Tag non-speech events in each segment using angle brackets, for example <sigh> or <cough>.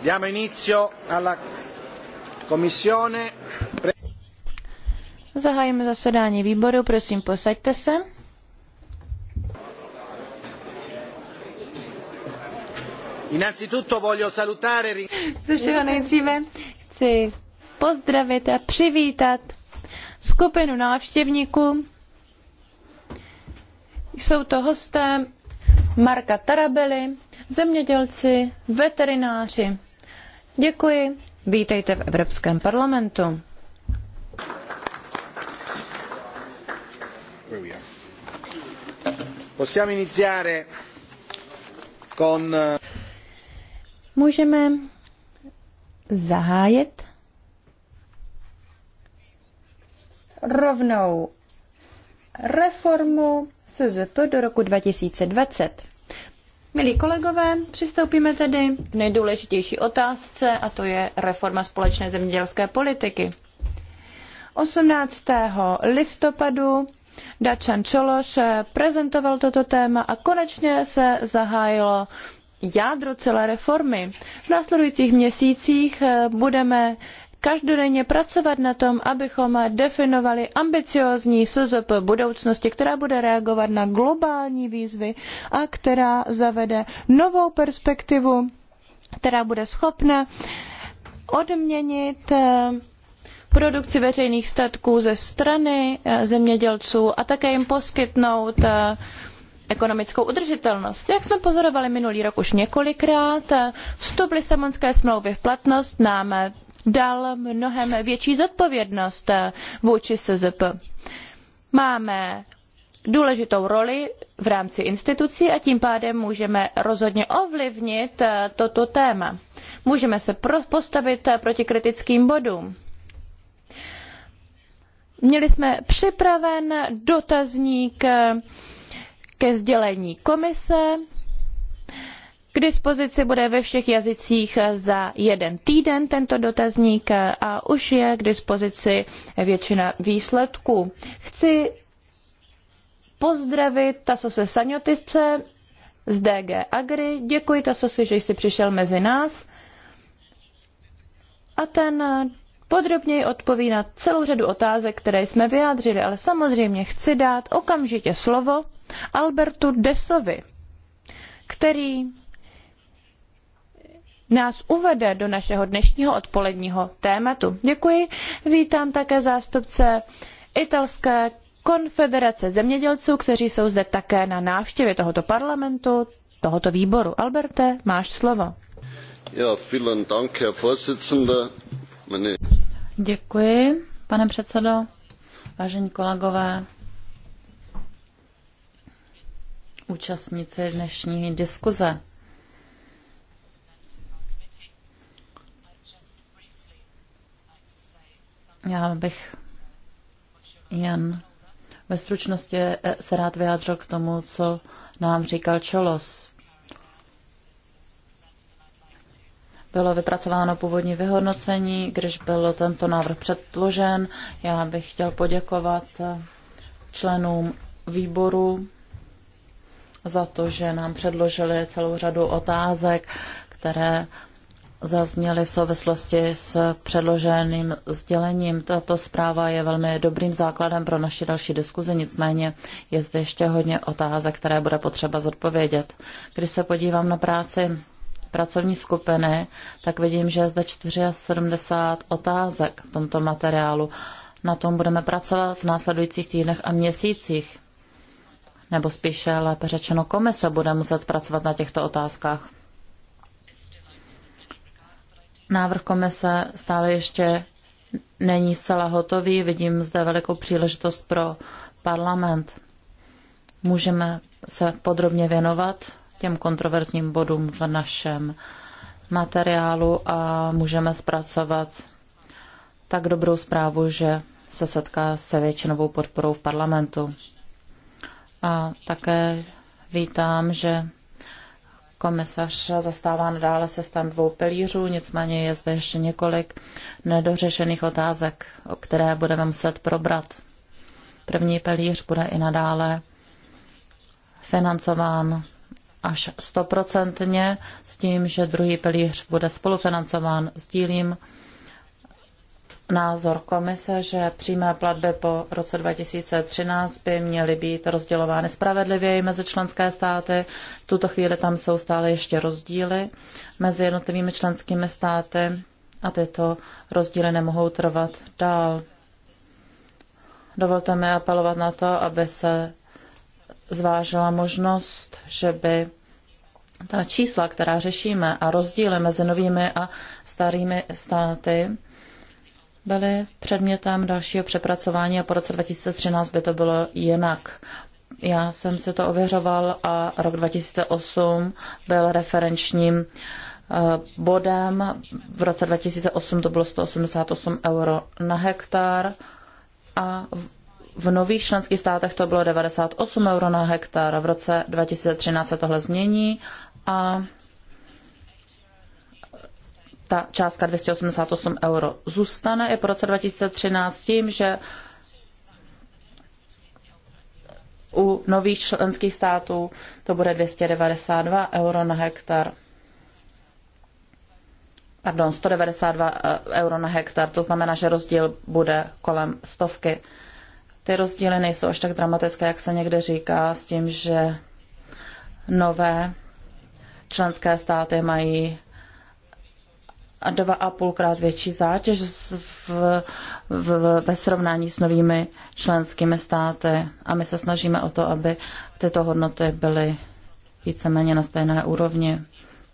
Diamo inizio alla commissione. Zahájíme zasedání výboru, prosím, posaďte se. Innanzitutto nejdříve chci pozdravit a přivítat skupinu návštěvníků. Jsou to hosté Marka Tarabely, zemědělci, veterináři Děkuji. Vítejte v Evropském parlamentu. Eh, Můžeme zahájit rovnou reformu SZP do roku 2020. Milí kolegové, přistoupíme tedy k nejdůležitější otázce a to je reforma společné zemědělské politiky. 18. listopadu Dačan Čološ prezentoval toto téma a konečně se zahájilo jádro celé reformy. V následujících měsících budeme každodenně pracovat na tom, abychom definovali ambiciózní SZP budoucnosti, která bude reagovat na globální výzvy a která zavede novou perspektivu, která bude schopna odměnit eh, produkci veřejných statků ze strany eh, zemědělců a také jim poskytnout eh, ekonomickou udržitelnost. Jak jsme pozorovali minulý rok už několikrát, vstup Lisabonské smlouvy v platnost nám dal mnohem větší zodpovědnost eh, vůči SZP. Máme důležitou roli v rámci institucí a tím pádem můžeme rozhodně ovlivnit eh, toto téma. Můžeme se postavit eh, proti kritickým bodům. Měli jsme připraven dotazník ke sdělení komise k dispozici bude ve všech jazycích za jeden týden tento dotazník a už je k dispozici většina výsledků. Chci pozdravit Tasose Saňotisce z DG Agri. Děkuji Tasosi, že jsi přišel mezi nás. A ten podrobněji odpoví na celou řadu otázek, které jsme vyjádřili, ale samozřejmě chci dát okamžitě slovo Albertu Desovi, který nás uvede do našeho dnešního odpoledního tématu. Děkuji. Vítám také zástupce italské konfederace zemědělců, kteří jsou zde také na návštěvě tohoto parlamentu, tohoto výboru. Alberte, máš slovo. Děkuji, pane předsedo, vážení kolegové, účastníci dnešní diskuze. Já bych jen ve stručnosti se rád vyjádřil k tomu, co nám říkal Čolos. Bylo vypracováno původní vyhodnocení, když byl tento návrh předložen. Já bych chtěl poděkovat členům výboru za to, že nám předložili celou řadu otázek, které zazněly v souvislosti s předloženým sdělením. Tato zpráva je velmi dobrým základem pro naši další diskuzi, nicméně je zde ještě hodně otázek, které bude potřeba zodpovědět. Když se podívám na práci pracovní skupiny, tak vidím, že je zde 74 otázek v tomto materiálu. Na tom budeme pracovat v následujících týdnech a měsících. Nebo spíše lépe řečeno komise bude muset pracovat na těchto otázkách. Návrh komise stále ještě není zcela hotový. Vidím zde velikou příležitost pro parlament. Můžeme se podrobně věnovat těm kontroverzním bodům v našem materiálu a můžeme zpracovat tak dobrou zprávu, že se setká se většinovou podporou v parlamentu. A také vítám, že Komisař zastává nadále stan dvou pilířů, nicméně je zde ještě několik nedořešených otázek, o které budeme muset probrat. První pilíř bude i nadále financován až stoprocentně s tím, že druhý pilíř bude spolufinancován. dílím názor komise, že přímé platby po roce 2013 by měly být rozdělovány spravedlivěji mezi členské státy. V tuto chvíli tam jsou stále ještě rozdíly mezi jednotlivými členskými státy a tyto rozdíly nemohou trvat dál. Dovolte mi apelovat na to, aby se zvážila možnost, že by ta čísla, která řešíme a rozdíly mezi novými a starými státy, byly předmětem dalšího přepracování a po roce 2013 by to bylo jinak. Já jsem si to ověřoval a rok 2008 byl referenčním eh, bodem. V roce 2008 to bylo 188 euro na hektar a v nových členských státech to bylo 98 euro na hektar. V roce 2013 se tohle změní a ta částka 288 euro zůstane i po roce 2013 tím, že u nových členských států to bude 292 euro na hektar. Pardon, 192 eh, euro na hektar, to znamená, že rozdíl bude kolem stovky. Ty rozdíly nejsou až tak dramatické, jak se někde říká, s tím, že nové členské státy mají dva a půlkrát větší zátěž v, v, ve srovnání s novými členskými státy. A my se snažíme o to, aby tyto hodnoty byly víceméně na stejné úrovni.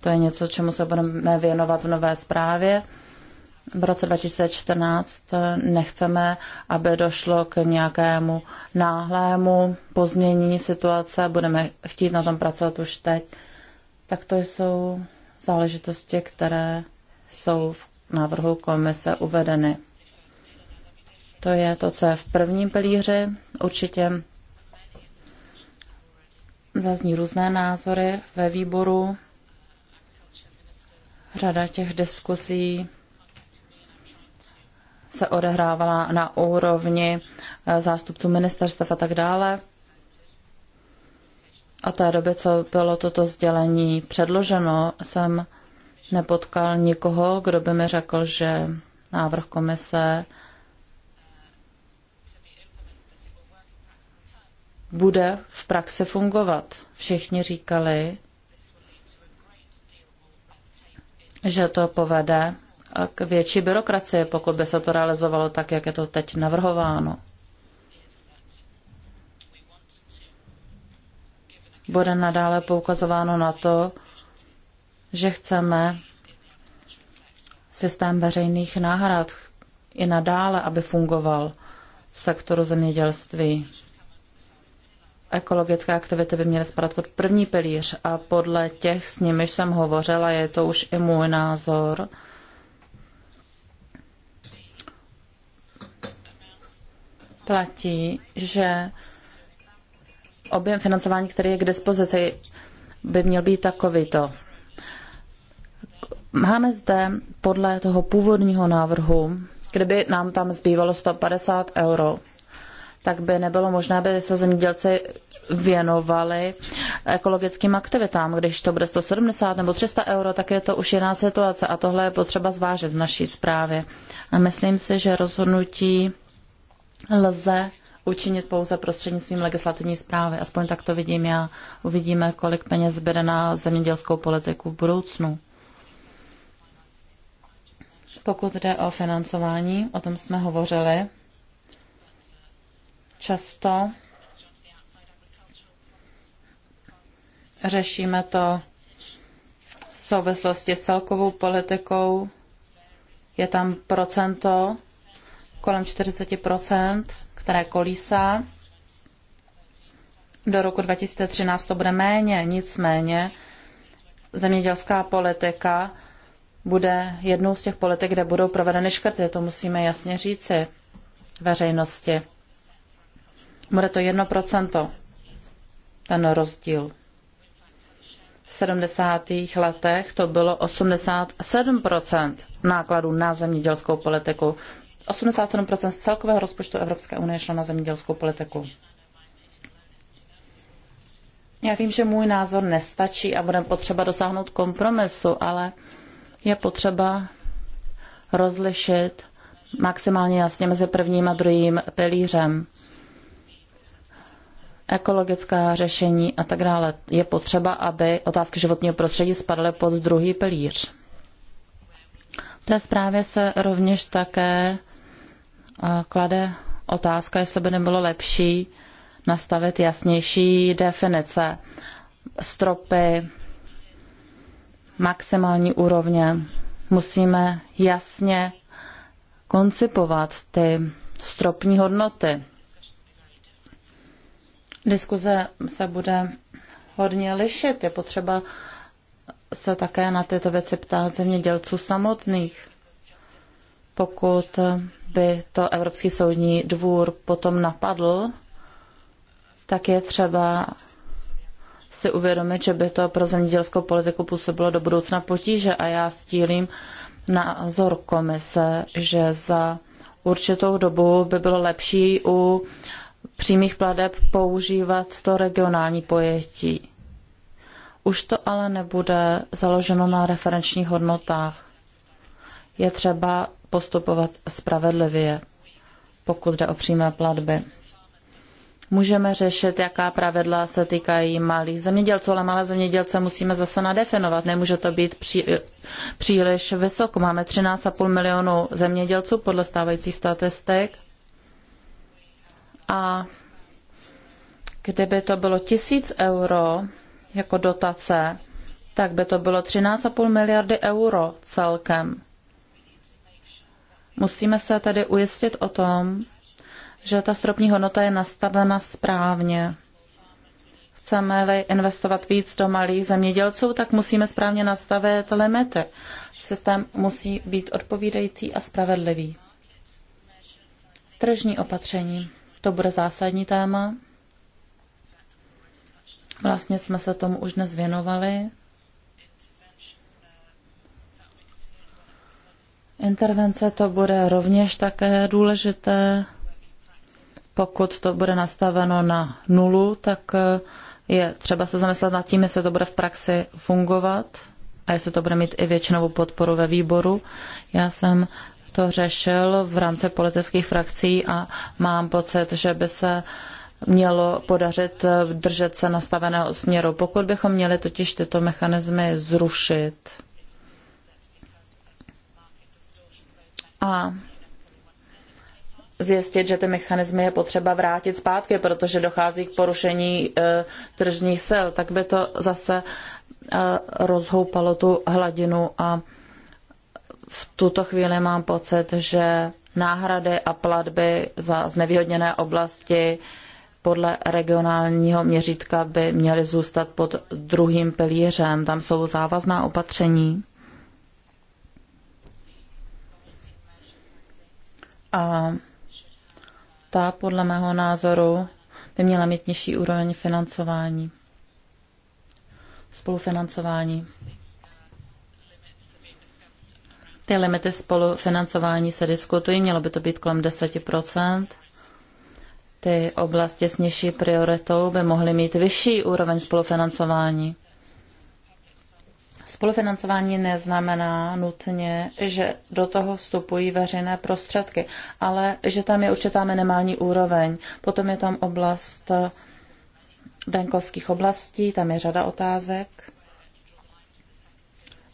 To je něco, čemu se budeme věnovat v nové zprávě. V roce 2014 nechceme, aby došlo k nějakému náhlému pozmění situace. Budeme chtít na tom pracovat už teď. Tak to jsou záležitosti, které jsou v návrhu komise uvedeny. To je to, co je v prvním pilíři. Určitě zazní různé názory ve výboru. Řada těch diskusí se odehrávala na úrovni eh, zástupců ministerstv a tak dále. A té doby, co bylo toto sdělení předloženo, jsem nepotkal nikoho, kdo by mi řekl, že návrh komise bude v praxi fungovat. Všichni říkali, že to povede k větší byrokracii, pokud by se to realizovalo tak, jak je to teď navrhováno. Bude nadále poukazováno na to, že chceme systém veřejných náhrad i nadále, aby fungoval v sektoru zemědělství. Ekologické aktivity by měly spadat pod první pilíř a podle těch, s nimi jsem hovořila, je to už i můj názor, platí, že objem financování, který je k dispozici, by měl být takovýto. Máme zde podle toho původního návrhu, kdyby nám tam zbývalo 150 euro, tak by nebylo možné, aby se zemědělci věnovali ekologickým aktivitám. Když to bude 170 nebo 300 euro, tak je to už jiná situace a tohle je potřeba zvážit v naší zprávě. A myslím si, že rozhodnutí lze učinit pouze prostřednictvím legislativní zprávy. Aspoň tak to vidím já. Uvidíme, kolik peněz zbyde na zemědělskou politiku v budoucnu. Pokud jde o financování, o tom jsme hovořili, často řešíme to v souvislosti s celkovou politikou. Je tam procento, kolem 40%, které kolísá. Do roku 2013 to bude méně, nicméně zemědělská politika bude jednou z těch politik, kde budou provedeny škrty. To musíme jasně říci veřejnosti. Bude to 1% ten rozdíl. V 70. letech to bylo 87% nákladů na zemědělskou politiku. 87% z celkového rozpočtu Evropské unie šlo na zemědělskou politiku. Já vím, že můj názor nestačí a budeme potřeba dosáhnout kompromisu, ale je potřeba rozlišit maximálně jasně mezi prvním a druhým pilířem. Ekologická řešení a tak dále. Je potřeba, aby otázky životního prostředí spadly pod druhý pilíř. V té zprávě se rovněž také eh, klade otázka, jestli by nebylo lepší nastavit jasnější definice stropy, maximální úrovně. Musíme jasně koncipovat ty stropní hodnoty. Diskuze se bude hodně lišit. Je potřeba se také na tyto věci ptát zemědělců samotných. Pokud by to Evropský soudní dvůr potom napadl, tak je třeba si uvědomit, že by to pro zemědělskou politiku působilo do budoucna potíže a já stílím názor komise, že za určitou dobu by bylo lepší u přímých pladeb používat to regionální pojetí. Už to ale nebude založeno na referenčních hodnotách. Je třeba postupovat spravedlivě, pokud jde o přímé platby můžeme řešit, jaká pravidla se týkají malých zemědělců, ale malé zemědělce musíme zase nadefinovat. Nemůže to být pří, příliš vysoko. Máme 13,5 milionu zemědělců podle stávajících statistik. A kdyby to bylo tisíc euro jako dotace, tak by to bylo 13,5 miliardy euro celkem. Musíme se tedy ujistit o tom, že ta stropní hodnota je nastavena správně. Chceme-li investovat víc do malých zemědělců, tak musíme správně nastavit limity. Systém musí být odpovídající a spravedlivý. Tržní opatření. To bude zásadní téma. Vlastně jsme se tomu už dnes věnovali. Intervence to bude rovněž také důležité. Pokud to bude nastaveno na nulu, tak eh, je třeba se zamyslet nad tím, jestli to bude v praxi fungovat a jestli to bude mít i většinovou podporu ve výboru. Já jsem to řešil v rámci politických frakcí a mám pocit, že by se mělo podařit eh, držet se nastaveného směru. Pokud bychom měli totiž tyto mechanismy zrušit a zjistit, že ty mechanismy je potřeba vrátit zpátky, protože dochází k porušení e, tržních sil, tak by to zase eh, rozhoupalo tu hladinu a v tuto chvíli mám pocit, že náhrady a platby za znevýhodněné oblasti podle regionálního měřítka by měly zůstat pod druhým pilířem. Tam jsou závazná opatření. A ta podle mého názoru by měla mít nižší úroveň financování, spolufinancování. Ty limity spolufinancování se diskutují, mělo by to být kolem 10%. Ty oblasti s nižší prioritou by mohly mít vyšší úroveň spolufinancování. Spolufinancování neznamená nutně, že do toho vstupují veřejné prostředky, ale že tam je určitá minimální úroveň. Potom je tam oblast venkovských oblastí, tam je řada otázek.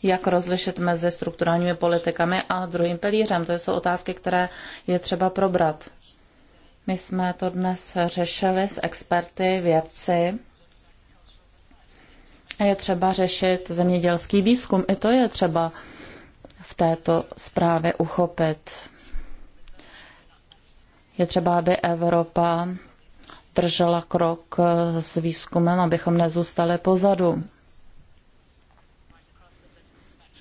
Jak rozlišit mezi strukturálními politikami a druhým pilířem? To jsou otázky, které je třeba probrat. My jsme to dnes řešili s experty, vědci je třeba řešit zemědělský výzkum. I to je třeba v této zprávě uchopit. Je třeba, aby Evropa držela krok s výzkumem, abychom nezůstali pozadu.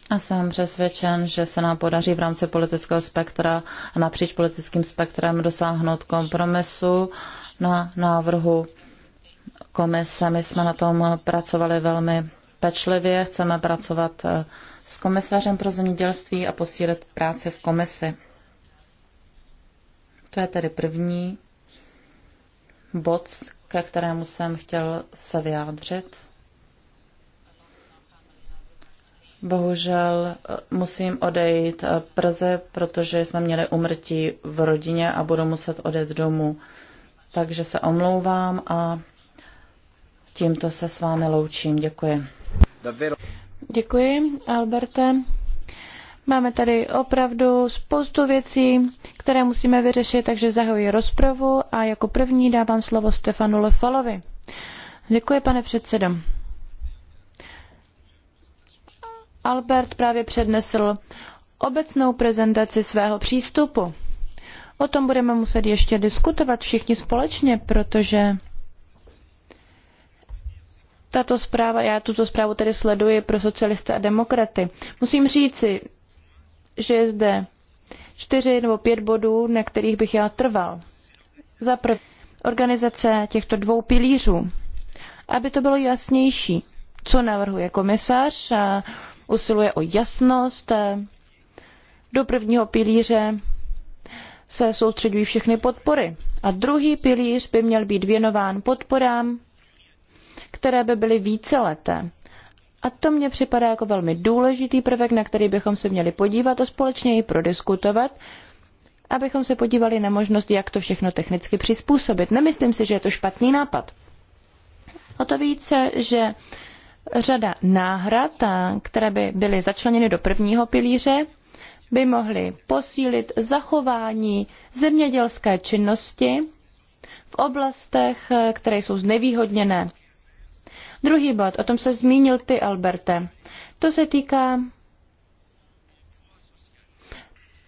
A jsem přesvědčen, že se nám podaří v rámci politického spektra a napříč politickým spektrem dosáhnout kompromisu na návrhu komise. My jsme na tom pracovali velmi pečlivě. Chceme pracovat eh, s komisařem pro zemědělství a posílit práci v komisi. To je tedy první bod, ke kterému jsem chtěl se vyjádřit. Bohužel eh, musím odejít eh, Prze, protože jsme měli umrtí v rodině a budu muset odejít domů. Takže se omlouvám a Tímto se s vámi loučím. Děkuji. Děkuji, Alberte. Máme tady opravdu spoustu věcí, které musíme vyřešit, takže zahajuji rozpravu a jako první dávám slovo Stefanu Lefalovi. Děkuji, pane předsedo. Albert právě přednesl obecnou prezentaci svého přístupu. O tom budeme muset ještě diskutovat všichni společně, protože tato zpráva, já tuto zprávu tedy sleduji pro socialisty a demokraty. Musím říci, že je zde čtyři nebo pět bodů, na kterých bych já trval. Za prvé, organizace těchto dvou pilířů. Aby to bylo jasnější, co navrhuje komisař, a usiluje o jasnost. Do prvního pilíře se soustředují všechny podpory. A druhý pilíř by měl být věnován podporám které by byly víceleté. A to mně připadá jako velmi důležitý prvek, na který bychom se měli podívat a společně ji prodiskutovat, abychom se podívali na možnost, jak to všechno technicky přizpůsobit. Nemyslím si, že je to špatný nápad. O to více, že řada náhrad, které by byly začleněny do prvního pilíře, by mohly posílit zachování zemědělské činnosti v oblastech, eh, které jsou znevýhodněné Druhý bod, o tom se zmínil ty, Alberte. To se týká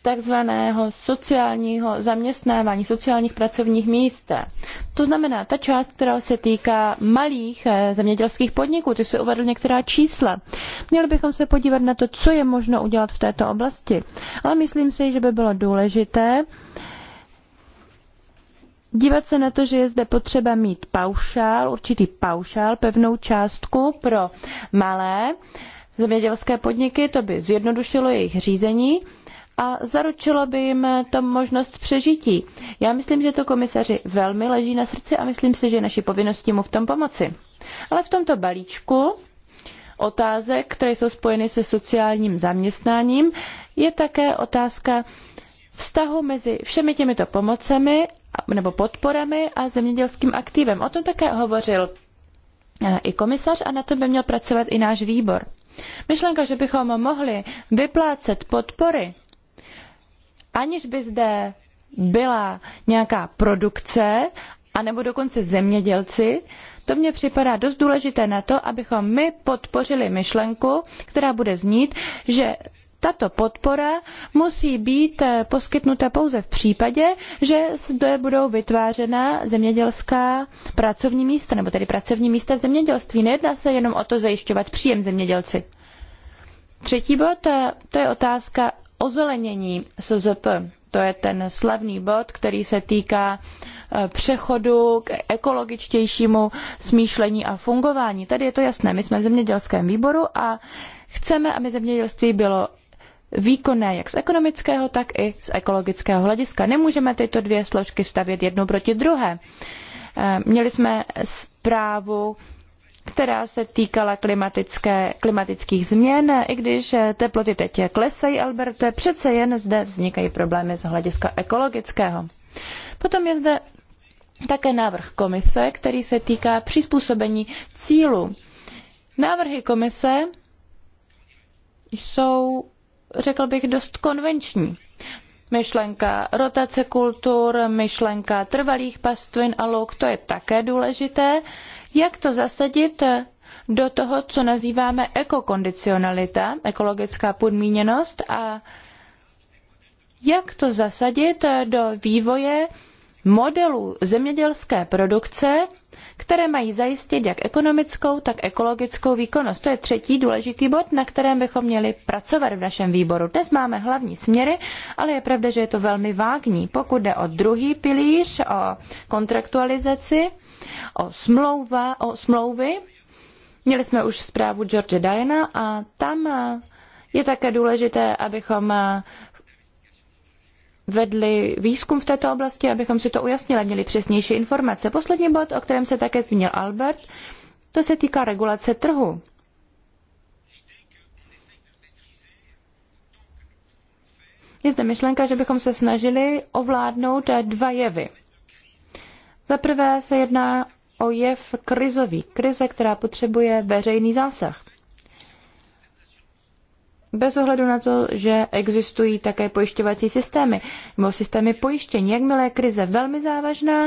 takzvaného sociálního zaměstnávání, sociálních pracovních míst. To znamená, ta část, která se týká malých eh, zemědělských podniků, ty se uvedl některá čísla. Měli bychom se podívat na to, co je možno udělat v této oblasti. Ale myslím si, že by bylo důležité dívat se na to, že je zde potřeba mít paušál, určitý paušál, pevnou částku pro malé zemědělské podniky, to by zjednodušilo jejich řízení a zaručilo by jim to možnost přežití. Já myslím, že to komisaři velmi leží na srdci a myslím si, že naší povinností mu v tom pomoci. Ale v tomto balíčku otázek, které jsou spojeny se sociálním zaměstnáním, je také otázka vztahu mezi všemi těmito pomocemi nebo podporami a zemědělským aktivem. O tom také hovořil eh, i komisař a na tom by měl pracovat i náš výbor. Myšlenka, že bychom mohli vyplácet podpory, aniž by zde byla nějaká produkce, anebo dokonce zemědělci, to mně připadá dost důležité na to, abychom my podpořili myšlenku, která bude znít, že tato podpora musí být eh, poskytnuta pouze v případě, že zde budou vytvářena zemědělská pracovní místa, nebo tedy pracovní místa v zemědělství. Nejedná se jenom o to zajišťovat příjem zemědělci. Třetí bod, eh, to je otázka ozelenění SZP. To je ten slavný bod, který se týká eh, přechodu k ekologičtějšímu smýšlení a fungování. Tady je to jasné, my jsme v zemědělském výboru a chceme, aby zemědělství bylo výkonné jak z ekonomického, tak i z ekologického hlediska. Nemůžeme tyto dvě složky stavět jednu proti druhé. Eh, měli jsme zprávu která se týkala klimatických změn, i když eh, teploty teď klesají, Alberte, přece jen zde vznikají problémy z hlediska ekologického. Potom je zde také návrh komise, který se týká přizpůsobení cílů. Návrhy komise jsou řekl bych, dost konvenční. Myšlenka rotace kultur, myšlenka trvalých pastvin a luk, to je také důležité. Jak to zasadit do toho, co nazýváme ekokondicionalita, ekologická podmíněnost a jak to zasadit do vývoje modelů zemědělské produkce, které mají zajistit jak ekonomickou, tak ekologickou výkonnost. To je třetí důležitý bod, na kterém bychom měli pracovat v našem výboru. Dnes máme hlavní směry, ale je pravda, že je to velmi vágní. Pokud jde o druhý pilíř, o kontraktualizaci, o, smlouva, o smlouvy, měli jsme už zprávu George Diana a tam je také důležité, abychom vedli výzkum v této oblasti, abychom si to ujasnili, měli přesnější informace. Poslední bod, o kterém se také zmínil Albert, to se týká regulace trhu. Je zde myšlenka, že bychom se snažili ovládnout dva jevy. Za prvé se jedná o jev krizový, krize, která potřebuje veřejný zásah bez ohledu na to, že existují také pojišťovací systémy nebo systémy pojištění. Jakmile je krize velmi závažná,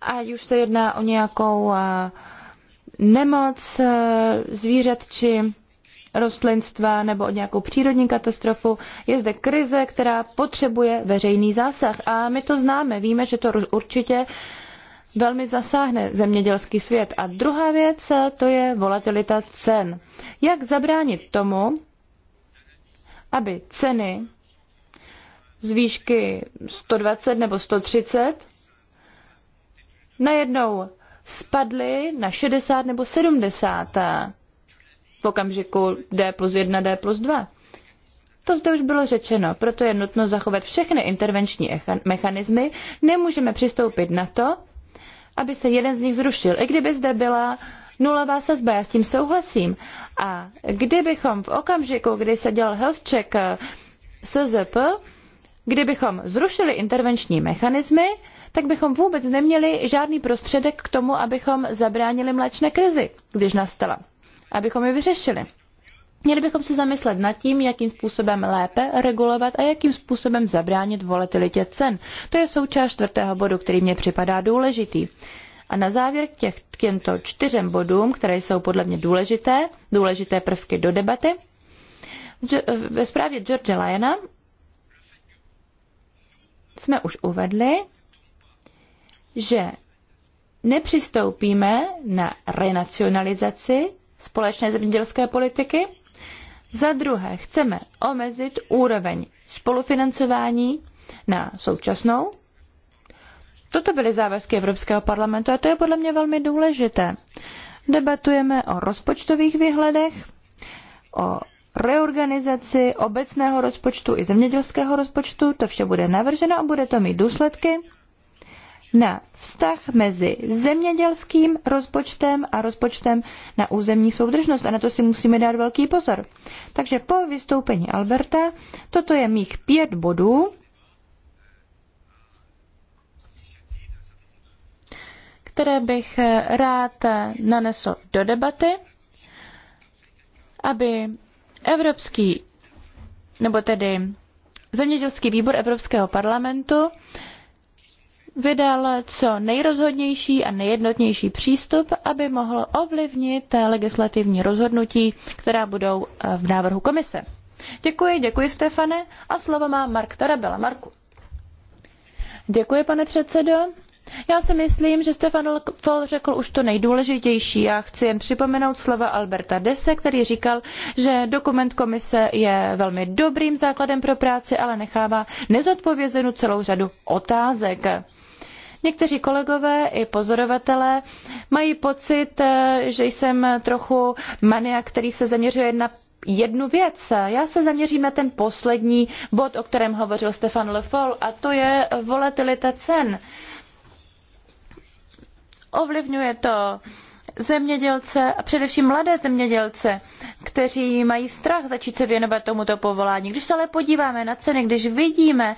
ať už se jedná o nějakou eh, nemoc eh, zvířat či rostlinstva nebo o nějakou přírodní katastrofu. Je zde krize, která potřebuje veřejný zásah. A my to známe, víme, že to určitě velmi zasáhne zemědělský svět. A druhá věc, eh, to je volatilita cen. Jak zabránit tomu, aby ceny z výšky 120 nebo 130 najednou spadly na 60 nebo 70 eh, v okamžiku D plus 1, D plus 2. To zde už bylo řečeno, proto je nutno zachovat všechny intervenční mechanismy. Nemůžeme přistoupit na to, aby se jeden z nich zrušil, i kdyby zde byla nulová sazba, já s tím souhlasím. A kdybychom v okamžiku, kdy se dělal health check eh, SZP, kdybychom zrušili intervenční mechanismy, tak bychom vůbec neměli žádný prostředek k tomu, abychom zabránili mléčné krizi, když nastala, abychom ji vyřešili. Měli bychom se zamyslet nad tím, jakým způsobem lépe regulovat a jakým způsobem zabránit volatilitě cen. To je součást čtvrtého bodu, který mě připadá důležitý. A na závěr k, těch, těmto čtyřem bodům, které jsou podle mě důležité, důležité prvky do debaty, eh, ve zprávě George Lyona jsme už uvedli, že nepřistoupíme na renacionalizaci společné zemědělské politiky, za druhé, chceme omezit úroveň spolufinancování na současnou. Toto byly závazky Evropského parlamentu a to je podle mě velmi důležité. Debatujeme o rozpočtových výhledech, o reorganizaci obecného rozpočtu i zemědělského rozpočtu. To vše bude navrženo a bude to mít důsledky na vztah mezi zemědělským rozpočtem a rozpočtem na územní soudržnost a na to si musíme dát velký pozor. Takže po vystoupení Alberta, toto je mých pět bodů, které bych eh, rád eh, nanesl do debaty, aby Evropský, nebo tedy Zemědělský výbor Evropského parlamentu vydal co nejrozhodnější a nejjednotnější přístup, aby mohl ovlivnit legislativní rozhodnutí, která budou eh, v návrhu komise. Děkuji, děkuji Stefane a slovo má Mark Tarabela. Marku. Děkuji, pane předsedo. Já si myslím, že Stefan Foll řekl už to nejdůležitější. Já chci jen připomenout slova Alberta Desse, který říkal, že dokument komise je velmi dobrým základem pro práci, ale nechává nezodpovězenou celou řadu otázek. Někteří kolegové i pozorovatelé mají pocit, eh, že jsem trochu maniak, který se zaměřuje na jednu věc. Já se zaměřím na ten poslední bod, o kterém hovořil Stefan Le Foll, a to je volatilita cen. Ovlivňuje to zemědělce a především mladé zemědělce, kteří mají strach začít se věnovat tomuto povolání. Když se ale podíváme na ceny, když vidíme,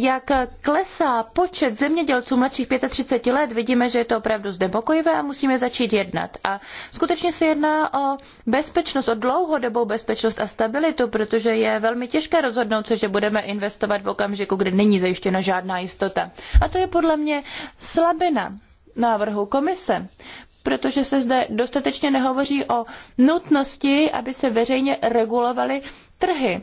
jak klesá počet zemědělců mladších 35 let, vidíme, že je to opravdu znepokojivé a musíme začít jednat. A skutečně se jedná o bezpečnost, o dlouhodobou bezpečnost a stabilitu, protože je velmi těžké rozhodnout se, že budeme investovat v okamžiku, kdy není zajištěna žádná jistota. A to je podle mě slabina návrhu komise protože se zde dostatečně nehovoří o nutnosti, aby se veřejně regulovaly trhy.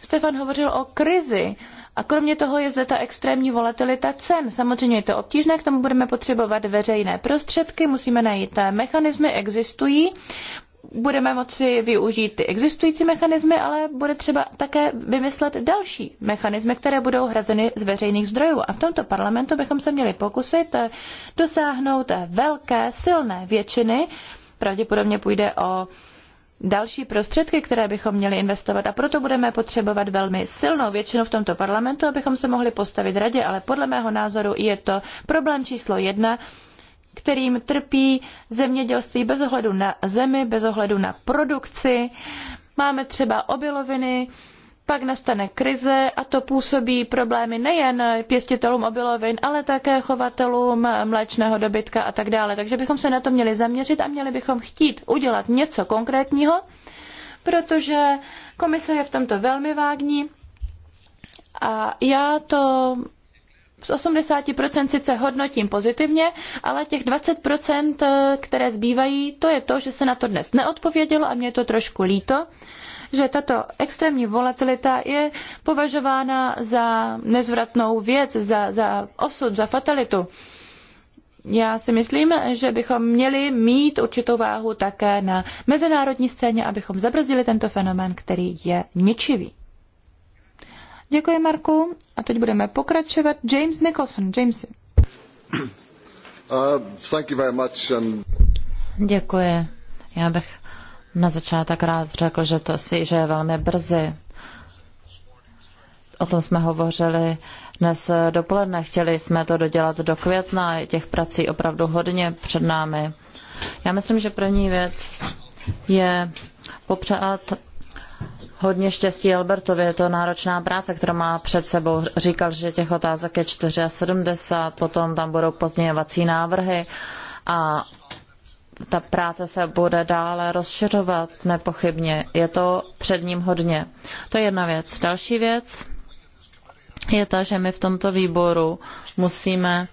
Stefan hovořil o krizi a kromě toho je zde ta extrémní volatilita cen. Samozřejmě je to obtížné, k tomu budeme potřebovat veřejné prostředky, musíme najít mechanismy, existují. Budeme moci využít ty existující mechanismy, ale bude třeba také vymyslet další mechanismy, které budou hrazeny z veřejných zdrojů. A v tomto parlamentu bychom se měli pokusit dosáhnout velké, silné většiny. Pravděpodobně půjde o další prostředky, které bychom měli investovat a proto budeme potřebovat velmi silnou většinu v tomto parlamentu, abychom se mohli postavit radě, ale podle mého názoru je to problém číslo jedna, kterým trpí zemědělství bez ohledu na zemi, bez ohledu na produkci. Máme třeba obiloviny, pak nastane krize a to působí problémy nejen pěstitelům obilovin, ale také chovatelům mléčného dobytka a tak dále. Takže bychom se na to měli zaměřit a měli bychom chtít udělat něco konkrétního, protože komise je v tomto velmi vágní a já to z 80% sice hodnotím pozitivně, ale těch 20%, které zbývají, to je to, že se na to dnes neodpovědělo a mě je to trošku líto že tato extrémní volatilita je považována za nezvratnou věc, za, za osud, za fatalitu. Já si myslím, že bychom měli mít určitou váhu také na mezinárodní scéně, abychom zabrzdili tento fenomén, který je ničivý. Děkuji, Marku. A teď budeme pokračovat. James Nicholson. Jamesy. Uh, thank you very much and... Um, Děkuji. Já bych na začátek rád řekl, že to si, že je velmi brzy. O tom jsme hovořili dnes dopoledne. Chtěli jsme to dodělat do května. Je těch prací opravdu hodně před námi. Já myslím, že první věc je popřát hodně štěstí Albertovi. Je to náročná práce, kterou má před sebou. Říkal, že těch otázek je 74, potom tam budou pozměňovací návrhy a ta práce se bude dále rozšiřovat nepochybně. Je to před ním hodně. To je jedna věc. Další věc je ta, že my v tomto výboru musíme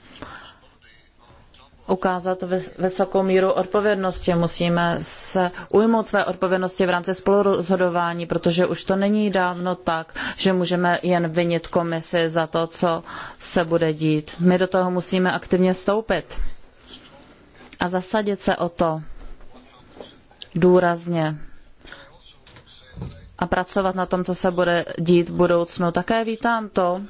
ukázat vysokou míru odpovědnosti. Musíme se ujmout své odpovědnosti v rámci spolurozhodování, protože už to není dávno tak, že můžeme jen vinit komisi za to, co se bude dít. My do toho musíme aktivně vstoupit a zasadit se o to důrazně a pracovat na tom, co se bude dít v budoucnu. Také vítám to,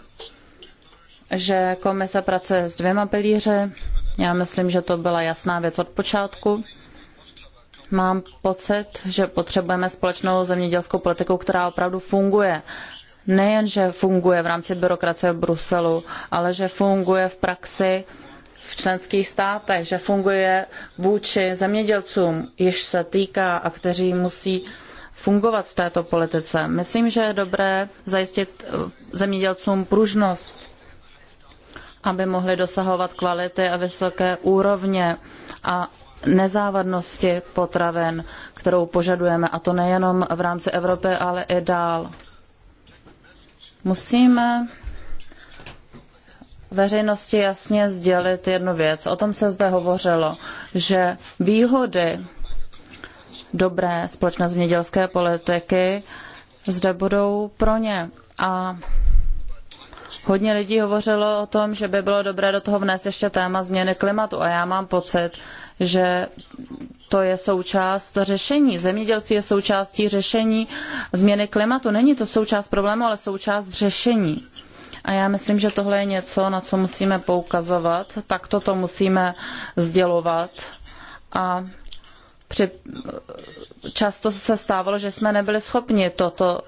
že komise pracuje s dvěma pilíři. Já myslím, že to byla jasná věc od počátku. Mám pocit, že potřebujeme společnou zemědělskou politiku, která opravdu funguje. Nejen, že funguje v rámci byrokracie v Bruselu, ale že funguje v praxi v členských státech, že funguje vůči zemědělcům, již se týká a kteří musí fungovat v této politice. Myslím, že je dobré zajistit eh, zemědělcům pružnost, aby mohli dosahovat kvality a vysoké úrovně a nezávadnosti potravin, kterou požadujeme, a to nejenom v rámci Evropy, ale i dál. Musíme veřejnosti jasně sdělit jednu věc. O tom se zde hovořilo, že výhody dobré společné zemědělské politiky zde budou pro ně. A hodně lidí hovořilo o tom, že by bylo dobré do toho vnést ještě téma změny klimatu. A já mám pocit, že to je součást řešení. Zemědělství je součástí řešení změny klimatu. Není to součást problému, ale součást řešení. A já myslím, že tohle je něco, na co musíme poukazovat, tak to musíme sdělovat a při... často se stávalo, že jsme nebyli schopni toto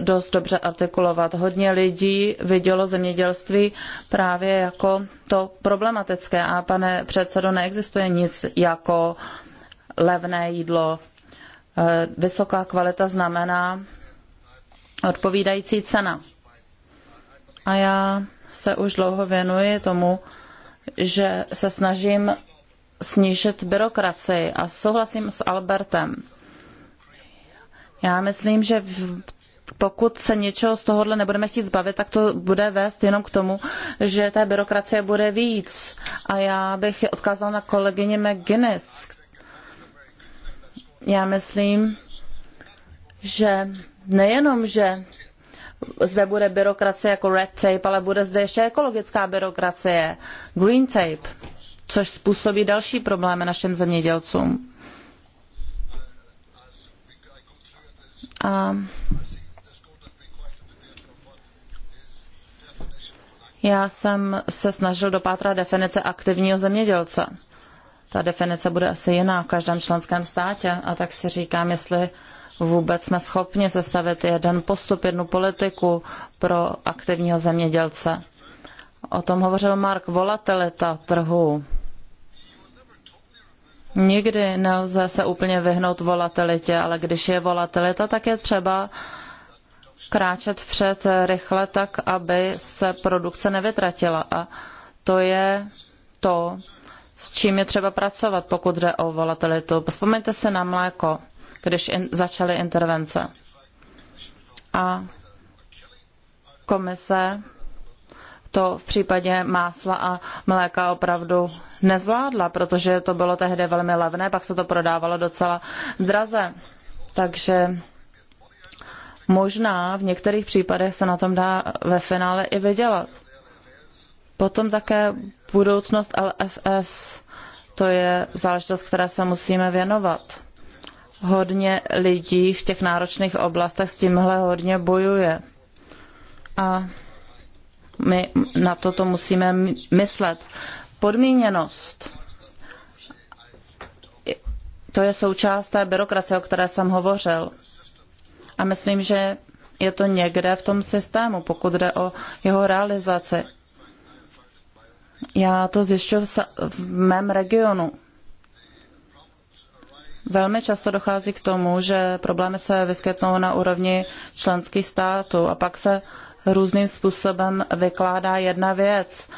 dost dobře artikulovat. Hodně lidí vidělo zemědělství právě jako to problematické a pane předsedo, neexistuje nic jako levné jídlo. E, vysoká kvalita znamená odpovídající cena. A já se už dlouho věnuji tomu, že se snažím snížit byrokracii a souhlasím s Albertem. Já myslím, že pokud se něčeho z tohohle nebudeme chtít zbavit, tak to bude vést jenom k tomu, že té byrokracie bude víc. A já bych odkázal na kolegyně McGuinness. Já myslím, že nejenom, že zde bude byrokracie jako red tape, ale bude zde ještě ekologická byrokracie, green tape, což způsobí další problémy našim zemědělcům. A já jsem se snažil dopátrat definice aktivního zemědělce. Ta definice bude asi jiná v každém členském státě a tak si říkám, jestli vůbec jsme schopni sestavit jeden postup, jednu politiku pro aktivního zemědělce. O tom hovořil Mark, volatilita trhu. Nikdy nelze se úplně vyhnout volatilitě, ale když je volatilita, tak je třeba kráčet vpřed rychle tak, aby se produkce nevytratila. A to je to, s čím je třeba pracovat, pokud jde o volatilitu. Vzpomeňte si na mléko když in, začaly intervence. A komise to v případě másla a mléka opravdu nezvládla, protože to bylo tehdy velmi levné, pak se to prodávalo docela draze. Takže možná v některých případech se na tom dá ve finále i vydělat. Potom také budoucnost LFS, to je záležitost, které se musíme věnovat hodně lidí v těch náročných oblastech s tímhle hodně bojuje. A my na toto musíme myslet. Podmíněnost. To je součást té byrokracie, o které jsem hovořil. A myslím, že je to někde v tom systému, pokud jde o jeho realizaci. Já to zjišťuji v mém regionu. Velmi často dochází k tomu, že problémy se vyskytnou na úrovni členských států a pak se různým způsobem vykládá jedna věc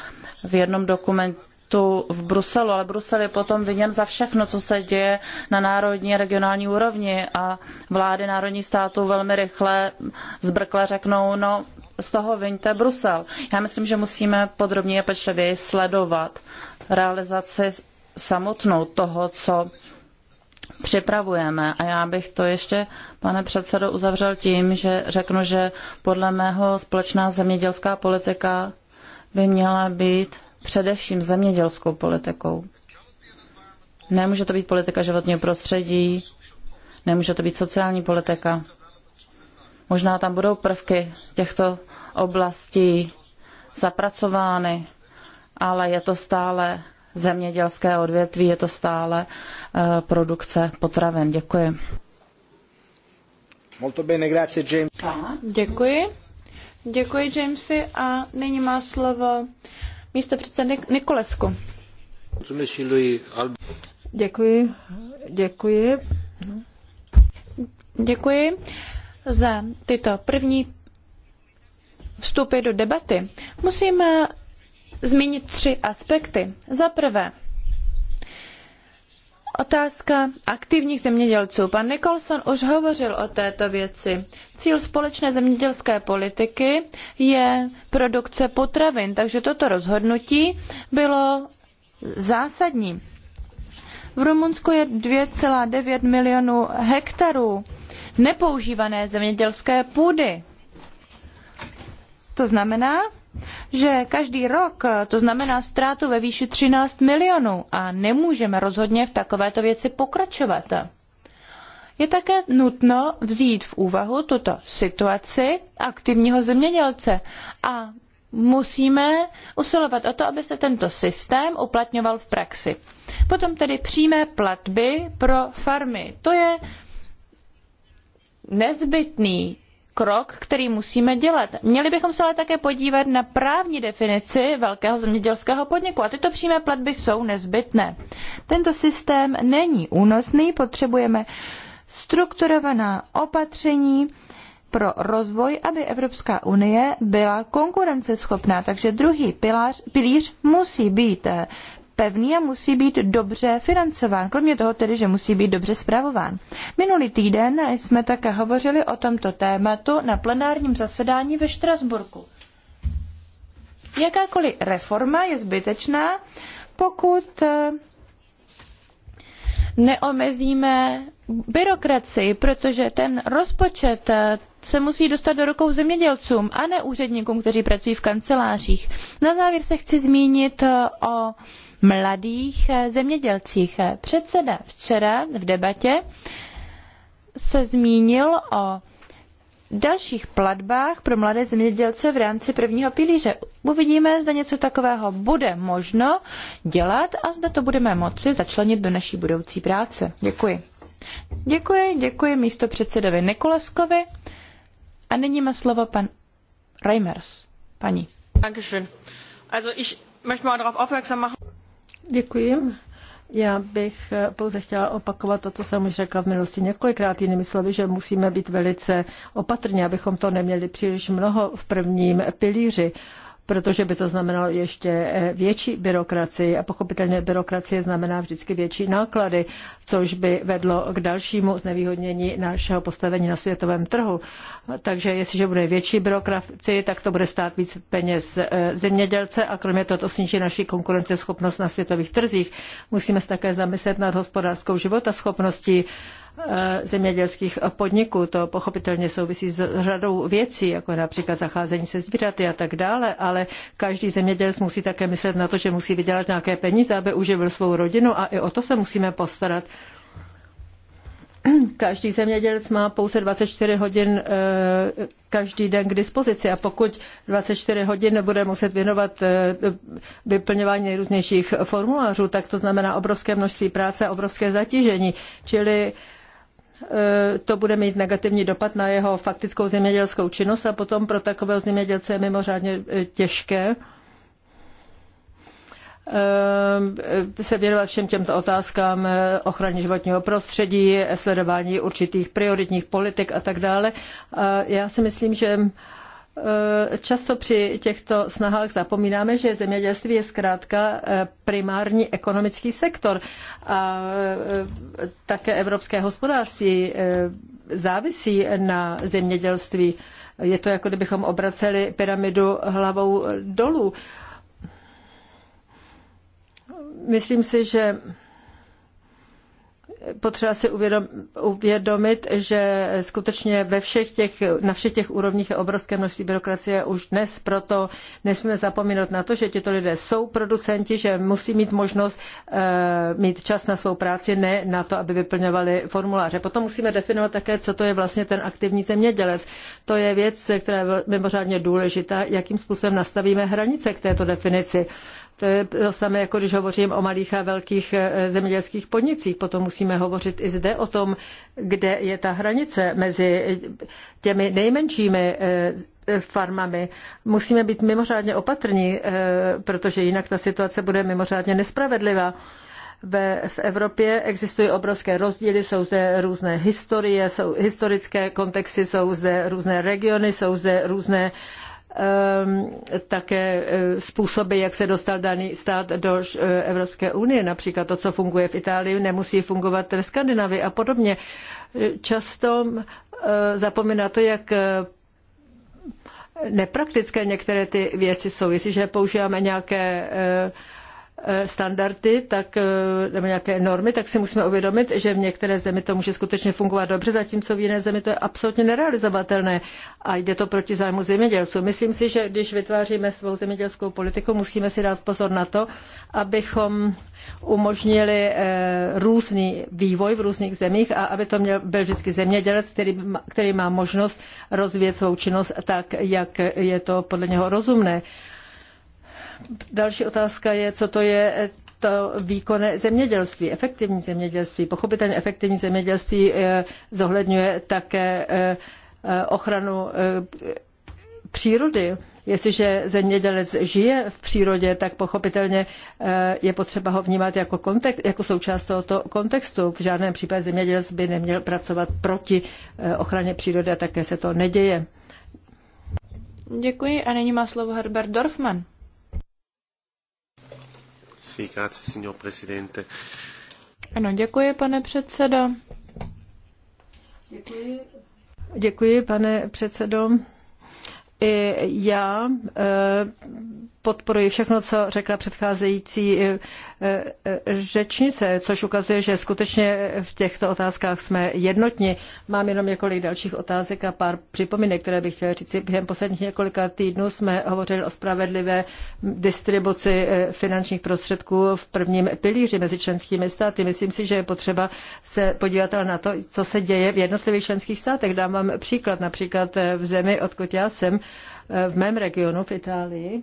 v jednom dokumentu v Bruselu, ale Brusel je potom viněn za všechno, co se děje na národní a regionální úrovni a vlády národních států velmi rychle zbrkle řeknou, no z toho vyňte Brusel. Já myslím, že musíme podrobněji a pečlivěji sledovat realizaci samotnou toho, co připravujeme. A já bych to ještě, pane předsedo, uzavřel tím, že řeknu, že podle mého společná zemědělská politika by měla být především zemědělskou politikou. Nemůže to být politika životního prostředí, nemůže to být sociální politika. Možná tam budou prvky těchto oblastí zapracovány, ale je to stále zemědělské odvětví, je to stále eh, produkce potravin. Děkuji. Molto bene, grazie James. Děkuji. Děkuji Jamesy a nyní má slovo místo předsedy Nikolesku. Děkuji, děkuji. Děkuji za tyto první vstupy do debaty. Musíme zmínit tři aspekty. Za prvé, Otázka aktivních zemědělců. Pan Nicholson už hovořil o této věci. Cíl společné zemědělské politiky je produkce potravin, takže toto rozhodnutí bylo zásadní. V Rumunsku je 2,9 milionů hektarů nepoužívané zemědělské půdy. To znamená, že každý rok to znamená ztrátu ve výši 13 milionů a nemůžeme rozhodně v takovéto věci pokračovat. Je také nutno vzít v úvahu tuto situaci aktivního zemědělce a musíme usilovat o to, aby se tento systém uplatňoval v praxi. Potom tedy přímé platby pro farmy. To je nezbytný krok, který musíme dělat. Měli bychom se ale také podívat na právní definici velkého zemědělského podniku a tyto přímé platby jsou nezbytné. Tento systém není únosný, potřebujeme strukturovaná opatření pro rozvoj, aby Evropská unie byla konkurenceschopná. Takže druhý pilář, pilíř musí být pevný a musí být dobře financován, kromě toho tedy, že musí být dobře zpravován. Minulý týden jsme také hovořili o tomto tématu na plenárním zasedání ve Štrasburku. Jakákoliv reforma je zbytečná, pokud eh, neomezíme byrokracii, protože ten rozpočet eh, se musí dostat do rukou zemědělcům a ne úředníkům, kteří pracují v kancelářích. Na závěr se chci zmínit eh, o mladých eh, zemědělcích. Předseda včera v debatě se zmínil o dalších platbách pro mladé zemědělce v rámci prvního pilíře. Uvidíme, zda něco takového bude možno dělat a zda to budeme moci začlenit do naší budoucí práce. Děkuji. Děkuji, děkuji místo předsedovi Nikoleskovi. A nyní má slovo pan Reimers. Paní. Dankeschön. Also ich möchte mal darauf aufmerksam machen. Děkuji. Já bych eh, pouze chtěla opakovat to, co jsem už řekla v minulosti několikrát, jinými slovy, že musíme být velice opatrní, abychom to neměli příliš mnoho v prvním pilíři protože by to znamenalo ještě eh, větší byrokracii a pochopitelně byrokracie znamená vždycky větší náklady, což by vedlo k dalšímu znevýhodnění našeho postavení na světovém trhu. Takže jestliže bude větší byrokracie, tak to bude stát víc peněz eh, zemědělce a kromě toho to sníží naši konkurenceschopnost na světových trzích. Musíme se také zamyslet nad hospodářskou životaschopností schopností Eh, zemědělských podniků. To pochopitelně souvisí s řadou věcí, jako například zacházení se zvířaty a tak dále, ale každý zemědělec musí také myslet na to, že musí vydělat nějaké peníze, aby uživil svou rodinu a i o to se musíme postarat. <clears throat> Každý zemědělec má pouze 24 hodin eh, každý den k dispozici a pokud 24 hodin bude muset věnovat eh, vyplňování nejrůznějších formulářů, tak to znamená obrovské množství práce a obrovské zatížení. Čili Eh, to bude mít negativní dopad na jeho faktickou zemědělskou činnost a potom pro takového zemědělce je mimořádně eh, těžké eh, se věnovat všem těmto otázkám ochrany životního prostředí, sledování určitých prioritních politik a tak dále. Já si myslím, že Eh, často při těchto snahách zapomínáme, že zemědělství je zkrátka eh, primární ekonomický sektor a eh, také evropské hospodářství závisí na zemědělství. Je to jako kdybychom obraceli pyramidu hlavou dolů. Myslím si, že potřeba si uvědomit, že skutečně ve všech těch, na všech těch úrovních je obrovské množství byrokracie už dnes, proto nesmíme zapomínat na to, že tito lidé jsou producenti, že musí mít možnost eh, mít čas na svou práci, ne na to, aby vyplňovali formuláře. Potom musíme definovat také, co to je vlastně ten aktivní zemědělec. To je věc, která je mimořádně důležitá, jakým způsobem nastavíme hranice k této definici. To je to samé, jako když hovořím o malých a velkých eh, zemědělských podnicích. Potom musíme hovořit i zde o tom, kde je ta hranice mezi těmi nejmenšími eh, farmami. Musíme být mimořádně opatrní, eh, protože jinak ta situace bude mimořádně nespravedlivá v Evropě existují obrovské rozdíly, jsou zde různé historie, jsou historické kontexty, jsou zde různé regiony, jsou zde různé Ehm, také e, způsoby, jak se dostal daný stát do e, Evropské unie. Například to, co funguje v Itálii, nemusí fungovat ve Skandinavii a podobně. E, často zapomíná to, jak nepraktické některé ty věci jsou. Jestliže používáme nějaké Eh, standardy tak, eh, nebo nějaké normy, tak si musíme uvědomit, že v některé zemi to může skutečně fungovat dobře, zatímco v jiné zemi to je absolutně nerealizovatelné a jde to proti zájmu zemědělců. Myslím si, že když vytváříme svou zemědělskou politiku, musíme si dát pozor na to, abychom umožnili eh, různý vývoj v různých zemích a aby to měl, byl vždycky zemědělec, který, který má možnost rozvíjet svou činnost tak, jak je to podle něho rozumné. Další otázka je, co to je to výkonné zemědělství, efektivní zemědělství. Pochopitelně efektivní zemědělství eh, zohledňuje také eh, eh, ochranu přírody. Jestliže zemědělec žije v přírodě, tak pochopitelně je potřeba ho vnímat jako, kontext, jako součást tohoto kontextu. V žádném případě zemědělec by neměl pracovat proti ochraně přírody a také se to neděje. Děkuji a nyní má slovo Herbert Dorfman grazie, signor Presidente. Ano, děkuji, pane předsedo. Děkuji. Děkuji, pane předsedo. I já eh, podporuji všechno, co řekla předcházející eh, eh, řečnice, což ukazuje, že skutečně v těchto otázkách jsme jednotní. Mám jenom několik dalších otázek a pár připomínek, které bych chtěla říct. Během posledních několika týdnů jsme hovořili o spravedlivé distribuci eh, finančních prostředků v prvním pilíři mezi členskými státy. Myslím si, že je potřeba se podívat ale na to, co se děje v jednotlivých členských státech. Dám vám příklad, například v zemi, odkud já jsem, v mém regionu v Itálii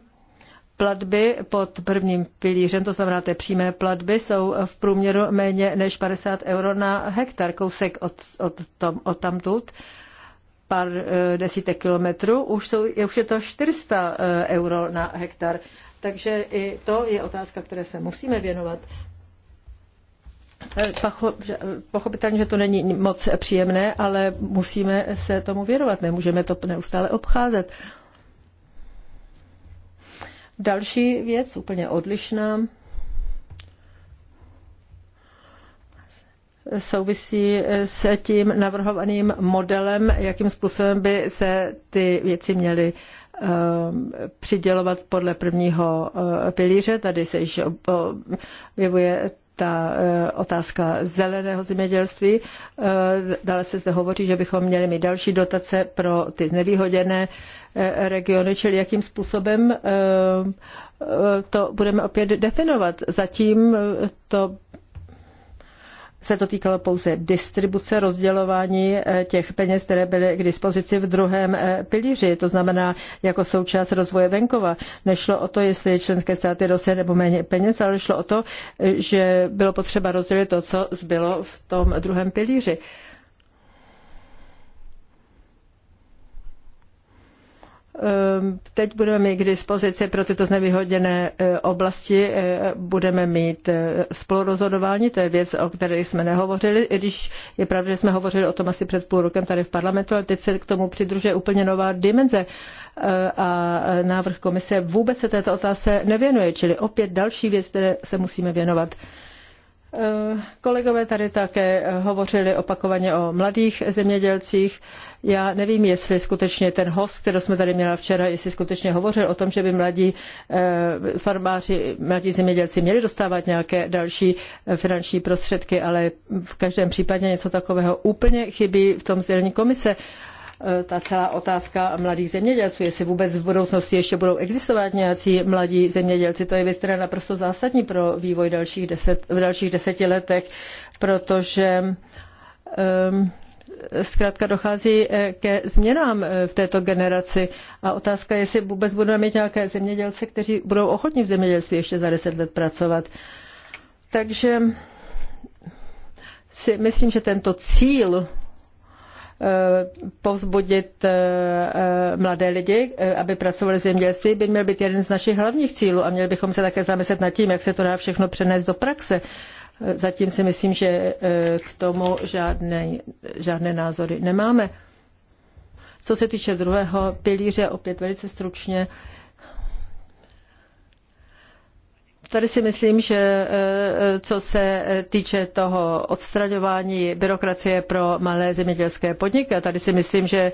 platby pod prvním pilířem, to znamená té přímé platby, jsou v průměru méně než 50 euro na hektar, kousek od, od, tom, od tamtud pár eh, desítek kilometrů, už, jsou, už je to 400 eh, euro na hektar. Takže i to je otázka, které se musíme věnovat. Eh, pochopitelně, že to není moc příjemné, ale musíme se tomu věnovat, nemůžeme to neustále obcházet. Další věc, úplně odlišná, souvisí s tím navrhovaným modelem, jakým způsobem by se ty věci měly ehm, přidělovat podle prvního eh, pilíře. Tady se již objevuje ta eh, otázka zeleného zemědělství. Eh, dále se zde hovoří, že bychom měli mít další dotace pro ty znevýhoděné Eh, regiony, čili jakým způsobem eh, to budeme opět definovat. Zatím eh, to se to týkalo pouze distribuce, rozdělování těch peněz, které byly k dispozici v druhém pilíři, to znamená jako součást rozvoje venkova. Nešlo o to, jestli členské státy dostaly nebo méně peněz, ale šlo o to, že bylo potřeba rozdělit to, co zbylo v tom druhém pilíři. Ehm, teď budeme mít k dispozici pro tyto znevýhodněné eh, oblasti, eh, budeme mít eh, spolurozhodování, to je věc, o které jsme nehovořili, i když je pravda, že jsme hovořili o tom asi před půl rokem tady v parlamentu, ale teď se k tomu přidružuje úplně nová dimenze a návrh komise vůbec se této otázce nevěnuje, čili opět další věc, které se musíme věnovat. Eh, kolegové tady také eh, hovořili opakovaně o mladých zemědělcích. Já nevím, jestli skutečně ten host, který jsme tady měli včera, jestli skutečně hovořil o tom, že by mladí eh, farmáři, mladí zemědělci měli dostávat nějaké další finanční prostředky, ale v každém případě něco takového úplně chybí v tom sdělení komise. Eh, ta celá otázka mladých zemědělců, jestli vůbec v budoucnosti ještě budou existovat nějací mladí zemědělci, to je věc, která je naprosto zásadní pro vývoj dalších deset, v dalších deseti letech, protože um, zkrátka dochází eh, ke změnám eh, v této generaci a otázka je, jestli vůbec budeme mít nějaké zemědělce, kteří budou ochotní v zemědělství ještě za deset let pracovat. Takže si myslím, že tento cíl povzbudit eh, eh, mladé lidi, eh, aby pracovali v zemědělství, by měl být jeden z našich hlavních cílů a měli bychom se také zamyslet nad tím, jak se to dá všechno přenést do praxe. Zatím si myslím, že k tomu žádné, žádné názory nemáme. Co se týče druhého pilíře, opět velice stručně, Tady si myslím, že e, e, co se e, týče toho odstraňování byrokracie pro malé zemědělské podniky, a tady si myslím, že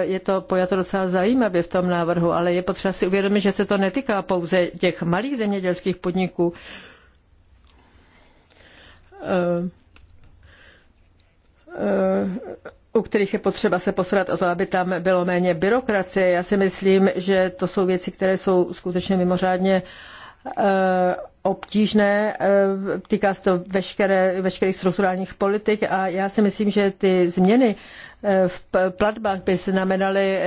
je to pojato docela zajímavě v tom návrhu, ale je potřeba si uvědomit, že se to netýká pouze těch malých zemědělských podniků. u kterých je potřeba se postarat o to, aby tam bylo méně byrokracie. Já si myslím, že to jsou věci, které jsou skutečně mimořádně uh, Eh, obtížné, eh, týká se to veškeré, veškerých strukturálních politik a já si myslím, že ty změny eh, v platbách by znamenaly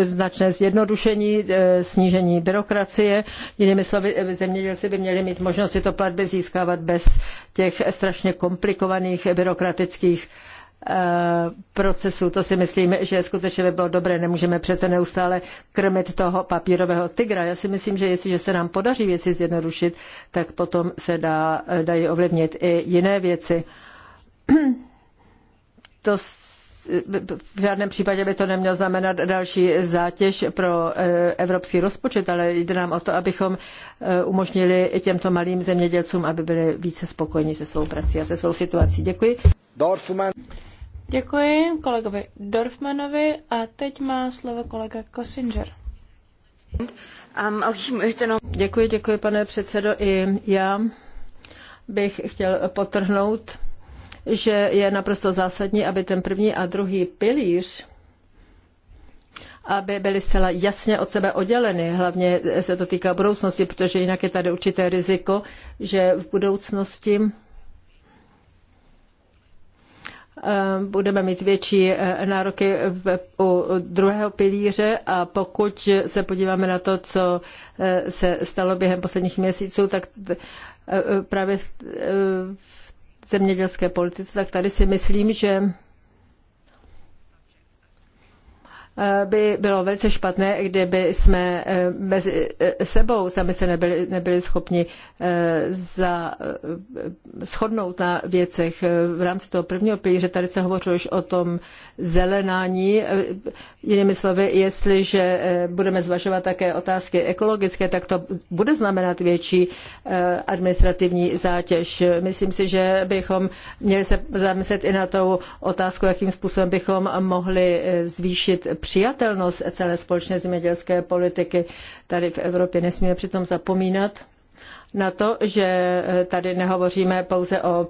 značné zjednodušení, snížení byrokracie. Jinými slovy, zemědělci by měli mít možnost tyto platby získávat bez těch strašně komplikovaných byrokratických procesu. To si myslím, že skutečně by bylo dobré. Nemůžeme přece neustále krmit toho papírového tygra. Já si myslím, že jestliže se nám podaří věci zjednodušit, tak potom se dá, dají ovlivnit i jiné věci. <clears throat> To v žádném případě by to nemělo znamenat další zátěž pro eh, evropský rozpočet, ale jde nám o to, abychom eh, umožnili těmto malým zemědělcům, aby byli více spokojeni se svou prací a se svou situací. Děkuji. Dorfman. Děkuji kolegovi Dorfmanovi a teď má slovo kolega Kosinger. Um, děkuji, děkuji, pane předsedo. I já bych chtěl potrhnout, že je naprosto zásadní, aby ten první a druhý pilíř aby byly zcela jasně od sebe odděleny. Hlavně se to týká budoucnosti, protože jinak je tady určité riziko, že v budoucnosti Eh, budeme mít větší eh, nároky u druhého pilíře a pokud se podíváme na to, co eh, se stalo během posledních měsíců, tak právě v zemědělské politice, tak tady si myslím, že by bylo velice špatné, kdyby jsme eh, mezi eh, sebou sami se nebyli, nebyli schopni eh, za, shodnout na věcech. V rámci toho prvního pilíře tady se hovořilo už o tom zelenání. Jinými slovy, jestliže budeme zvažovat také otázky ekologické, tak to bude znamenat větší administrativní zátěž. Myslím si, že bychom měli se zamyslet i na tou otázku, jakým způsobem bychom mohli zvýšit přijatelnost celé společné zemědělské politiky tady v Evropě. Nesmíme přitom zapomínat na to, že tady nehovoříme pouze o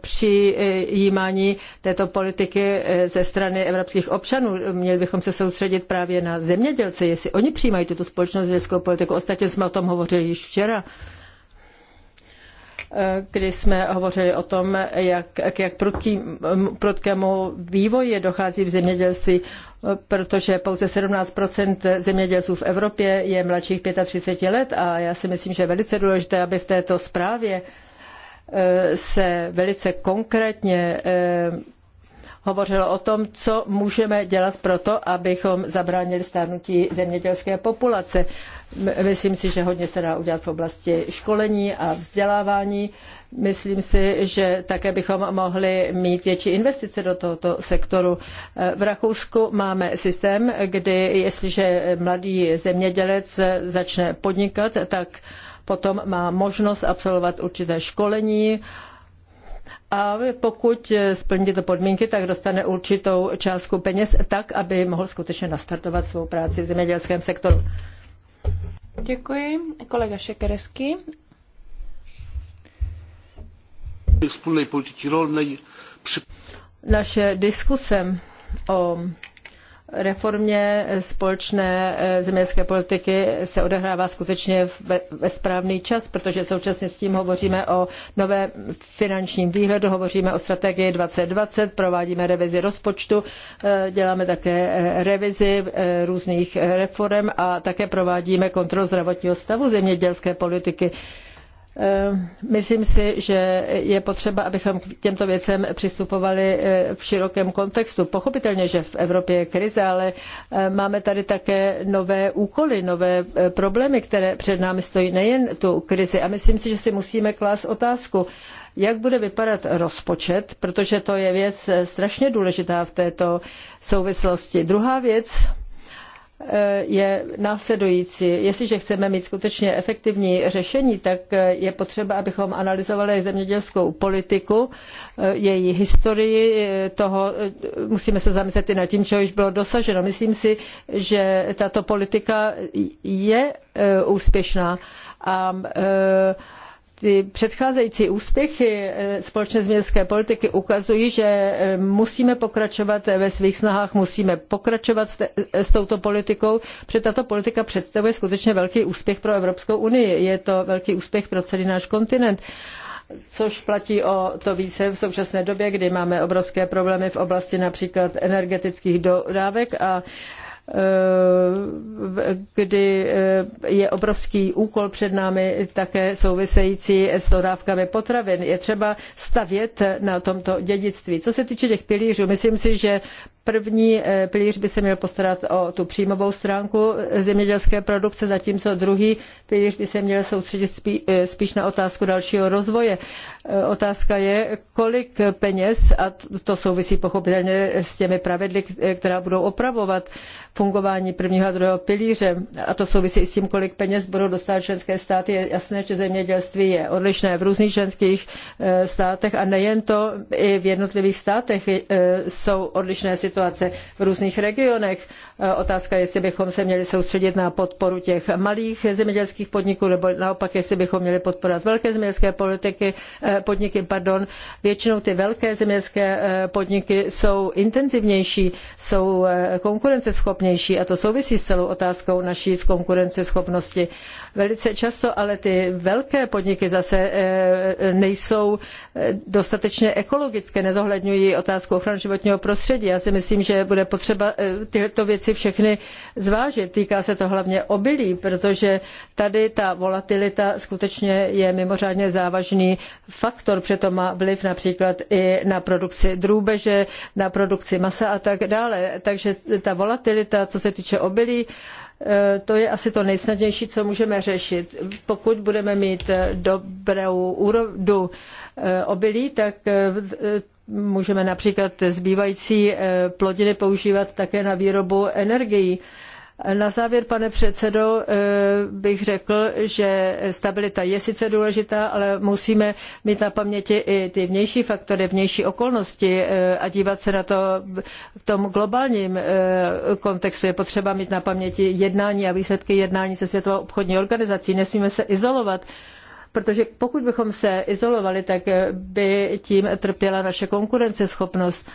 přijímání této politiky ze strany evropských občanů. Měli bychom se soustředit právě na zemědělce, jestli oni přijímají tuto společnou zemědělskou politiku. Ostatně jsme o tom hovořili již včera kdy jsme hovořili o tom, jak, jak prudký, prudkému vývoji dochází v zemědělství, protože pouze 17 zemědělců v Evropě je mladších 35 let a já si myslím, že je velice důležité, aby v této zprávě eh, se velice konkrétně eh, hovořilo o tom, co můžeme dělat pro to, abychom zabránili stárnutí zemědělské populace. Myslím si, že hodně se dá udělat v oblasti školení a vzdělávání. Myslím si, že také bychom mohli mít větší investice do tohoto sektoru. V Rakousku máme systém, kdy jestliže mladý zemědělec začne podnikat, tak potom má možnost absolvovat určité školení, a pokud eh, splní tyto podmínky, tak dostane určitou částku peněz tak, aby mohl skutečně nastartovat svou práci v zemědělském sektoru. Děkuji. Kolega Šekeresky. Naše diskuse o reformě eh, společné eh, zemědělské politiky se odehrává skutečně ve správný čas, protože současně s tím hovoříme o nové finančním výhledu, hovoříme o strategii 2020, provádíme revizi rozpočtu, eh, děláme také revizi různých reform a také provádíme kontrolu zdravotního stavu zemědělské politiky. Eh, myslím si, že je potřeba, abychom k těmto věcem přistupovali eh, v širokém kontextu. Pochopitelně, že v Evropě je krize, ale eh, máme tady také nové úkoly, nové problémy, které před námi stojí, nejen tu krizi. A myslím si, že si musíme klást otázku, jak bude vypadat rozpočet, protože to je věc strašně důležitá v této souvislosti. Druhá věc, Eh, je následující. Jestliže chceme mít skutečně efektivní řešení, tak eh, je potřeba, abychom analyzovali zemědělskou politiku, eh, její historii, toho musíme se zamyslet i nad tím, čeho již bylo dosaženo. Myslím si, že tato politika je úspěšná a ty předcházející úspěchy eh, společné zemědělské politiky ukazují, že eh, musíme pokračovat ve svých snahách, musíme pokračovat s touto politikou, protože tato politika představuje skutečně velký úspěch pro Evropskou unii. Je to velký úspěch pro celý náš kontinent což platí o to více v současné době, kdy máme obrovské problémy v oblasti například energetických dodávek a kdy eh, je obrovský úkol před námi také související s dodávkami potravin. Je třeba stavět na tomto dědictví. Co se týče těch pilířů, myslím si, že První eh, pilíř by se měl postarat o tu příjmovou stránku eh, zemědělské produkce, zatímco druhý pilíř by se měl soustředit eh, spíš na otázku dalšího rozvoje. Otázka je, kolik peněz, a to souvisí pochopitelně s těmi pravidly, která budou opravovat fungování prvního a druhého pilíře, a to souvisí i s tím, kolik peněz budou dostat členské státy. Je jasné, že zemědělství je odlišné v různých členských státech a nejen to, i v jednotlivých státech jsou odlišné situace situace v různých regionech. E, otázka je, jestli bychom se měli soustředit na podporu těch malých zemědělských podniků, nebo naopak, jestli bychom měli podporovat velké zemědělské politiky, e, podniky. Pardon. Většinou ty velké zemědělské e, podniky jsou intenzivnější, jsou konkurenceschopnější a to souvisí s celou otázkou naší konkurenceschopnosti. Velice často ale ty velké podniky zase eh, eh, nejsou eh, dostatečně ekologické, nezohledňují otázku ochrany životního prostředí. Já si myslím, že bude potřeba tyto věci všechny zvážit. Týká se to hlavně obilí, protože tady ta volatilita skutečně je mimořádně závažný faktor, přitom má vliv například i na produkci drůbeže, na produkci masa a tak dále. Takže ta volatilita, co se týče obilí, Eh, to je asi to nejsnadnější, co můžeme řešit. Pokud budeme mít eh, dobrou úrodu eh, obilí, tak můžeme například zbývající plodiny používat také na výrobu energií. Na závěr, pane předsedo, eh, bych řekl, že stabilita je sice důležitá, ale musíme mít na paměti i ty vnější faktory, vnější okolnosti eh, a dívat se na to v tom globálním eh, kontextu. Je potřeba mít na paměti jednání a výsledky jednání se Světovou obchodní organizací. Nesmíme se izolovat protože pokud bychom se izolovali, tak by tím trpěla naše konkurenceschopnost.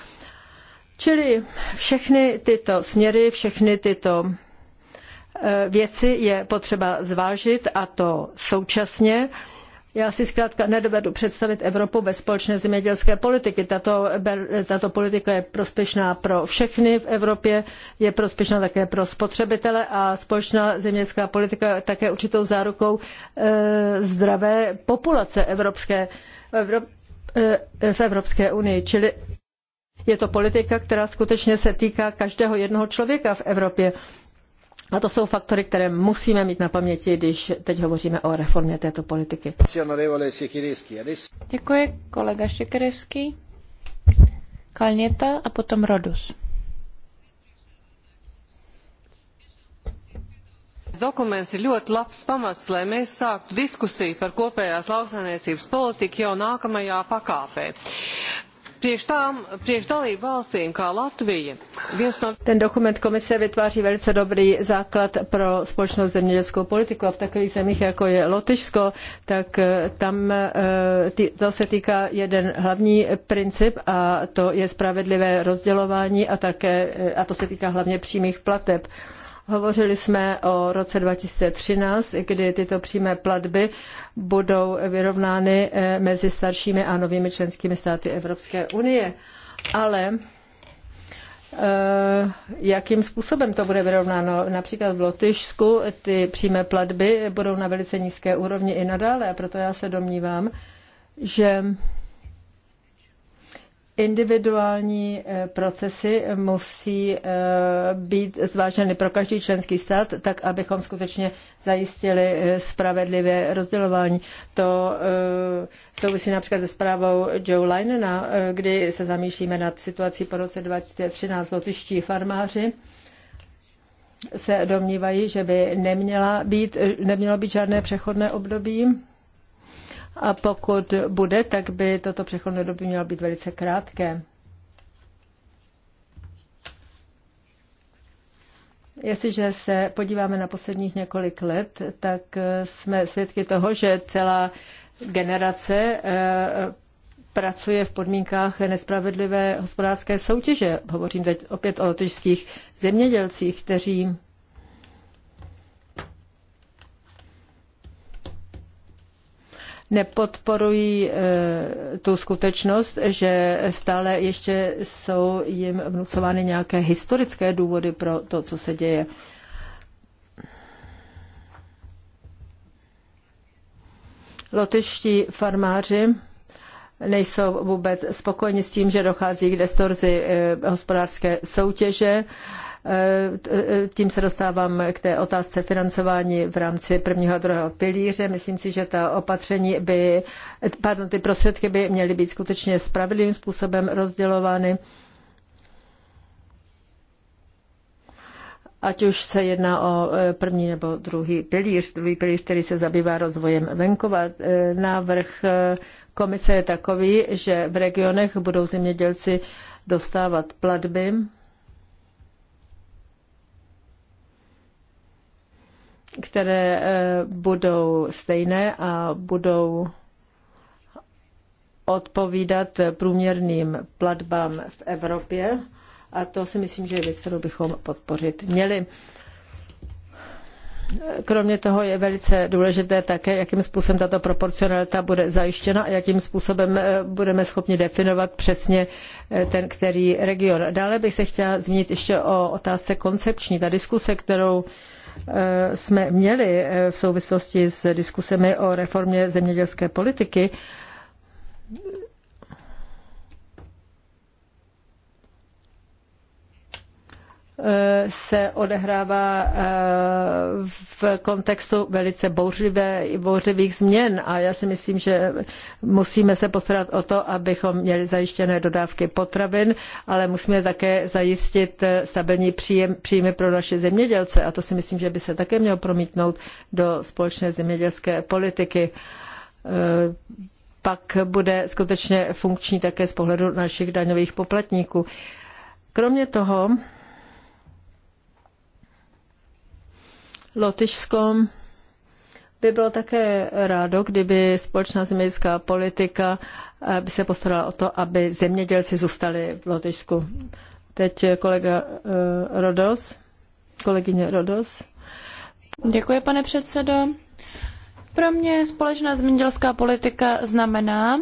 Čili všechny tyto směry, všechny tyto Eh, věci je potřeba zvážit a to současně. Já si zkrátka nedovedu představit Evropu bez společné zemědělské politiky. Tato, tato politika je prospěšná pro všechny v Evropě, je prospěšná také pro spotřebitele a společná zemědělská politika je také určitou zárukou e, zdravé populace evropské, e, v Evropské unii. Čili je to politika, která skutečně se týká každého jednoho člověka v Evropě. A to jsou faktory, které musíme mít na paměti, když teď hovoříme o reformě této politiky. Děkuji, kolega Šekereský, Kalněta a potom Rodus. dokuments No- Ten dokument komise vytváří velice dobrý základ pro společnou zemědělskou politiku a v takových zemích, jako je Lotyšsko, tak eh, tam eh, to se týká jeden hlavní princip a to je spravedlivé rozdělování a také, eh, a to se týká hlavně přímých plateb. Uh, Hovořili jsme o roce 2013, kdy tyto přímé platby budou vyrovnány eh, mezi staršími a novými členskými státy Evropské unie. Ale eh, jakým způsobem to bude vyrovnáno. Například v Lotyšsku ty přímé platby budou na velice nízké úrovni i nadále, a proto já se domnívám, že Individuální eh, procesy musí eh, být zváženy pro každý členský stát, tak abychom skutečně zajistili eh, spravedlivé rozdělování. To souvisí například se zprávou Joe Linena, kdy se zamýšlíme nad situací po roce 2013 lotyští farmáři se domnívají, že by neměla být, nemělo být žádné přechodné období a pokud bude, tak by toto přechodné doby mělo být velice krátké. Jestliže se podíváme na posledních několik let, tak jsme svědky toho, že celá generace eh, pracuje v podmínkách nespravedlivé hospodářské soutěže. Hovořím teď opět o lotyšských zemědělcích, kteří nepodporují eh, tu skutečnost, že stále ještě jsou jim vnucovány nějaké historické důvody pro to, co se děje. Lotyští farmáři nejsou vůbec spokojeni s tím, že dochází k destorzi eh, hospodářské soutěže. Eh, eh, tím se dostávám k té otázce financování v rámci prvního a druhého pilíře. Myslím si, že ta opatření by, pardon, ty prostředky by měly být skutečně spravedlivým způsobem rozdělovány. ať už se jedná o eh, první nebo druhý pilíř, druhý pilíř, který se zabývá rozvojem venkova. Návrh komise je takový, že v regionech budou zemědělci dostávat platby které eh, budou stejné a budou odpovídat průměrným platbám v Evropě. A to si myslím, že je věc, kterou bychom podpořit měli. Kromě toho je velice důležité také, jakým způsobem tato proporcionalita bude zajištěna a jakým způsobem eh, budeme schopni definovat přesně eh, ten, který region. Dále bych se chtěla zmínit ještě o otázce koncepční. Ta diskuse, kterou Eh, jsme měli eh, v souvislosti s diskusemi o reformě zemědělské politiky, se odehrává eh, v kontextu velice bouřlivé, bouřlivých změn a já si myslím, že musíme se postarat o to, abychom měli zajištěné dodávky potravin, ale musíme také zajistit eh, stabilní příjem, příjmy pro naše zemědělce a to si myslím, že by se také mělo promítnout do společné zemědělské politiky eh, pak bude skutečně funkční také z pohledu našich daňových poplatníků. Kromě toho, Lotyšsko by bylo také rádo, kdyby společná zemědělská politika eh, by se postarala o to, aby zemědělci zůstali v Lotyšsku. Teď kolega eh, Rodos, kolegyně Rodos. Děkuji, pane předsedo. Pro mě společná zemědělská politika znamená,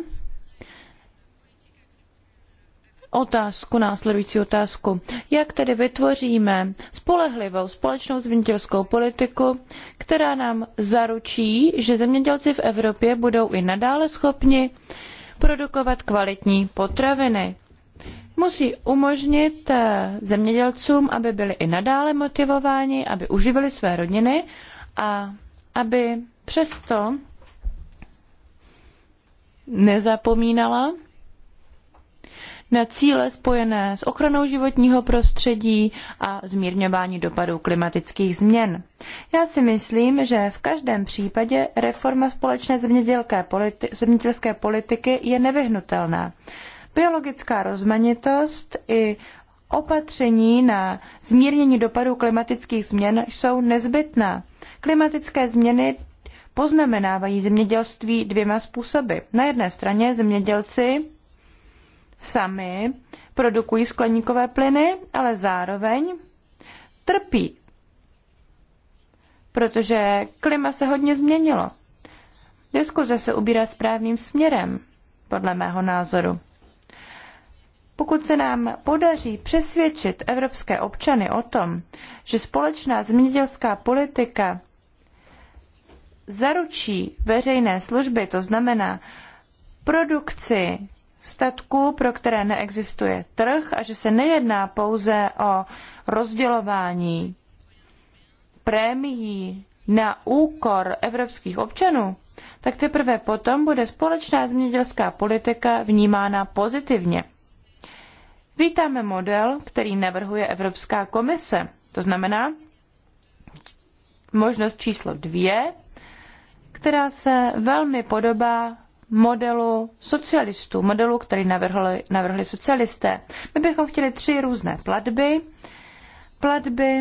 otázku, následující otázku. Jak tedy vytvoříme spolehlivou společnou zemědělskou politiku, která nám zaručí, že zemědělci v Evropě budou i nadále schopni produkovat kvalitní potraviny? Musí umožnit eh, zemědělcům, aby byli i nadále motivováni, aby uživili své rodiny a aby přesto nezapomínala na cíle spojené s ochranou životního prostředí a zmírňování dopadů klimatických změn. Já si myslím, že v každém případě reforma společné zemědělské politiky je nevyhnutelná. Biologická rozmanitost i opatření na zmírnění dopadů klimatických změn jsou nezbytná. Klimatické změny poznamenávají zemědělství dvěma způsoby. Na jedné straně zemědělci sami produkují skleníkové plyny, ale zároveň trpí, protože klima se hodně změnilo. Diskuze se ubírá správným směrem, podle mého názoru. Pokud se nám podaří přesvědčit evropské občany o tom, že společná zemědělská politika zaručí veřejné služby, to znamená produkci, statků, pro které neexistuje trh a že se nejedná pouze o rozdělování prémií na úkor evropských občanů, tak teprve potom bude společná zemědělská politika vnímána pozitivně. Vítáme model, který navrhuje Evropská komise. To znamená možnost číslo dvě, která se velmi podobá modelu socialistů, modelu, který navrhli, navrhli socialisté. My bychom chtěli tři různé platby. Platby,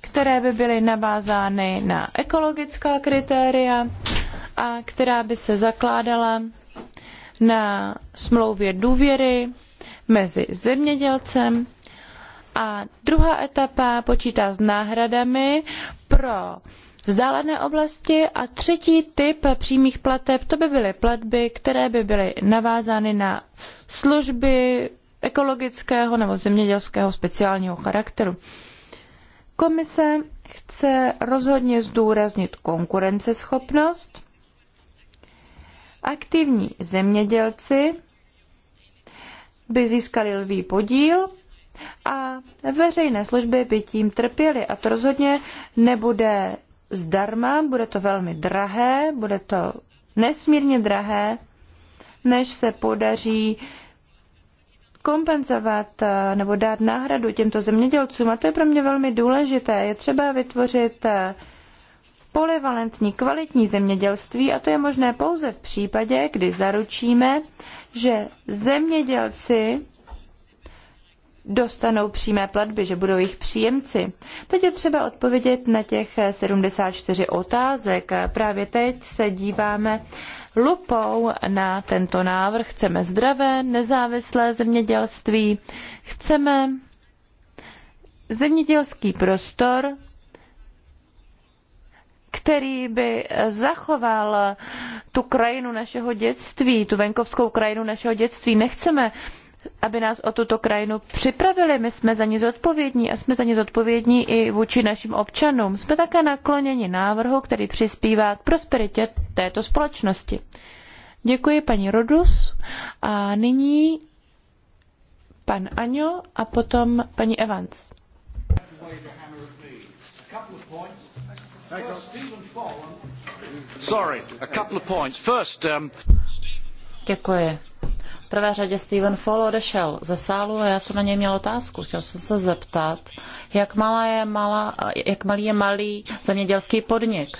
které by byly navázány na ekologická kritéria a která by se zakládala na smlouvě důvěry mezi zemědělcem a druhá etapa počítá s náhradami pro vzdálené oblasti a třetí typ přímých plateb to by byly platby, které by byly navázány na služby ekologického nebo zemědělského speciálního charakteru. Komise chce rozhodně zdůraznit konkurenceschopnost. Aktivní zemědělci by získali lvý podíl a veřejné služby by tím trpěly. A to rozhodně nebude zdarma, bude to velmi drahé, bude to nesmírně drahé, než se podaří kompenzovat eh, nebo dát náhradu těmto zemědělcům. A to je pro mě velmi důležité. Je třeba vytvořit eh, polivalentní kvalitní zemědělství a to je možné pouze v případě, kdy zaručíme, že zemědělci dostanou přímé platby, že budou jejich příjemci. Teď je třeba odpovědět na těch 74 otázek. Právě teď se díváme lupou na tento návrh. Chceme zdravé, nezávislé zemědělství. Chceme zemědělský prostor, který by zachoval tu krajinu našeho dětství, tu venkovskou krajinu našeho dětství. Nechceme aby nás o tuto krajinu připravili. My jsme za ní zodpovědní a jsme za ní zodpovědní i vůči našim občanům. Jsme také nakloněni návrhu, který přispívá k prosperitě této společnosti. Děkuji paní Rodus a nyní pan Aňo a potom paní Evans. Sorry, a couple of points. First, um, Děkuji prvé řadě Steven Fall odešel ze sálu a já jsem na něj měl otázku. Chtěl jsem se zeptat, jak, malá je malá, jak malý je malý zemědělský podnik,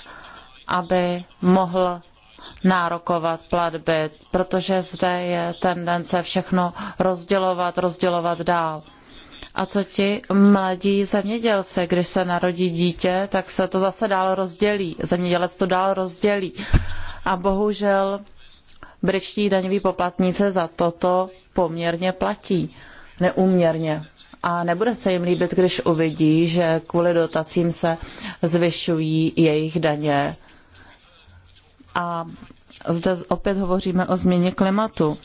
aby mohl nárokovat platby, protože zde je tendence všechno rozdělovat, rozdělovat dál. A co ti mladí zemědělci, když se narodí dítě, tak se to zase dál rozdělí. Zemědělec to dál rozdělí. A bohužel britští daňoví poplatníci za toto poměrně platí, neuměrně. A nebude se jim líbit, když uvidí, že kvůli dotacím se zvyšují jejich daně. A zde opět hovoříme o změně klimatu.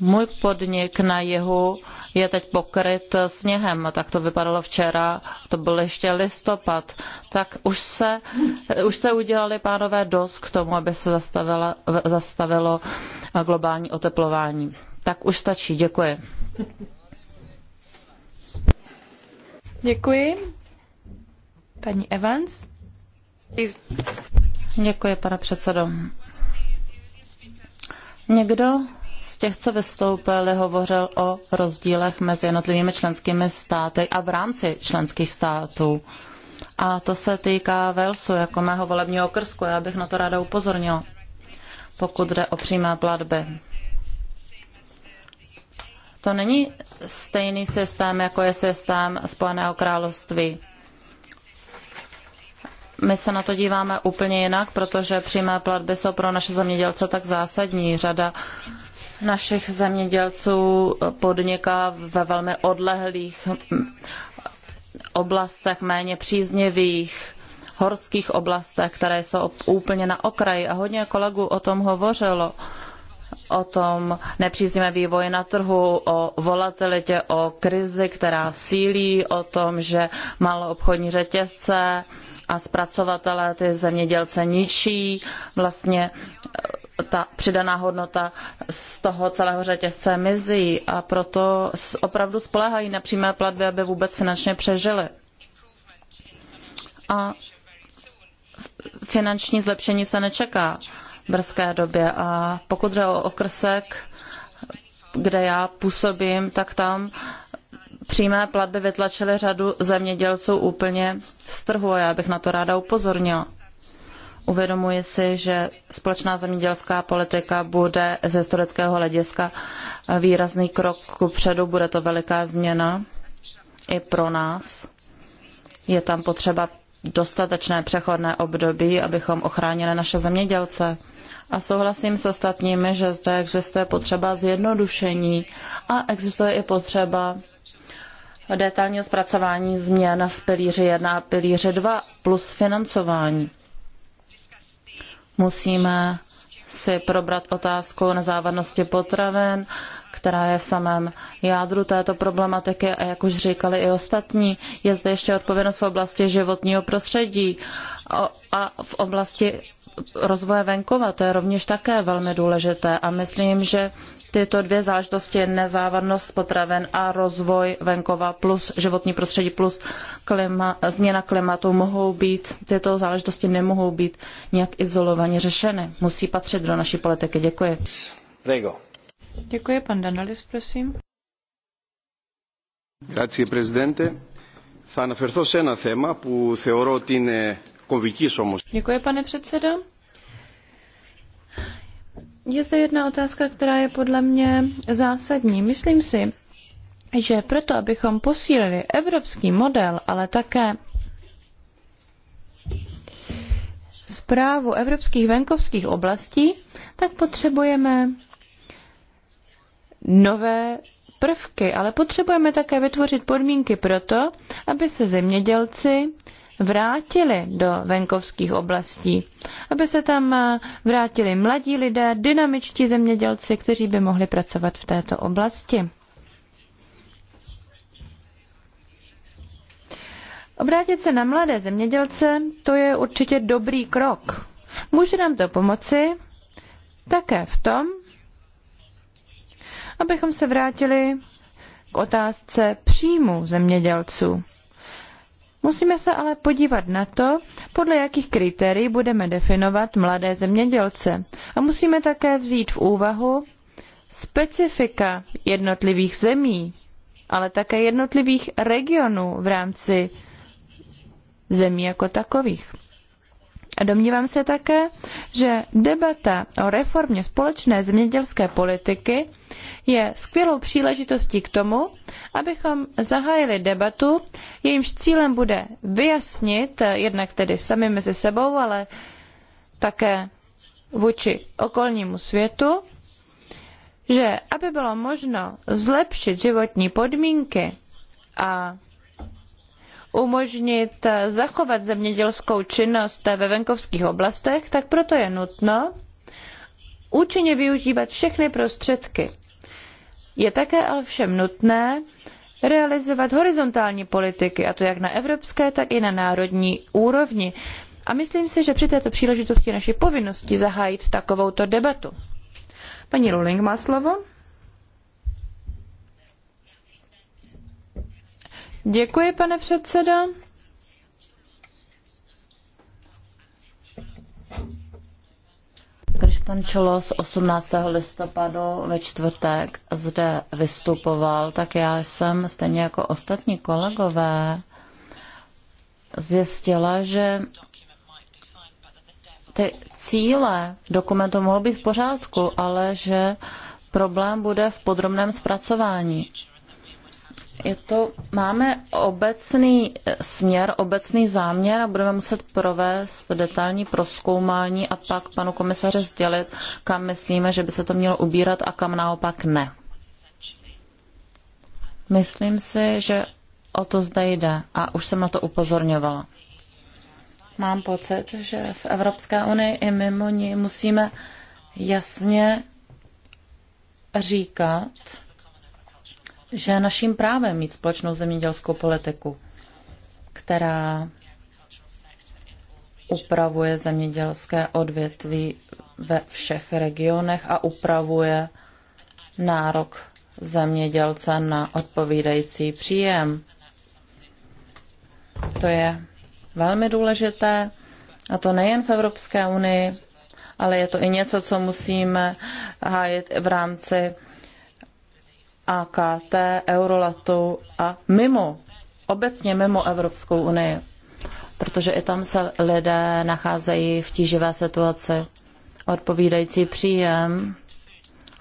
Můj podnik na jihu je teď pokryt sněhem. Tak to vypadalo včera, to byl ještě listopad. Tak už, se, už jste udělali, pánové, dost k tomu, aby se zastavilo globální oteplování. Tak už stačí, děkuji. Děkuji. Paní Evans. Děkuji, pane předsedo. Někdo z těch, co vystoupili, hovořil o rozdílech mezi jednotlivými členskými státy a v rámci členských států. A to se týká Walesu, jako mého volebního okrsku. Já bych na to ráda upozornila, pokud jde o přímé platby. To není stejný systém, jako je systém Spojeného království. My se na to díváme úplně jinak, protože přímé platby jsou pro naše zemědělce tak zásadní. Řada uh, našich zemědělců podniká ve velmi odlehlých oblastech, méně příznivých horských oblastech, které jsou úplně na okraji. A hodně kolegů o tom hovořilo o tom nepříznivé vývoji na trhu, o volatilitě, o krizi, která sílí, o tom, že obchodní řetězce a zpracovatelé ty zemědělce ničí. Vlastně ta přidaná hodnota z toho celého řetězce mizí a proto opravdu spoléhají na přímé platby, aby vůbec finančně přežili. A finanční zlepšení se nečeká v brzké době a pokud jde o okrsek, kde já působím, tak tam přímé platby vytlačily řadu zemědělců úplně z trhu a já bych na to ráda upozornila. Uvědomuji si, že společná zemědělská politika bude ze historického hlediska výrazný krok kupředu, bude to veliká změna i pro nás. Je tam potřeba dostatečné přechodné období, abychom ochránili naše zemědělce. A souhlasím s ostatními, že zde existuje potřeba zjednodušení a existuje i potřeba detailního zpracování změn v pilíři 1 a pilíři 2 plus financování. Musíme si probrat otázku na závadnosti potravin, která je v samém jádru této problematiky a jak už říkali i ostatní, je zde ještě odpovědnost v oblasti životního prostředí a v oblasti rozvoje venkova, to je rovněž také velmi důležité a myslím, že tyto dvě záležitosti, nezávadnost potraven a rozvoj venkova plus životní prostředí plus klima, změna klimatu mohou být, tyto záležitosti nemohou být nějak izolovaně řešeny. Musí patřit do naší politiky. Děkuji. Prego. Děkuji, pan Danalis, prosím. Grazie, prezidente. Θα αναφερθώ σε ένα θέμα που θεωρώ ότι είναι κομβικής όμως. Děkuji, pane předsedo. Je zde jedna otázka, která je podle mě zásadní. Myslím si, že proto, abychom posílili evropský model, ale také zprávu evropských venkovských oblastí, tak potřebujeme nové prvky, ale potřebujeme také vytvořit podmínky pro to, aby se zemědělci vrátili do venkovských oblastí, aby se tam eh, vrátili mladí lidé, dynamičtí zemědělci, kteří by mohli pracovat v této oblasti. Obrátit se na mladé zemědělce, to je určitě dobrý krok. Může nám to pomoci také v tom, abychom se vrátili k otázce příjmu zemědělců. Musíme se ale podívat na to, podle jakých kritérií budeme definovat mladé zemědělce. A musíme také vzít v úvahu specifika jednotlivých zemí, ale také jednotlivých regionů v rámci zemí jako takových. A domnívám se také, že debata o reformě společné zemědělské politiky je skvělou příležitostí k tomu, abychom zahájili debatu, jejímž cílem bude vyjasnit, eh, jednak tedy sami mezi sebou, ale také vůči okolnímu světu, že aby bylo možno zlepšit životní podmínky a umožnit eh, zachovat zemědělskou činnost eh, ve venkovských oblastech, tak proto je nutno účinně využívat všechny prostředky. Je také ale všem nutné realizovat horizontální politiky, a to jak na evropské, tak i na národní úrovni. A myslím si, že při této příležitosti naší povinnosti zahájit takovouto debatu. Paní Rowling má slovo. Děkuji, pane předsedo. Když pan z 18. listopadu ve čtvrtek zde vystupoval, tak já jsem stejně jako ostatní kolegové zjistila, že ty cíle dokumentu mohou být v pořádku, ale že problém bude v podrobném zpracování je to, máme obecný eh, směr, obecný záměr a budeme muset provést detailní proskoumání a pak panu komisaře sdělit, kam myslíme, že by se to mělo ubírat a kam naopak ne. Myslím si, že o to zde jde a už jsem na to upozorňovala. Mám pocit, že v Evropské unii i mimo ní musíme jasně říkat, že je naším právem mít společnou zemědělskou politiku, která upravuje zemědělské odvětví ve všech regionech a upravuje nárok zemědělce na odpovídající příjem. To je velmi důležité, a to nejen v Evropské unii, ale je to i něco, co musíme hájit v rámci AKT, Eurolatu a mimo, obecně mimo Evropskou unii, protože i tam se lidé nacházejí v tíživé situaci. Odpovídající příjem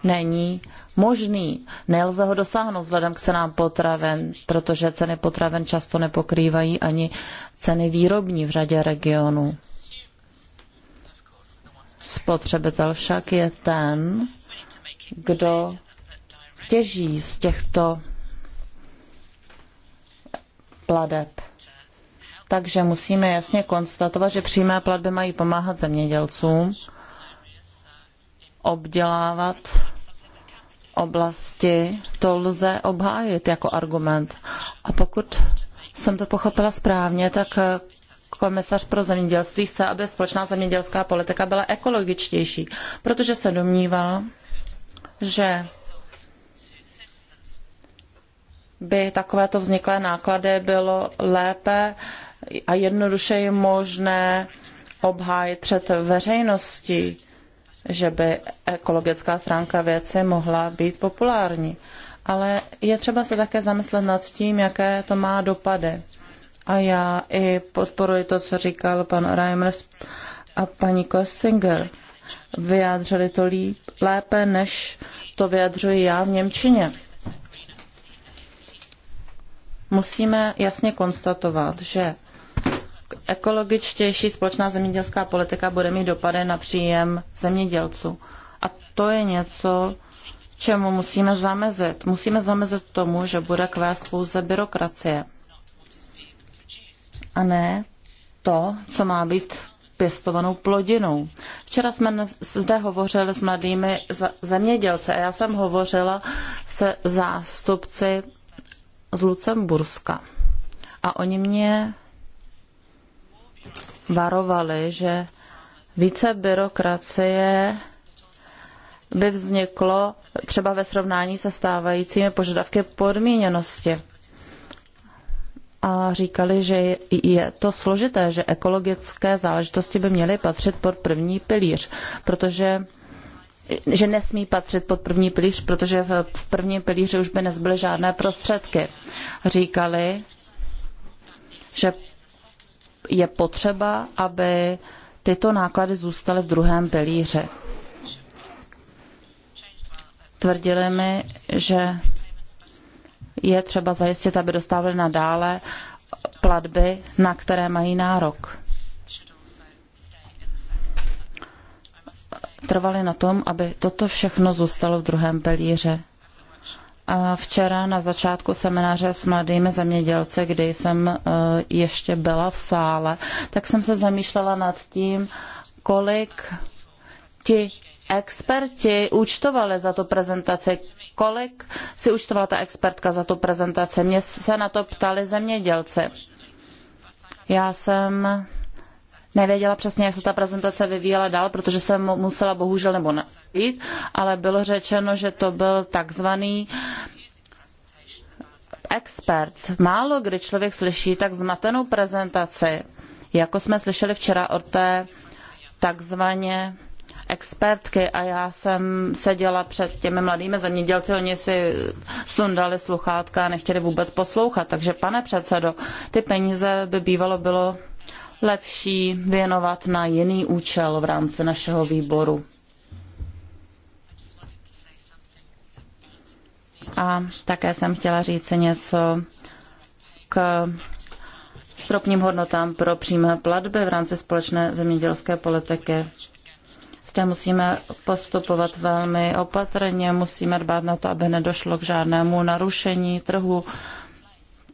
není možný. Nelze ho dosáhnout vzhledem k cenám potravin, protože ceny potravin často nepokrývají ani ceny výrobní v řadě regionů. Spotřebitel však je ten, kdo těží z těchto pladeb. Takže musíme jasně konstatovat, že přímé platby mají pomáhat zemědělcům obdělávat oblasti, to lze obhájit jako argument. A pokud jsem to pochopila správně, tak komisař pro zemědělství chce, aby společná zemědělská politika byla ekologičtější, protože se domnívá, že by takovéto vzniklé náklady bylo lépe a jednodušeji možné obhájit před veřejností, že by ekologická stránka věci mohla být populární. Ale je třeba se také zamyslet nad tím, jaké to má dopady. A já i podporuji to, co říkal pan Reimers a paní Kostinger. Vyjádřili to líp, lépe, než to vyjadřuji já v Němčině musíme jasně konstatovat, že ekologičtější společná zemědělská politika bude mít dopady na příjem zemědělců. A to je něco, čemu musíme zamezit. Musíme zamezit tomu, že bude kvést pouze byrokracie. A ne to, co má být pěstovanou plodinou. Včera jsme zde hovořili s mladými zemědělci a já jsem hovořila se zástupci z Lucemburska. A oni mě varovali, že více byrokracie by vzniklo třeba ve srovnání se stávajícími požadavky podmíněnosti. A říkali, že je to složité, že ekologické záležitosti by měly patřit pod první pilíř, protože že nesmí patřit pod první pilíř, protože v prvním pilíři už by nezbyly žádné prostředky. Říkali, že je potřeba, aby tyto náklady zůstaly v druhém pilíři. Tvrdili mi, že je třeba zajistit, aby dostávali nadále platby, na které mají nárok. trvali na tom, aby toto všechno zůstalo v druhém pilíře. A včera na začátku semináře s mladými zemědělci, kdy jsem e, ještě byla v sále, tak jsem se zamýšlela nad tím, kolik ti experti účtovali za tu prezentaci. Kolik si účtovala ta expertka za tu prezentaci? Mě se na to ptali zemědělci. Já jsem nevěděla přesně, jak se ta prezentace vyvíjela dál, protože jsem musela bohužel nebo najít, ale bylo řečeno, že to byl takzvaný expert. Málo kdy člověk slyší tak zmatenou prezentaci, jako jsme slyšeli včera od té takzvaně expertky a já jsem seděla před těmi mladými zemědělci, oni si sundali sluchátka a nechtěli vůbec poslouchat. Takže pane předsedo, ty peníze by bývalo bylo lepší věnovat na jiný účel v rámci našeho výboru. A také jsem chtěla říct něco k stropním hodnotám pro přímé platby v rámci společné zemědělské politiky. Zde musíme postupovat velmi opatrně, musíme dbát na to, aby nedošlo k žádnému narušení trhu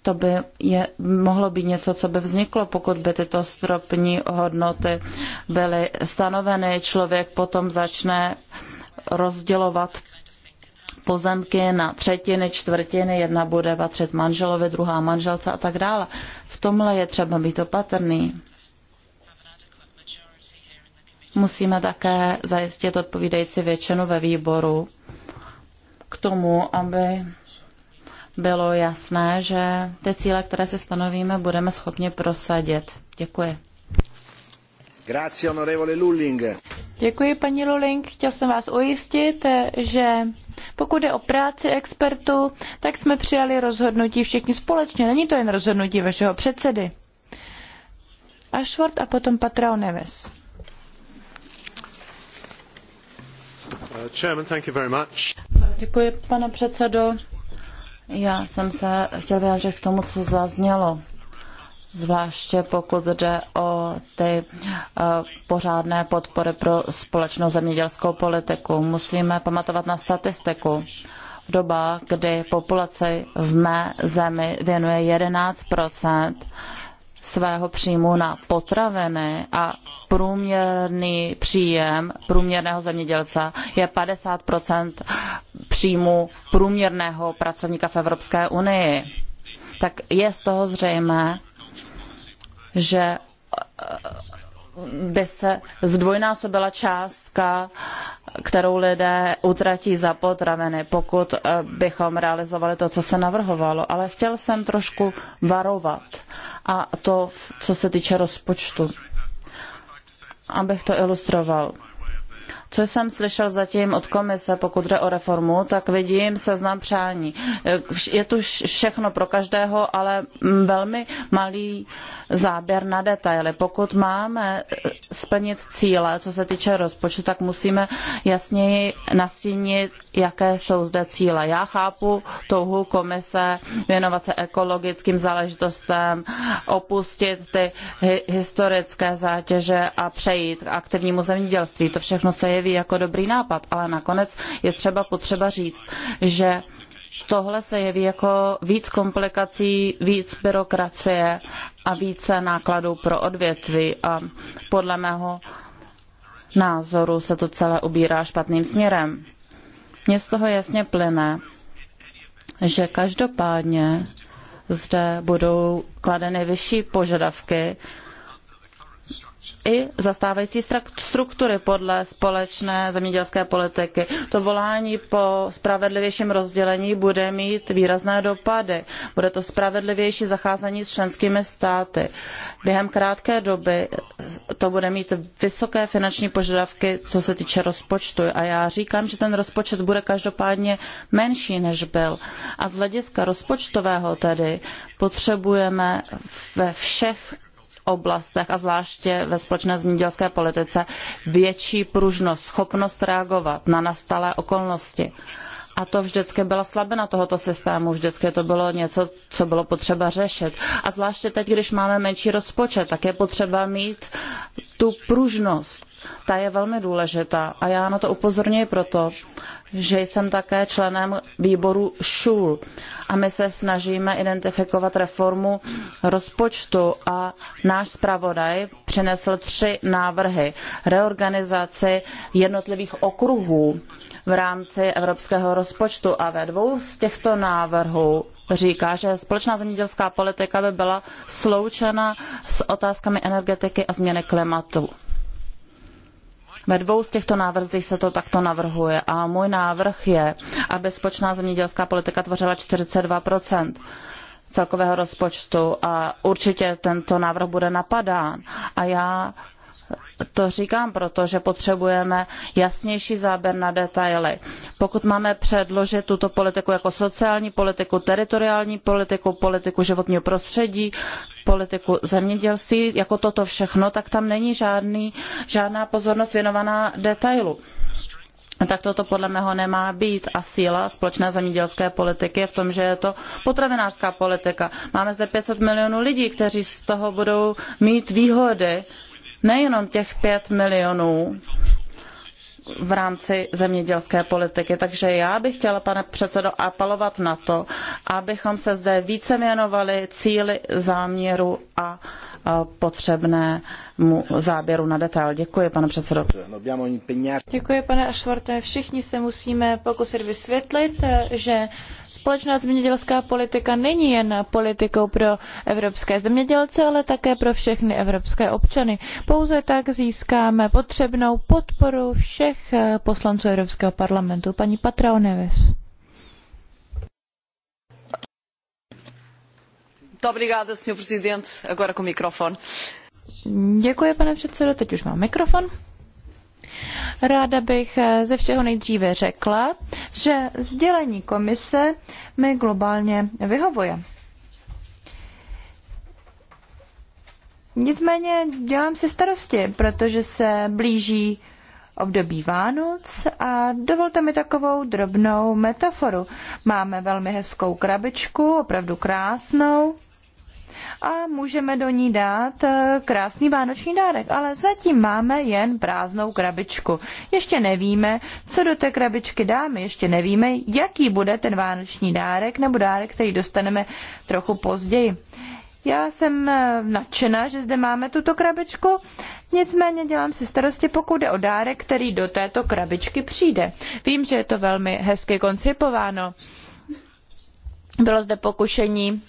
to by je, mohlo být něco, co by vzniklo, pokud by tyto stropní hodnoty byly stanoveny. Člověk potom začne rozdělovat pozemky na třetiny, čtvrtiny, jedna bude patřit manželovi, druhá manželce a tak dále. V tomhle je třeba být opatrný. Musíme také zajistit odpovídající většinu ve výboru k tomu, aby bylo jasné, že ty cíle, které si stanovíme, budeme schopni prosadit. Děkuji. Grazie, onorevole Lulling. Děkuji, paní Luling. Chtěl jsem vás ujistit, že pokud je o práci expertů, tak jsme přijali rozhodnutí všichni společně. Není to jen rozhodnutí vašeho předsedy. Ashford a potom Patrao Neves. Uh, Děkuji, pane předsedo. Já jsem se chtěl vyjádřit k tomu, co zaznělo zvláště pokud jde o ty eh, pořádné podpory pro společnou zemědělskou politiku. Musíme pamatovat na statistiku. V dobách, kdy populace v mé zemi věnuje 11 svého příjmu na potraviny a průměrný příjem průměrného zemědělce je 50 příjmu průměrného pracovníka v Evropské unii. Tak je z toho zřejmé, že by se zdvojnásobila částka, kterou lidé utratí za potraviny, pokud eh, bychom realizovali to, co se navrhovalo. Ale chtěl jsem trošku varovat a to, co se týče rozpočtu. Abych to ilustroval. Co jsem slyšel zatím od komise, pokud jde o reformu, tak vidím seznam přání. Eh, je tu všechno pro každého, ale mm, velmi malý záběr na detaily. Pokud máme eh, splnit cíle, co se týče rozpočtu, tak musíme jasněji nastínit, jaké jsou zde cíle. Já chápu touhu komise věnovat se ekologickým záležitostem, opustit ty historické zátěže a přejít k aktivnímu zemědělství. To všechno se jeví jako dobrý nápad, ale nakonec je třeba potřeba říct, že tohle se jeví jako víc komplikací, víc byrokracie a více nákladů pro odvětví a podle mého názoru se to celé ubírá špatným směrem. Mně z toho jasně plyne, že každopádně zde budou kladeny vyšší požadavky i zastávající struktury podle společné zemědělské politiky. To volání po spravedlivějším rozdělení bude mít výrazné dopady. Bude to spravedlivější zacházení s členskými státy. Během krátké doby to bude mít vysoké finanční požadavky, co se týče rozpočtu. A já říkám, že ten rozpočet bude každopádně menší, než byl. A z hlediska rozpočtového tedy potřebujeme ve všech oblastech a zvláště ve společné zemědělské politice větší pružnost, schopnost reagovat na nastalé okolnosti. A to vždycky byla slabina tohoto systému, vždycky to bylo něco, co bylo potřeba řešit. A zvláště teď, když máme menší rozpočet, tak je potřeba mít tu pružnost. Ta je velmi důležitá a já na to upozorňuji proto, že jsem také členem výboru ŠUL a my se snažíme identifikovat reformu rozpočtu a náš zpravodaj přinesl tři návrhy. Reorganizaci jednotlivých okruhů v rámci evropského rozpočtu a ve dvou z těchto návrhů říká, že společná zemědělská politika by byla sloučena s otázkami energetiky a změny klimatu. Ve dvou z těchto návrzích se to takto navrhuje a můj návrh je, aby společná zemědělská politika tvořila 42 celkového rozpočtu a určitě tento návrh bude napadán. A já to říkám proto, že potřebujeme jasnější záběr na detaily. Pokud máme předložit tuto politiku jako sociální politiku, teritoriální politiku, politiku životního prostředí, politiku zemědělství, jako toto všechno, tak tam není žádný, žádná pozornost věnovaná detailu. Tak toto podle mého nemá být. A síla společné zemědělské politiky je v tom, že je to potravinářská politika. Máme zde 500 milionů lidí, kteří z toho budou mít výhody nejenom těch pět milionů v rámci zemědělské politiky. Takže já bych chtěla, pane předsedo, apelovat na to, abychom se zde více věnovali cíli záměru a uh, potřebnému záběru na detail. Děkuji, pane předsedo. Děkuji, pane Ašvarte. Všichni se musíme pokusit vysvětlit, že společná zemědělská politika není jen politikou pro evropské zemědělce, ale také pro všechny evropské občany. Pouze tak získáme potřebnou podporu všech poslanců Evropského parlamentu. Paní Patraoneves. Děkuji, pane předsedo, teď už mám mikrofon. Ráda bych eh, ze všeho nejdříve řekla, že sdělení komise mi globálně vyhovuje. Nicméně dělám si starosti, protože se blíží období Vánoc a dovolte mi takovou drobnou metaforu. Máme velmi hezkou krabičku, opravdu krásnou, a můžeme do ní dát eh, krásný vánoční dárek, ale zatím máme jen prázdnou krabičku. Ještě nevíme, co do té krabičky dáme, ještě nevíme, jaký bude ten vánoční dárek nebo dárek, který dostaneme trochu později. Já jsem eh, nadšená, že zde máme tuto krabičku, nicméně dělám si starosti, pokud je o dárek, který do této krabičky přijde. Vím, že je to velmi hezky koncipováno. Bylo zde pokušení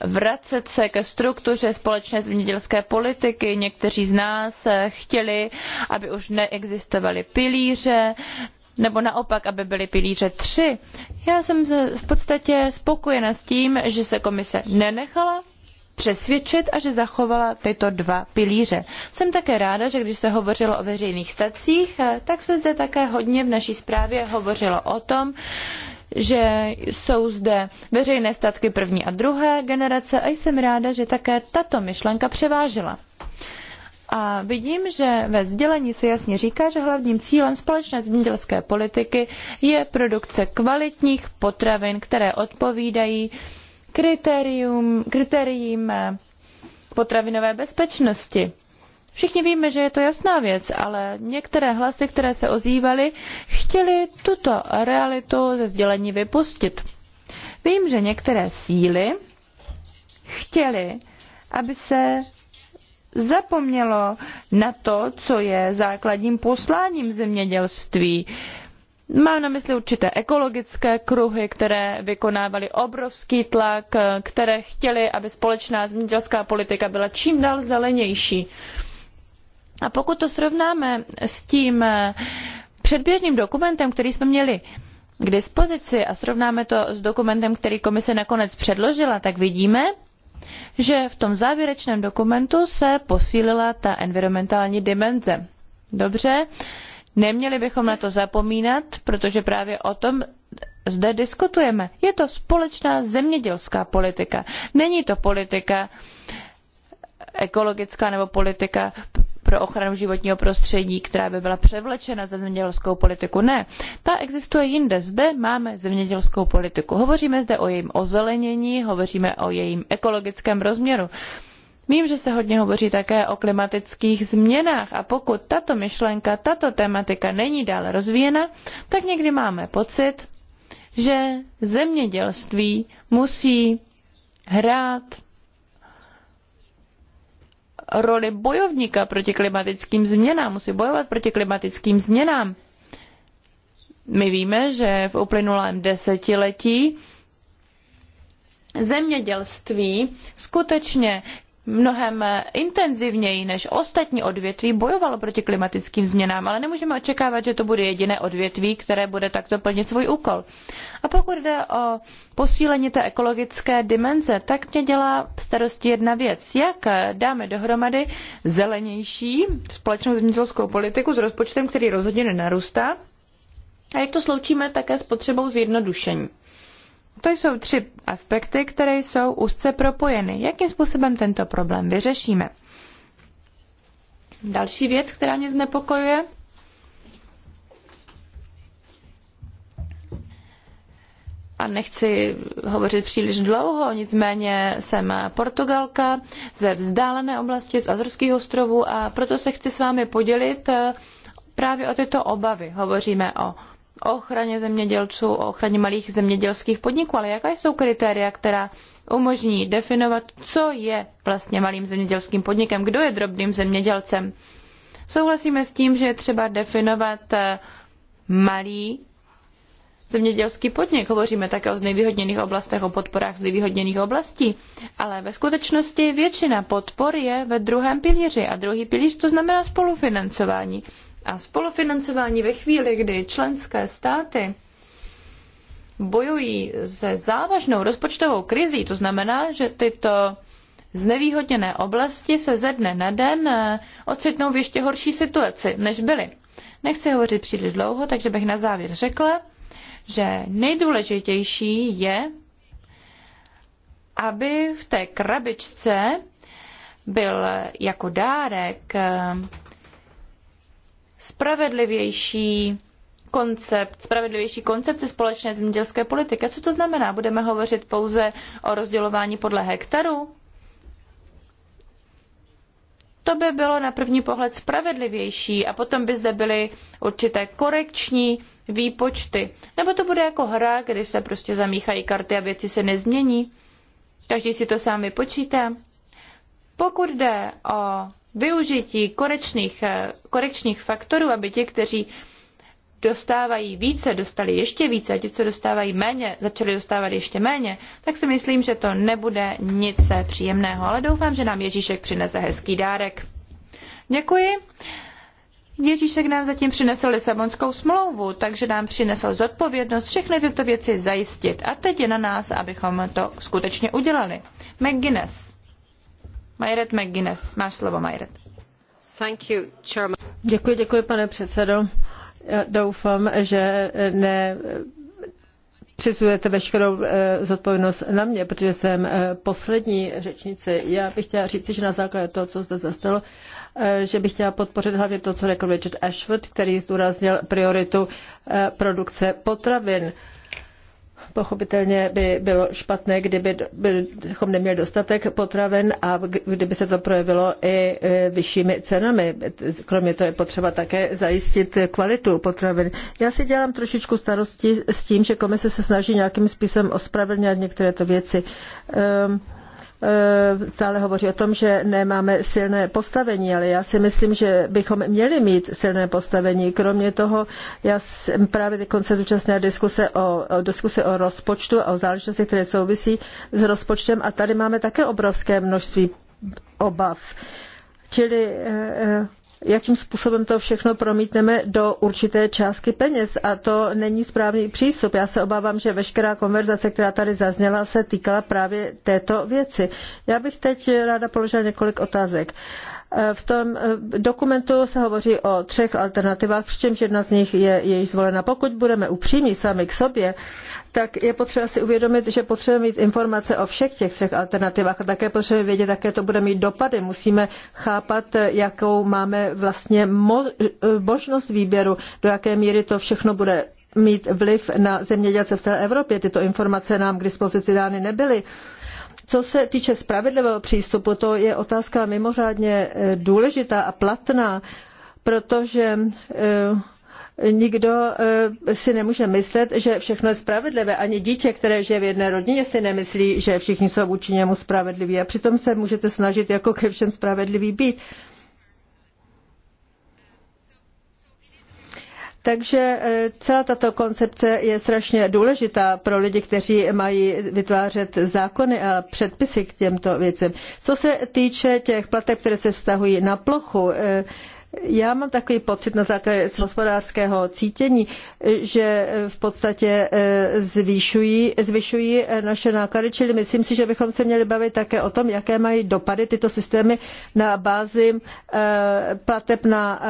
vracet se ke struktuře společné zemědělské politiky. Někteří z nás eh, chtěli, aby už neexistovaly pilíře, nebo naopak, aby byly pilíře tři. Já jsem v podstatě spokojena s tím, že se komise nenechala přesvědčit a že zachovala tyto dva pilíře. Jsem také ráda, že když se hovořilo o veřejných stacích, eh, tak se zde také hodně v naší zprávě hovořilo o tom, že jsou zde veřejné statky první a druhé generace a jsem ráda, že také tato myšlenka převážila. A vidím, že ve sdělení se jasně říká, že hlavním cílem společné zemědělské politiky je produkce kvalitních potravin, které odpovídají kritérium, kritériím eh, potravinové bezpečnosti. Všichni víme, že je to jasná věc, ale některé hlasy, které se ozývaly, chtěli tuto realitu ze sdělení vypustit. Vím, že některé síly chtěli, aby se zapomnělo na to, co je základním posláním zemědělství. Mám na mysli určité ekologické kruhy, které vykonávaly obrovský tlak, které chtěly, aby společná zemědělská politika byla čím dál zelenější. A pokud to srovnáme s tím eh, předběžným dokumentem, který jsme měli k dispozici a srovnáme to s dokumentem, který komise nakonec předložila, tak vidíme, že v tom závěrečném dokumentu se posílila ta environmentální dimenze. Dobře, neměli bychom na to zapomínat, protože právě o tom zde diskutujeme. Je to společná zemědělská politika. Není to politika ekologická nebo politika pro ochranu životního prostředí, která by byla převlečena za zemědělskou politiku. Ne, ta existuje jinde. Zde máme zemědělskou politiku. Hovoříme zde o jejím ozelenění, hovoříme o jejím ekologickém rozměru. Vím, že se hodně hovoří také o klimatických změnách a pokud tato myšlenka, tato tematika není dále rozvíjena, tak někdy máme pocit, že zemědělství musí hrát roli bojovníka proti klimatickým změnám, musí bojovat proti klimatickým změnám. My víme, že v uplynulém desetiletí zemědělství skutečně mnohem intenzivněji než ostatní odvětví bojovalo proti klimatickým změnám, ale nemůžeme očekávat, že to bude jediné odvětví, které bude takto plnit svůj úkol. A pokud jde o posílení té ekologické dimenze, tak mě dělá starosti jedna věc. Jak dáme dohromady zelenější společnou zemědělskou politiku s rozpočtem, který rozhodně nenarůstá, a jak to sloučíme také s potřebou zjednodušení. To jsou tři aspekty, které jsou úzce propojeny. Jakým způsobem tento problém vyřešíme? Další věc, která mě znepokojuje, a nechci hovořit příliš dlouho, nicméně jsem Portugalka ze vzdálené oblasti z Azorských ostrovů a proto se chci s vámi podělit právě o tyto obavy. Hovoříme o o ochraně zemědělců, o ochraně malých zemědělských podniků, ale jaká jsou kritéria, která umožní definovat, co je vlastně malým zemědělským podnikem, kdo je drobným zemědělcem. Souhlasíme s tím, že je třeba definovat eh, malý zemědělský podnik. Hovoříme také o znevýhodněných oblastech, o podporách znevýhodněných oblastí, ale ve skutečnosti většina podpor je ve druhém pilíři a druhý pilíř to znamená spolufinancování a spolufinancování ve chvíli, kdy členské státy bojují se závažnou rozpočtovou krizí, to znamená, že tyto znevýhodněné oblasti se ze dne na den eh, ocitnou v ještě horší situaci, než byly. Nechci hovořit příliš dlouho, takže bych na závěr řekla, že nejdůležitější je, aby v té krabičce byl jako dárek eh, spravedlivější koncept, spravedlivější koncepce společné zemědělské politiky. A co to znamená? Budeme hovořit pouze o rozdělování podle hektaru? To by bylo na první pohled spravedlivější a potom by zde byly určité korekční výpočty. Nebo to bude jako hra, kdy se prostě zamíchají karty a věci se nezmění. Každý si to sám vypočítá. Pokud jde o využití korekčních, eh, korekčních faktorů, aby ti, kteří dostávají více, dostali ještě více a ti, co dostávají méně, začali dostávat ještě méně, tak si myslím, že to nebude nic eh, příjemného, ale doufám, že nám Ježíšek přinese hezký dárek. Děkuji. Ježíšek nám zatím přinesl Lisabonskou smlouvu, takže nám přinesl zodpovědnost všechny tyto věci zajistit. A teď je na nás, abychom to skutečně udělali. McGuinness. Děkuji, pane předsedající. Já doufám, že ne veškerou eh, zodpovědnost na mě, protože jsem eh, poslední řečnice. Já bych chtěla říct, že na základě toho, co zde zastalo, eh, že bych chtěla podpořit hlavně to, co řekl Richard ashworth který zdůraznil prioritu produkce potravin. Pochopitelně by bylo špatné, kdybychom neměli dostatek potravin a kdyby se to projevilo i e, vyššími cenami. Kromě toho je potřeba také zajistit kvalitu potravin. Já si dělám trošičku starosti s tím, že komise se snaží nějakým způsobem ospravedlňovat některé to věci. Um, Eh, stále hovoří o tom, že nemáme silné postavení, ale já si myslím, že bychom měli mít silné postavení. Kromě toho, já jsem právě konce zúčastnila diskuse o, o, diskuse o rozpočtu a o záležitostech, které souvisí s rozpočtem a tady máme také obrovské množství obav. Čili eh, eh, jakým způsobem to všechno promítneme do určité částky peněz. A to není správný přístup. Já se obávám, že veškerá konverzace, která tady zazněla, se týkala právě této věci. Já bych teď ráda položila několik otázek. Uh, Eh, v tom eh, dokumentu se hovoří o třech alternativách, přičemž jedna z nich je již zvolena. Pokud budeme upřímní sami k sobě, tak je potřeba si uvědomit, že potřebujeme mít informace o všech těch třech alternativách a také potřebujeme vědět, jaké to bude mít dopady. Musíme chápat, eh, jakou máme vlastně možnost výběru, do jaké míry to všechno bude mít vliv na zemědělce v celé Evropě. Tyto informace nám k dispozici dány nebyly. Co se týče spravedlivého přístupu, to je otázka mimořádně eh, důležitá a platná, protože eh, nikdo eh, si nemůže myslet, že všechno je spravedlivé. Ani dítě, které žije v jedné rodině, si nemyslí, že všichni jsou vůči němu spravedliví. A přitom se můžete snažit jako ke všem spravedlivý být. Takže eh, celá tato koncepce je strašně důležitá pro lidi, kteří mají vytvářet zákony a předpisy k těmto věcem. Co se týče těch platek, které se vztahují na plochu, eh, já mám takový pocit na základě hospodářského cítění, eh, že v podstatě zvýšují, zvyšují naše náklady, čili myslím si, že bychom se měli bavit také o tom, jaké mají dopady tyto systémy na bázi plateb na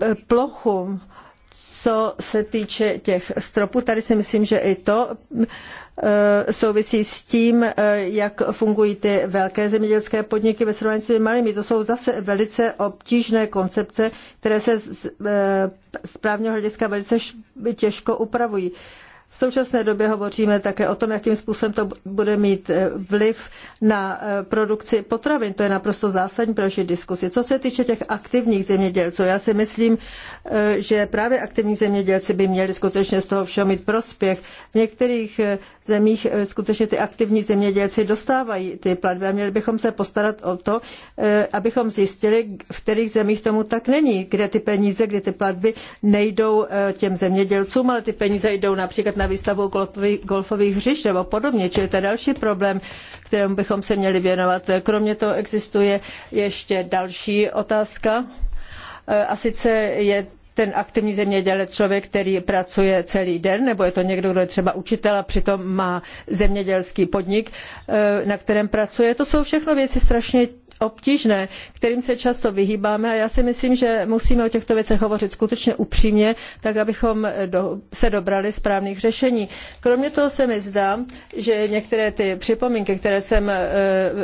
Eh, plochu, co se týče těch stropů, tady si myslím, že i to eh, souvisí s tím, eh, jak fungují ty velké zemědělské podniky ve srovnání s malými. To jsou zase velice obtížné koncepce, které se z právního hlediska velice těžko upravují. V současné době hovoříme také o tom, jakým způsobem to bude mít eh, vliv na eh, produkci potravin. To je naprosto zásadní pro naši diskusi. Co se týče těch aktivních zemědělců, já si myslím, eh, že právě aktivní zemědělci by měli skutečně z toho všeho mít prospěch. V některých zemích skutečně ty aktivní zemědělci dostávají ty platby a měli bychom se postarat o to, abychom zjistili, v kterých zemích tomu tak není, kde ty peníze, kde ty platby nejdou těm zemědělcům, ale ty peníze jdou například na na výstavu golfových hřišť nebo podobně, čili to je další problém, kterému bychom se měli věnovat. Kromě toho existuje ještě další otázka e, a sice je ten aktivní zemědělec člověk, který pracuje celý den, nebo je to někdo, kdo je třeba učitel a přitom má zemědělský podnik, e, na kterém pracuje. To jsou všechno věci strašně obtížné, kterým se často vyhýbáme a já si myslím, že musíme o těchto věcech hovořit skutečně upřímně, tak abychom se dobrali správných řešení. Kromě toho se mi zdá, že některé ty připomínky, které jsem e,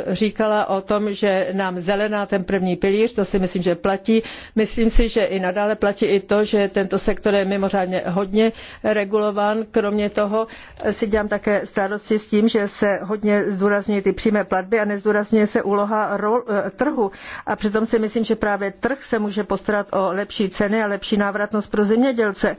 říkala o tom, že nám zelená ten první pilíř, to si myslím, že platí. Myslím si, že i nadále platí i to, že tento sektor je mimořádně hodně regulován. Kromě toho si dělám také starosti s tím, že se hodně zdůrazňují ty přímé platby a nezdůrazňuje se úloha rol, Eh, trhu. A přitom si myslím, že právě trh se může postarat o lepší ceny a lepší návratnost pro zemědělce.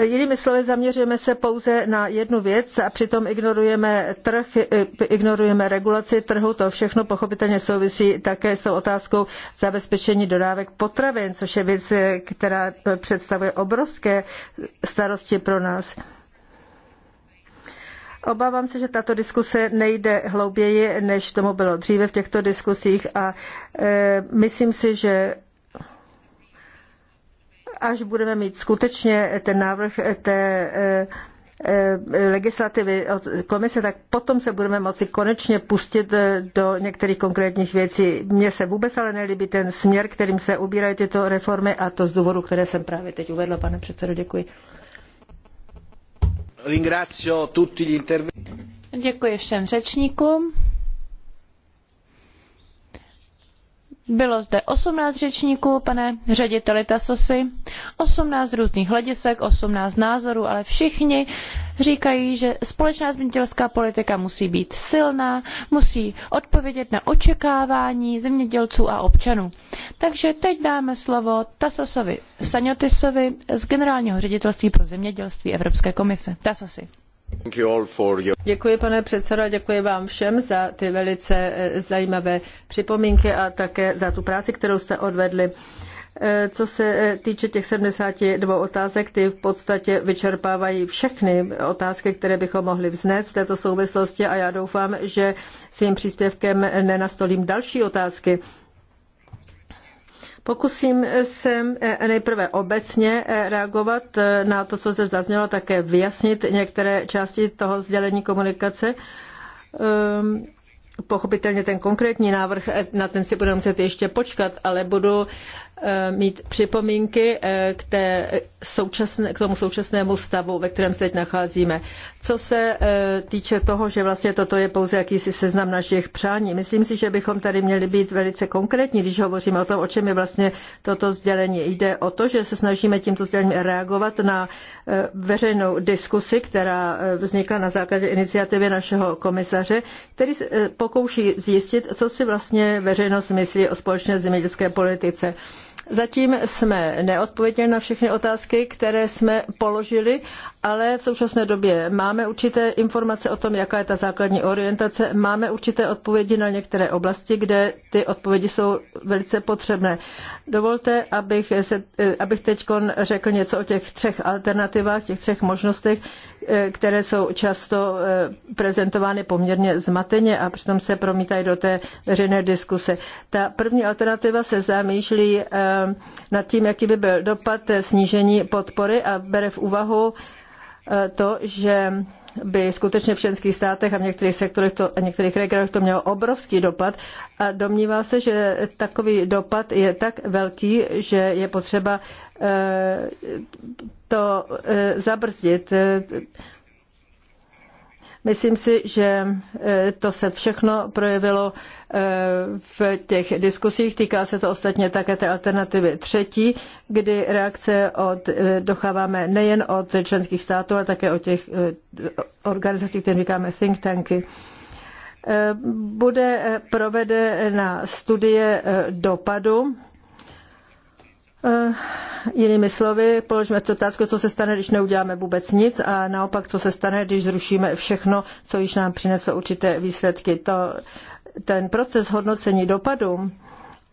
Jinými slovy, zaměřujeme se pouze na jednu věc a přitom ignorujeme trh, eh, ignorujeme regulaci trhu. To všechno pochopitelně souvisí také s tou otázkou zabezpečení dodávek potravin, což je věc, eh, která představuje obrovské starosti pro nás. Obávám se, že tato diskuse nejde hlouběji, než tomu bylo dříve v těchto diskusích a e, myslím si, že až budeme mít skutečně ten návrh té e, e, legislativy od komise, tak potom se budeme moci konečně pustit do některých konkrétních věcí. Mně se vůbec ale nelíbí ten směr, kterým se ubírají tyto reformy a to z důvodu, které jsem právě teď uvedla. Pane předsedo, děkuji. Ringrazio tutti gli interventi. Děkuji všem řečníkům. Bylo zde 18 řečníků, pane řediteli Tasosi, 18 různých hledisek, 18 názorů, ale všichni říkají, že společná zemědělská politika musí být silná, musí odpovědět na očekávání zemědělců a občanů. Takže teď dáme slovo Tasosovi Saňotisovi z Generálního ředitelství pro zemědělství Evropské komise. Tasosi. Děkuji, pane předsedo, děkuji vám všem za ty velice eh, zajímavé připomínky a také za tu práci, kterou jste odvedli. Eh, co se eh, týče těch 72 otázek, ty v podstatě vyčerpávají všechny otázky, které bychom mohli vznést v této souvislosti a já doufám, že svým příspěvkem nenastolím další otázky. Pokusím eh, se eh, nejprve obecně eh, reagovat na to, co se zaznělo, také vyjasnit některé části toho sdělení komunikace. Ehm, pochopitelně ten konkrétní návrh, na ten si budeme muset ještě počkat, ale budu Eh, mít připomínky eh, k, té současné, k tomu současnému stavu, ve kterém se teď nacházíme. Co se eh, týče toho, že vlastně toto je pouze jakýsi seznam našich přání, myslím si, že bychom tady měli být velice konkrétní, když hovoříme o tom, o čem je vlastně toto sdělení. Jde o to, že se snažíme tímto sdělením reagovat na veřejnou diskusi, která vznikla na základě iniciativy našeho komisaře, který pokouší zjistit, co si vlastně veřejnost myslí o společné zemědělské politice. Zatím jsme neodpověděli na všechny otázky, které jsme položili, ale v současné době máme určité informace o tom, jaká je ta základní orientace, máme určité odpovědi na některé oblasti, kde ty odpovědi jsou velice potřebné. Dovolte, abych, se, eh, abych teď řekl něco o těch třech alternativách, těch třech možnostech, Eh, které jsou často eh, prezentovány poměrně zmateně a přitom se promítají do té veřejné diskuse. Ta první alternativa se zamýšlí eh, nad tím, jaký by byl dopad snížení podpory a bere v úvahu to, že by skutečně v členských státech a v některých sektorech to, a některých regionech to mělo obrovský dopad a domnívá se, že takový dopad je tak velký, že je potřeba to eh, zabrzdit. Myslím si, že eh, to se všechno projevilo eh, v těch diskusích. Týká se to ostatně také té alternativy třetí, kdy reakce od, docháváme nejen od členských států, ale také od těch organizací, které říkáme think tanky. Bude provedena studie dopadu Eh, jinými slovy, položme tu otázku, co se stane, když neuděláme vůbec nic a naopak, co se stane, když zrušíme všechno, co již nám přineslo určité výsledky. To, ten proces hodnocení dopadu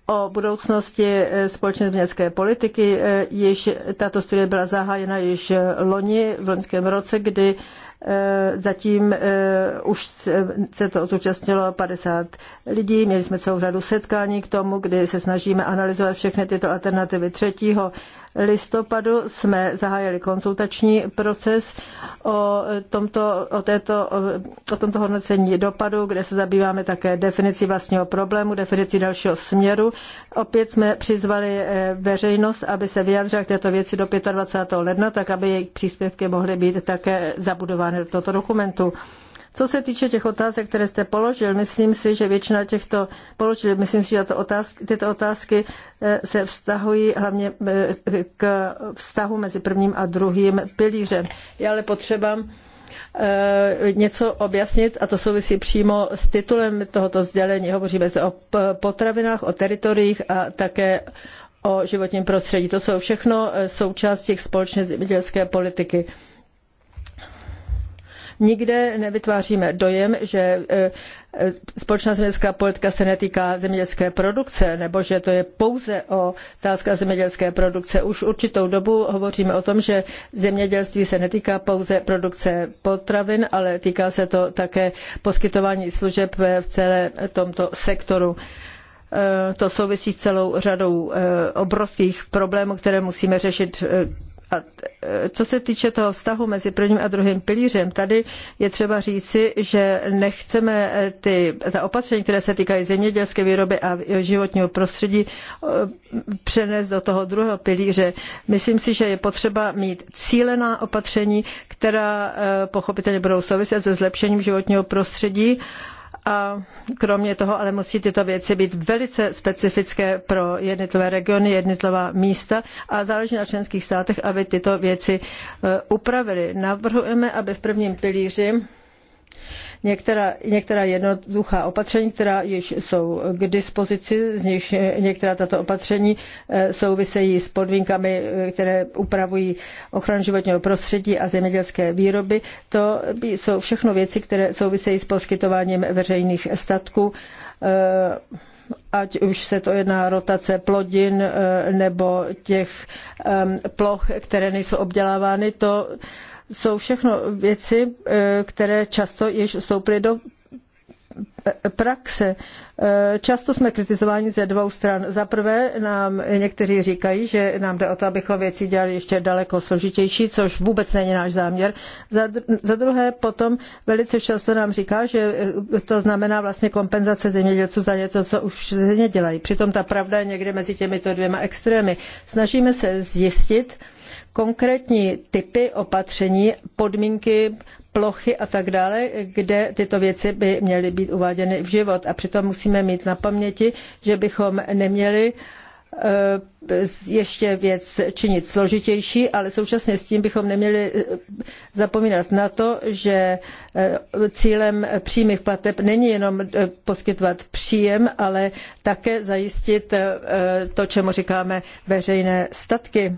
o budoucnosti eh, společné městské politiky, eh, již tato studie byla zahájena již loni v loňském roce, kdy Eh, zatím eh, už se to zúčastnilo 50 lidí, měli jsme celou řadu setkání k tomu, kdy se snažíme analyzovat všechny tyto alternativy. 3 listopadu jsme zahájili konzultační proces o tomto, o této, o tomto hodnocení dopadu, kde se zabýváme také definicí vlastního problému, definicí dalšího směru. Opět jsme přizvali eh, veřejnost, aby se vyjádřila k této věci do 25. ledna, tak aby jejich příspěvky mohly být také zabudovány do tohoto dokumentu. Co se týče těch otázek, které jste položil, myslím si, že většina těchto položil, myslím si, že to otázky, tyto otázky eh, se vztahují hlavně eh, k vztahu mezi prvním a druhým pilířem. Já ale potřeba eh, něco objasnit a to souvisí přímo s titulem tohoto sdělení. Hovoříme se o potravinách, o teritoriích a také o životním prostředí. To jsou všechno součást těch společné zemědělské politiky. Nikde nevytváříme dojem, že e, e, společná zemědělská politika se netýká zemědělské produkce, nebo že to je pouze o otázka zemědělské produkce. Už určitou dobu hovoříme o tom, že zemědělství se netýká pouze produkce potravin, ale týká se to také poskytování služeb v celé tomto sektoru e, to souvisí s celou řadou obrovských problémů, které musíme řešit a e, co se týče toho vztahu mezi prvním a druhým pilířem, tady je třeba říci, že nechceme e, ty, ta opatření, které se týkají zemědělské výroby a životního prostředí, e, přenést do toho druhého pilíře. Myslím si, že je potřeba mít cílená opatření, která pochopitelně budou souviset se zlepšením životního prostředí a kromě toho ale musí tyto věci být velice specifické pro jednotlivé regiony, jednotlivá místa a záleží na členských státech, aby tyto věci eh, upravili. Navrhujeme, aby v prvním pilíři Některá, některá jednoduchá opatření, která již jsou k dispozici, z nich některá tato opatření eh, souvisejí s podmínkami, eh, které upravují ochranu životního prostředí a zemědělské výroby. To jsou všechno věci, které souvisejí s poskytováním veřejných statků eh, ať už se to jedná rotace plodin nebo těch ploch, které nejsou obdělávány, to jsou všechno věci, eh, které často již vstoupily do praxe. Eh, často jsme kritizováni ze dvou stran. Za prvé nám někteří říkají, že nám jde o to, abychom věci dělali ještě daleko složitější, což vůbec není náš záměr. Za, za druhé potom velice často nám říká, že eh, to znamená vlastně kompenzace zemědělců za něco, co už země dělají. Přitom ta pravda je někde mezi těmito dvěma extrémy. Snažíme se zjistit, konkrétní typy opatření, podmínky, plochy a tak dále, kde tyto věci by měly být uváděny v život. A přitom musíme mít na paměti, že bychom neměli eh, ještě věc činit složitější, ale současně s tím bychom neměli eh, zapomínat na to, že eh, cílem přímých plateb není jenom poskytovat příjem, ale také zajistit to, čemu říkáme veřejné statky.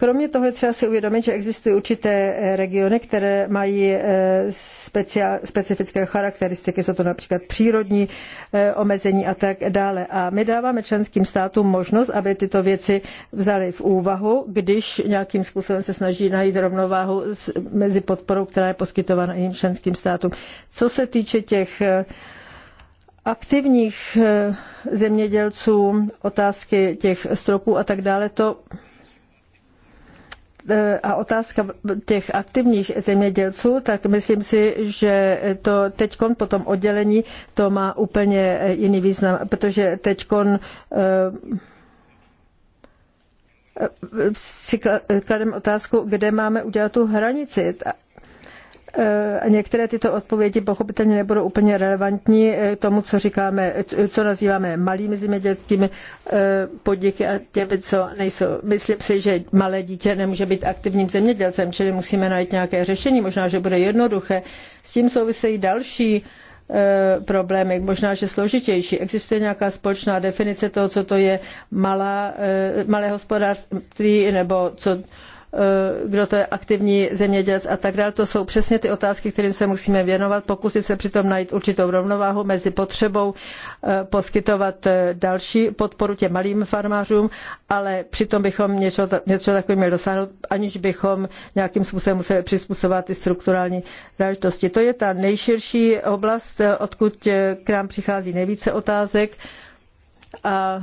Kromě toho je třeba si uvědomit, že existují určité eh, regiony, které mají eh, speciál, specifické charakteristiky, jsou to například přírodní eh, omezení a tak dále. A my dáváme členským státům možnost, aby tyto věci vzali v úvahu, když nějakým způsobem se snaží najít rovnováhu mezi podporou, která je poskytována jiným členským státům. Co se týče těch aktivních zemědělců, otázky těch stropů a tak dále, to Eh, a otázka těch aktivních zemědělců, tak myslím si, že to teď po tom oddělení to má úplně eh, jiný význam, protože teď eh, si klademe otázku, kde máme udělat tu hranici Eh, některé tyto odpovědi pochopitelně nebudou úplně relevantní eh, k tomu, co říkáme, co nazýváme malými zemědělskými eh, podniky a těmi, co nejsou. Myslím si, že malé dítě nemůže být aktivním zemědělcem, čili musíme najít nějaké řešení, možná, že bude jednoduché. S tím souvisejí další problémy, možná, že složitější. Existuje nějaká společná definice toho, co to je malá, malé hospodářství nebo co Eh, kdo to je aktivní zemědělec a tak dále. To jsou přesně ty otázky, kterým se musíme věnovat, pokusit se přitom najít určitou rovnováhu mezi potřebou eh, poskytovat eh, další podporu těm malým farmářům, ale přitom bychom něco, něco takového měli dosáhnout, aniž bychom nějakým způsobem museli přizpůsobovat ty strukturální záležitosti. To je ta nejširší oblast, odkud k nám přichází nejvíce otázek a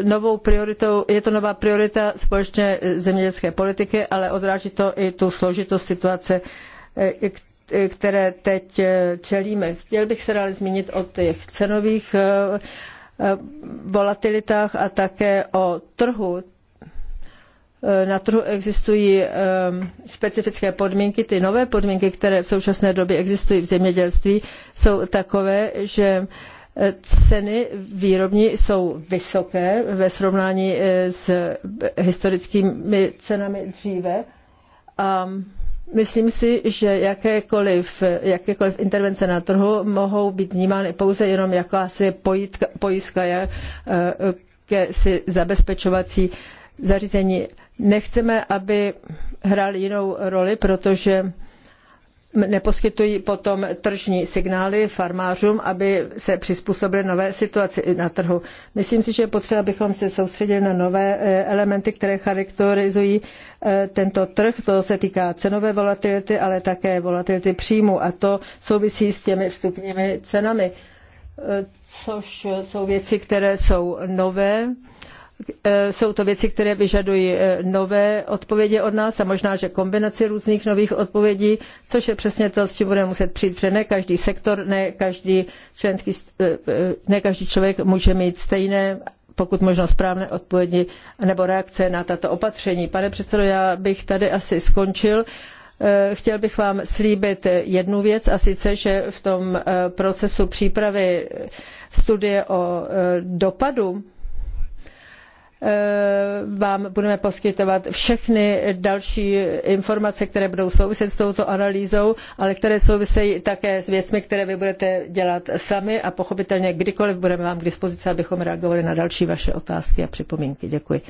e, novou prioritou, je to nová priorita společné zemědělské politiky, ale odráží to i tu složitost situace, e, e, které teď čelíme. Chtěl bych se dále zmínit o těch cenových volatilitách a také o trhu. Na trhu existují specifické podmínky. Ty nové podmínky, které v současné době existují v zemědělství, jsou takové, že Ceny výrobní jsou vysoké ve srovnání eh, s historickými cenami dříve a myslím si, že jakékoliv, jakékoliv intervence na trhu mohou být vnímány pouze jenom jako asi pojitka, pojistka, jakési eh, zabezpečovací zařízení. Nechceme, aby hrál jinou roli, protože neposkytují potom tržní signály farmářům, aby se přizpůsobili nové situaci na trhu. Myslím si, že je potřeba, abychom se soustředili na nové e, elementy, které charakterizují e, tento trh. To se týká cenové volatility, ale také volatility příjmu a to souvisí s těmi vstupními cenami, e, což jsou věci, které jsou nové Eh, jsou to věci, které vyžadují eh, nové odpovědi od nás a možná, že kombinaci různých nových odpovědí, což je přesně to, s čím budeme muset přijít, protože ne každý sektor, ne každý, členský, eh, ne každý člověk může mít stejné pokud možno správné odpovědi nebo reakce na tato opatření. Pane předsedo, já bych tady asi skončil. Chtěl bych vám slíbit jednu věc, a sice, že v tom procesu přípravy studie o dopadu Eh, vám budeme poskytovat všechny další informace, které budou souviset s touto analýzou, ale které souvisejí také s věcmi, které vy budete dělat sami a pochopitelně kdykoliv budeme vám k dispozici, abychom reagovali na další vaše otázky a připomínky. Děkuji.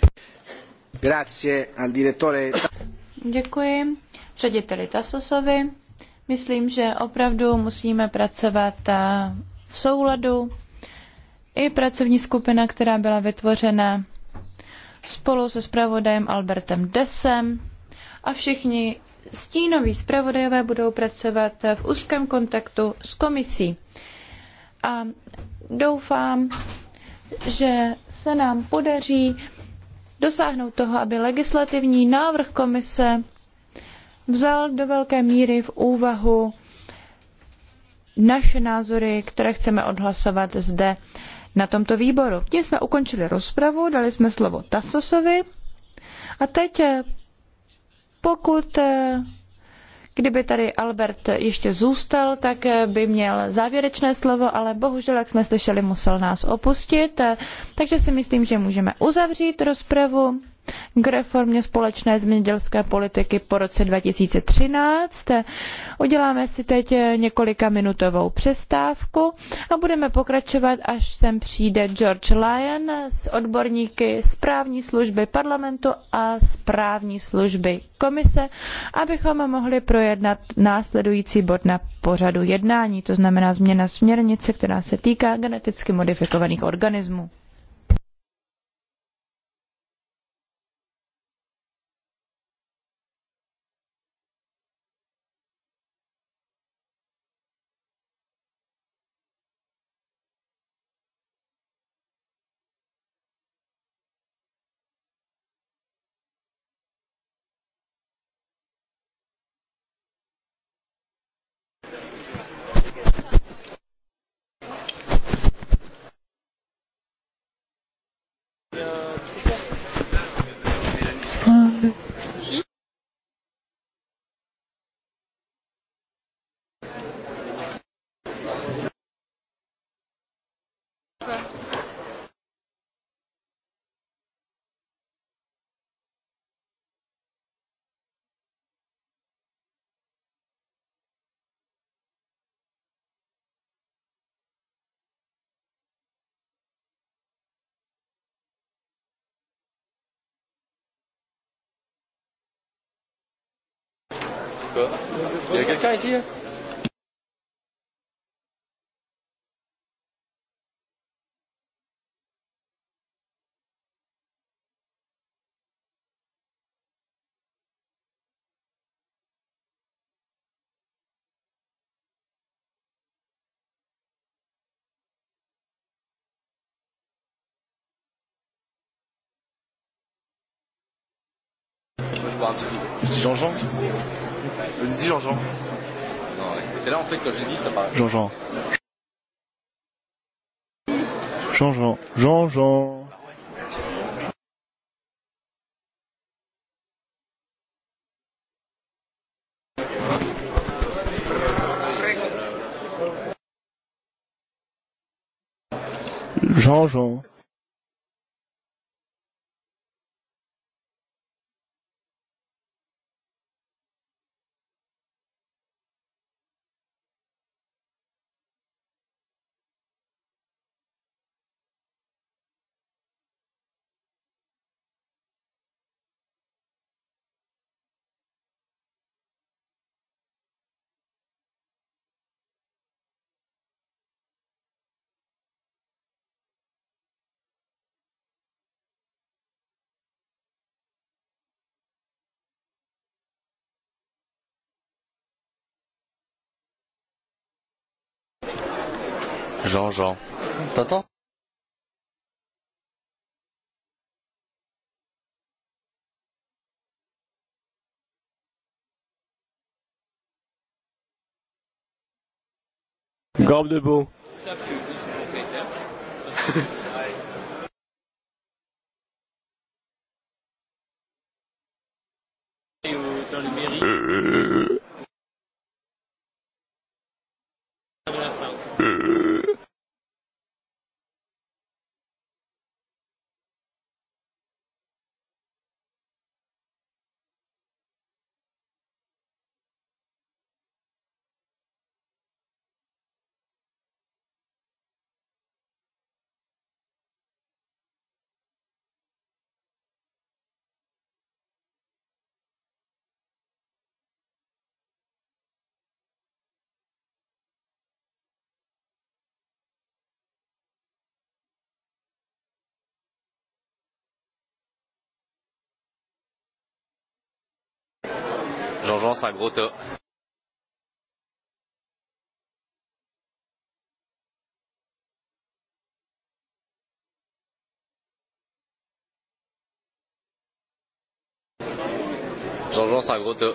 Grazie al direttore. Děkuji řediteli Tasosovi. Myslím, že opravdu musíme pracovat eh, v souladu. I pracovní skupina, která byla vytvořena spolu se zpravodajem Albertem Desem a všichni stínoví zpravodajové budou pracovat v úzkém kontaktu s komisí. A doufám, že se nám podaří dosáhnout toho, aby legislativní návrh komise vzal do velké míry v úvahu naše názory, které chceme odhlasovat zde na tomto výboru. Tím jsme ukončili rozpravu, dali jsme slovo Tasosovi a teď eh, pokud eh, Kdyby tady Albert ještě zůstal, tak eh, by měl závěrečné slovo, ale bohužel, jak jsme slyšeli, musel nás opustit. Takže si myslím, že můžeme uzavřít rozpravu k reformě společné zemědělské politiky po roce 2013. Uděláme si teď několika minutovou přestávku a budeme pokračovat, až sem přijde George Lyon s odborníky z právní služby parlamentu a z právní služby komise, abychom mohli projednat následující bod na pořadu jednání, to znamená změna směrnice, která se týká geneticky modifikovaných organismů. quoi Il y a quelqu'un ici Je dis Jean-Jean Vas-y, dis Jean-Jean. Et là, en fait, quand j'ai dit, ça paraît. Jean-Jean. Jean-Jean. Jean-Jean. Jean-Jean. Jean Jean. T'entends Gorbe <laughs> euh, debout. vengeance à Grotto. Vengeance à Grotto.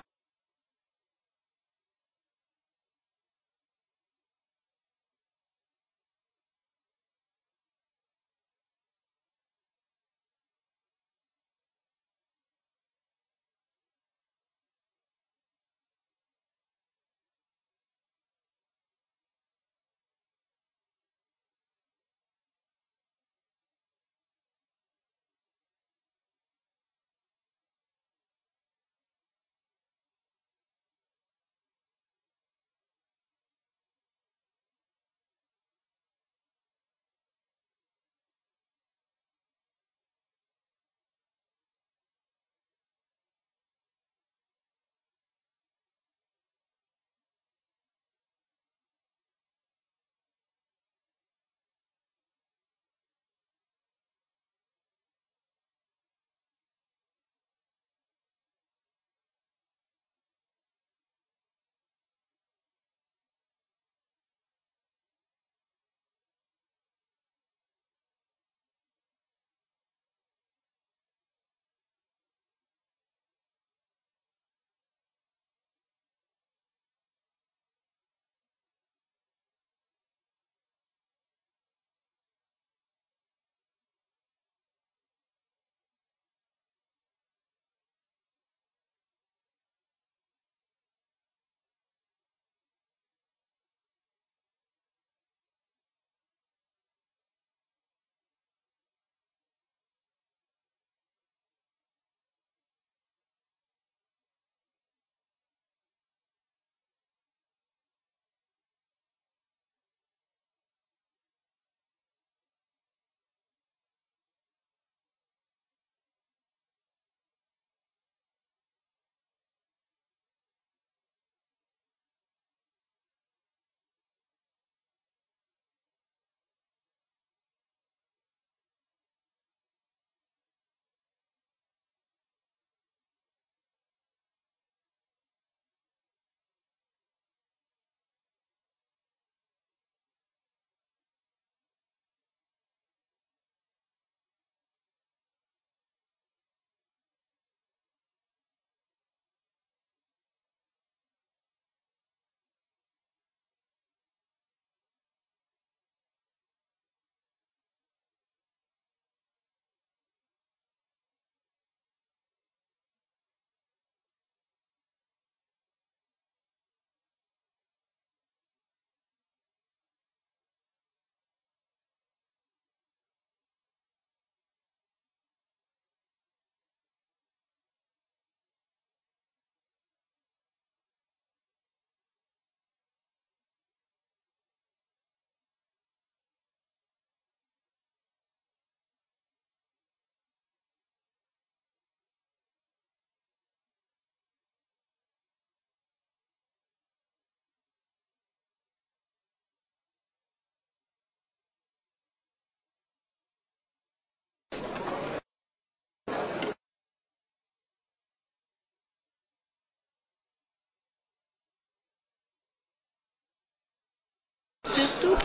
surtout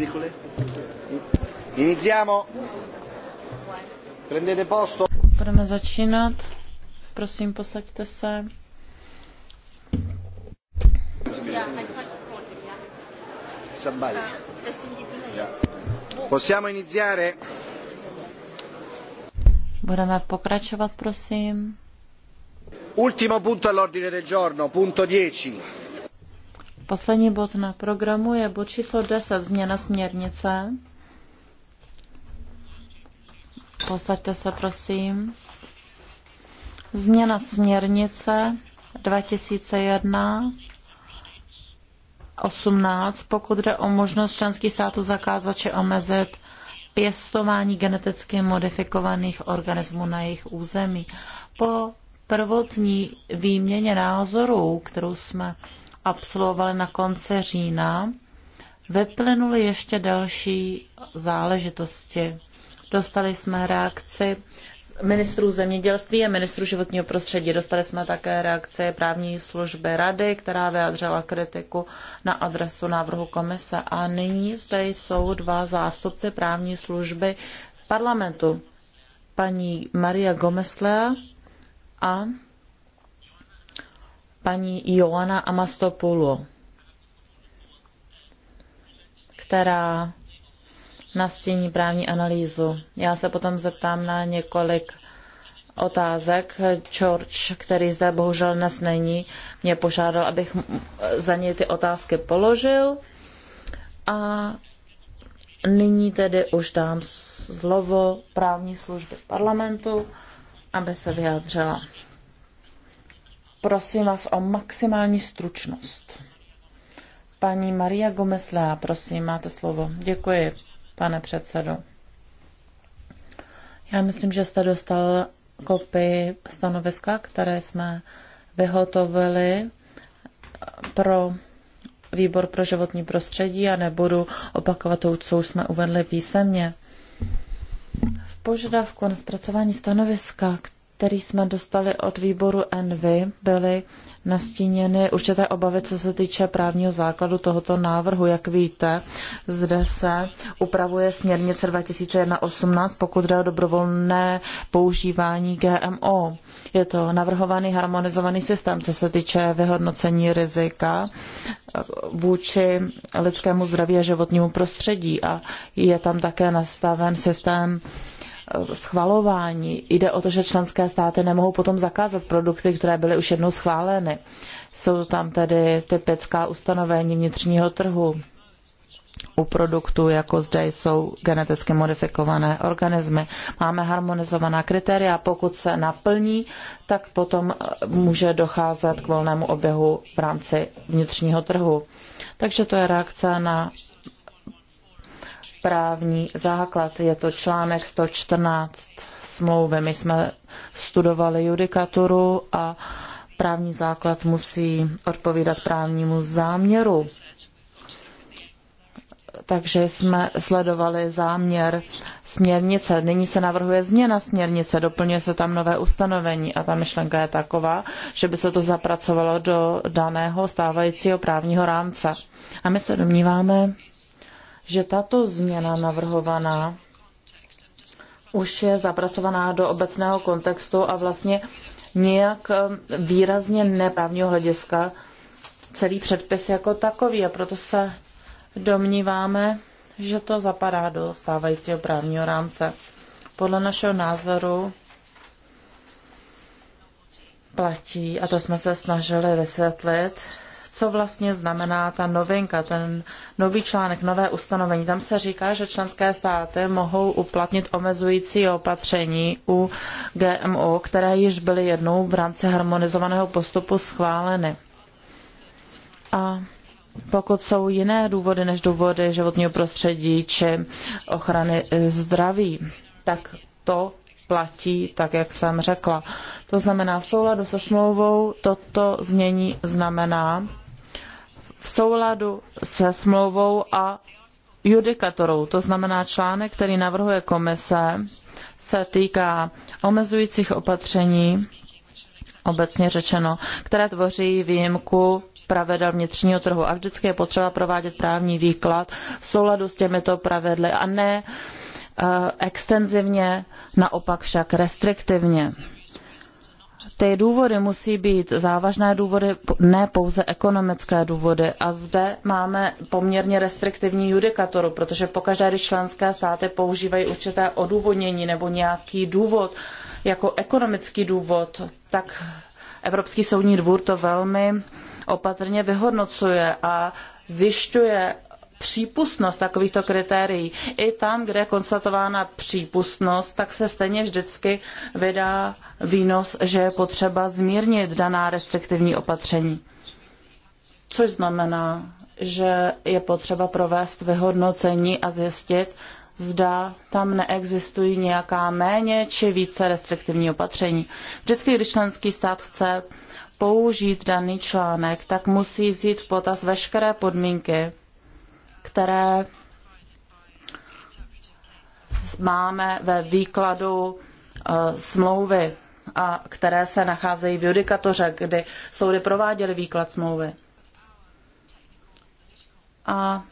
Nicole? Iniziamo. Prendete posto. Budeme začínat. Prosím, posaďte se. Sabali. Ah, Possiamo iniziare? Budeme pokračovat, prosím. Ultimo punto all'ordine del giorno, punto 10 Poslední bod na programu je bod číslo 10, změna směrnice. Posaďte se, prosím. Změna směrnice 2001 18, pokud jde o možnost členských států zakázat či omezit pěstování geneticky modifikovaných organismů na jejich území. Po prvotní výměně názorů, kterou jsme absolvovali na konci října, vyplynuly ještě další záležitosti. Dostali jsme reakci ministrů zemědělství a ministrů životního prostředí. Dostali jsme také reakci právní služby rady, která vyjadřila kritiku na adresu návrhu komise. A nyní zde jsou dva zástupci právní služby parlamentu. Paní Maria Gomeslea a paní Joana Amastopulo, která nastíní právní analýzu. Já se potom zeptám na několik otázek. George, který zde bohužel dnes není, mě požádal, abych za něj ty otázky položil. A nyní tedy už dám slovo právní služby parlamentu, aby se vyjádřila. Prosím vás o maximální stručnost. Paní Maria Gomeslá, prosím, máte slovo. Děkuji, pane předsedo. Já myslím, že jste dostal kopii stanoviska, které jsme vyhotovili pro výbor pro životní prostředí a nebudu opakovat to, co jsme uvedli písemně. V požadavku na zpracování stanoviska, který jsme dostali od výboru Envy, byly nastíněny určité obavy, co se týče právního základu tohoto návrhu. Jak víte, zde se upravuje směrnice 2018, pokud jde o dobrovolné používání GMO. Je to navrhovaný harmonizovaný systém, co se týče vyhodnocení rizika vůči lidskému zdraví a životnímu prostředí. A je tam také nastaven systém schvalování. Jde o to, že členské státy nemohou potom zakázat produkty, které byly už jednou schváleny. Jsou tam tedy typická ustanovení vnitřního trhu u produktů, jako zde jsou geneticky modifikované organismy. Máme harmonizovaná kritéria, pokud se naplní, tak potom eh, může docházet k volnému oběhu v rámci vnitřního trhu. Takže to je reakce na právní základ. Je to článek 114 smlouvy. My jsme studovali judikaturu a právní základ musí odpovídat právnímu záměru. Takže jsme sledovali záměr směrnice. Nyní se navrhuje změna směrnice, doplňuje se tam nové ustanovení a ta myšlenka je taková, že by se to zapracovalo do daného stávajícího právního rámce. A my se domníváme, že tato změna navrhovaná už je zapracovaná do obecného kontextu a vlastně nijak um, výrazně neprávního hlediska celý předpis jako takový a proto se domníváme, že to zapadá do stávajícího právního rámce. Podle našeho názoru platí, a to jsme se snažili vysvětlit co vlastně znamená ta novinka, ten nový článek, nové ustanovení. Tam se říká, že členské státy mohou uplatnit omezující opatření u GMO, které již byly jednou v rámci harmonizovaného postupu schváleny. A pokud jsou jiné důvody než důvody životního prostředí či ochrany zdraví, tak to platí, tak jak jsem řekla. To znamená, v souladu se smlouvou toto znění znamená, v souladu se smlouvou a judikatorou. To znamená, článek, který navrhuje komise, se týká omezujících opatření, obecně řečeno, které tvoří výjimku pravidel vnitřního trhu. A vždycky je potřeba provádět právní výklad v souladu s těmito pravidly a ne eh, extenzivně, naopak však restriktivně. Ty důvody musí být závažné důvody, ne pouze ekonomické důvody. A zde máme poměrně restriktivní judikaturu, protože pokaždé, když členské státy používají určité odůvodnění nebo nějaký důvod jako ekonomický důvod, tak Evropský soudní dvůr to velmi opatrně vyhodnocuje a zjišťuje, přípustnost takovýchto kritérií. I tam, kde je konstatována přípustnost, tak se stejně vždycky vydá výnos, že je potřeba zmírnit daná restriktivní opatření. Což znamená, že je potřeba provést vyhodnocení a zjistit, zda tam neexistují nějaká méně či více restriktivní opatření. Vždycky, když členský stát chce použít daný článek, tak musí vzít v potaz veškeré podmínky, které máme ve výkladu eh, smlouvy a které se nacházejí v judikatoře, kdy soudy prováděly výklad smlouvy. A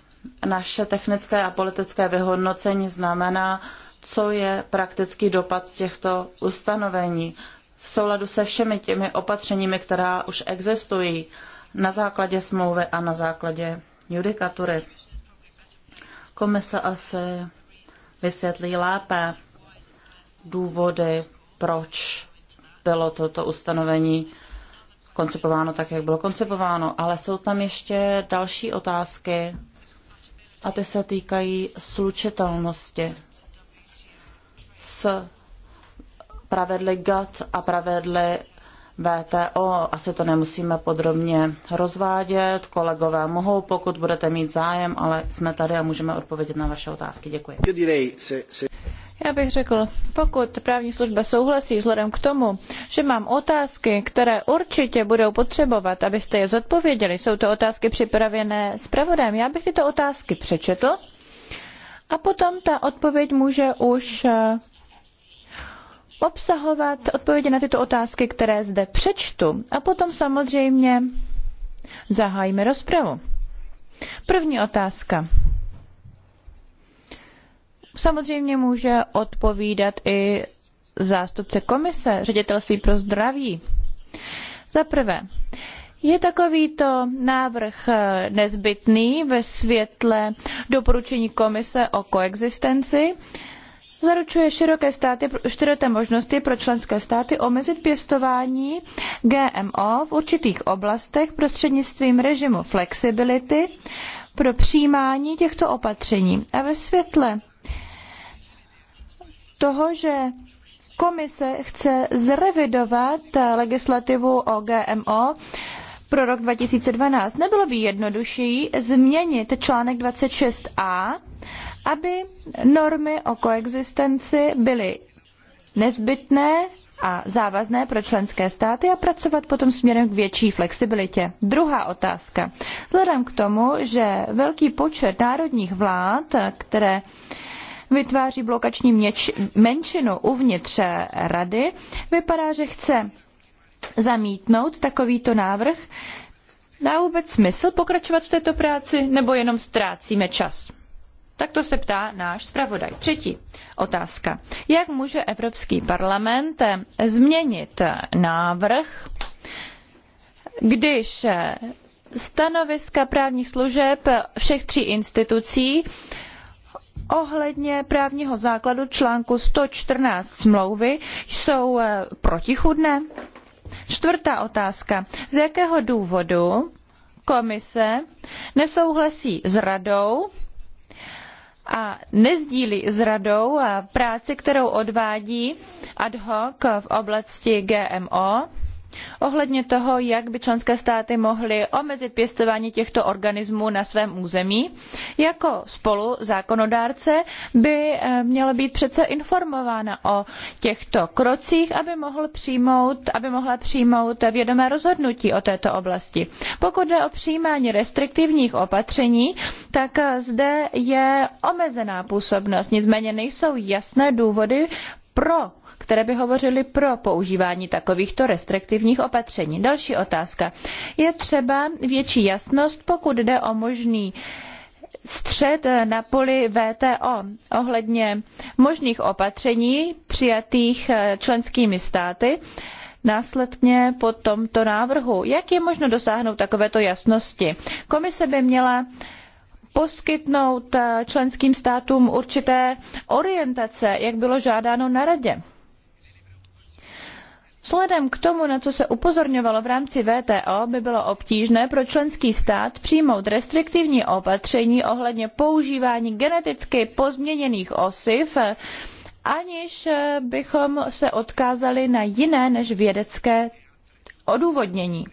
naše technické a politické vyhodnocení znamená, co je praktický dopad těchto ustanovení v souladu se všemi těmi opatřeními, která už existují na základě smlouvy a na základě judikatury. Komise asi vysvětlí lépe důvody, proč bylo toto ustanovení koncipováno tak, jak bylo koncipováno, ale jsou tam ještě další otázky a ty se týkají slučitelnosti s pravedly GATT a pravedly VTO. Asi to nemusíme podrobně rozvádět. Kolegové mohou, pokud budete mít zájem, ale jsme tady a můžeme odpovědět na vaše otázky. Děkuji. Já bych řekl, pokud právní služba souhlasí vzhledem k tomu, že mám otázky, které určitě budou potřebovat, abyste je zodpověděli, jsou to otázky připravené zpravodajem, já bych tyto otázky přečetl a potom ta odpověď může už eh, obsahovat odpovědi na tyto otázky, které zde přečtu. A potom samozřejmě zahájíme rozpravu. První otázka. Samozřejmě může odpovídat i zástupce komise, ředitelství pro zdraví. Za prvé, je takovýto návrh eh, nezbytný ve světle doporučení komise o koexistenci? zaručuje široké, státy, široké možnosti pro členské státy omezit pěstování GMO v určitých oblastech prostřednictvím režimu flexibility pro přijímání těchto opatření. A ve světle toho, že komise chce zrevidovat legislativu o GMO, pro rok 2012. Nebylo by jednodušší změnit článek 26a aby normy o koexistenci byly nezbytné a závazné pro členské státy a pracovat potom směrem k větší flexibilitě. Druhá otázka. Vzhledem k tomu, že velký počet národních vlád, které vytváří blokační měč, menšinu uvnitř rady, vypadá, že chce zamítnout takovýto návrh. Dá vůbec smysl pokračovat v této práci, nebo jenom ztrácíme čas? Tak to se ptá náš zpravodaj. Třetí otázka. Jak může Evropský parlament změnit návrh, když stanoviska právních služeb všech tří institucí ohledně právního základu článku 114 smlouvy jsou protichudné? Čtvrtá otázka. Z jakého důvodu komise nesouhlasí s radou a nezdílí s radou eh, práci, kterou odvádí ad hoc v oblasti GMO, ohledně toho, jak by členské státy mohly omezit pěstování těchto organismů na svém území. Jako spoluzákonodárce by eh, měla být přece informována o těchto krocích, aby, mohl přijmout, aby mohla přijmout vědomé rozhodnutí o této oblasti. Pokud jde o přijímání restriktivních opatření, tak eh, zde je omezená působnost, nicméně nejsou jasné důvody pro které by hovořily pro používání takovýchto restriktivních opatření. Další otázka. Je třeba větší jasnost, pokud jde o možný střed na poli WTO ohledně možných opatření přijatých členskými státy následně po tomto návrhu. Jak je možno dosáhnout takovéto jasnosti? Komise by měla poskytnout členským státům určité orientace, jak bylo žádáno na radě. Vzhledem k tomu, na co se upozorňovalo v rámci VTO, by bylo obtížné pro členský stát přijmout restriktivní opatření ohledně používání geneticky pozměněných osiv, aniž bychom se odkázali na jiné než vědecké odůvodnění.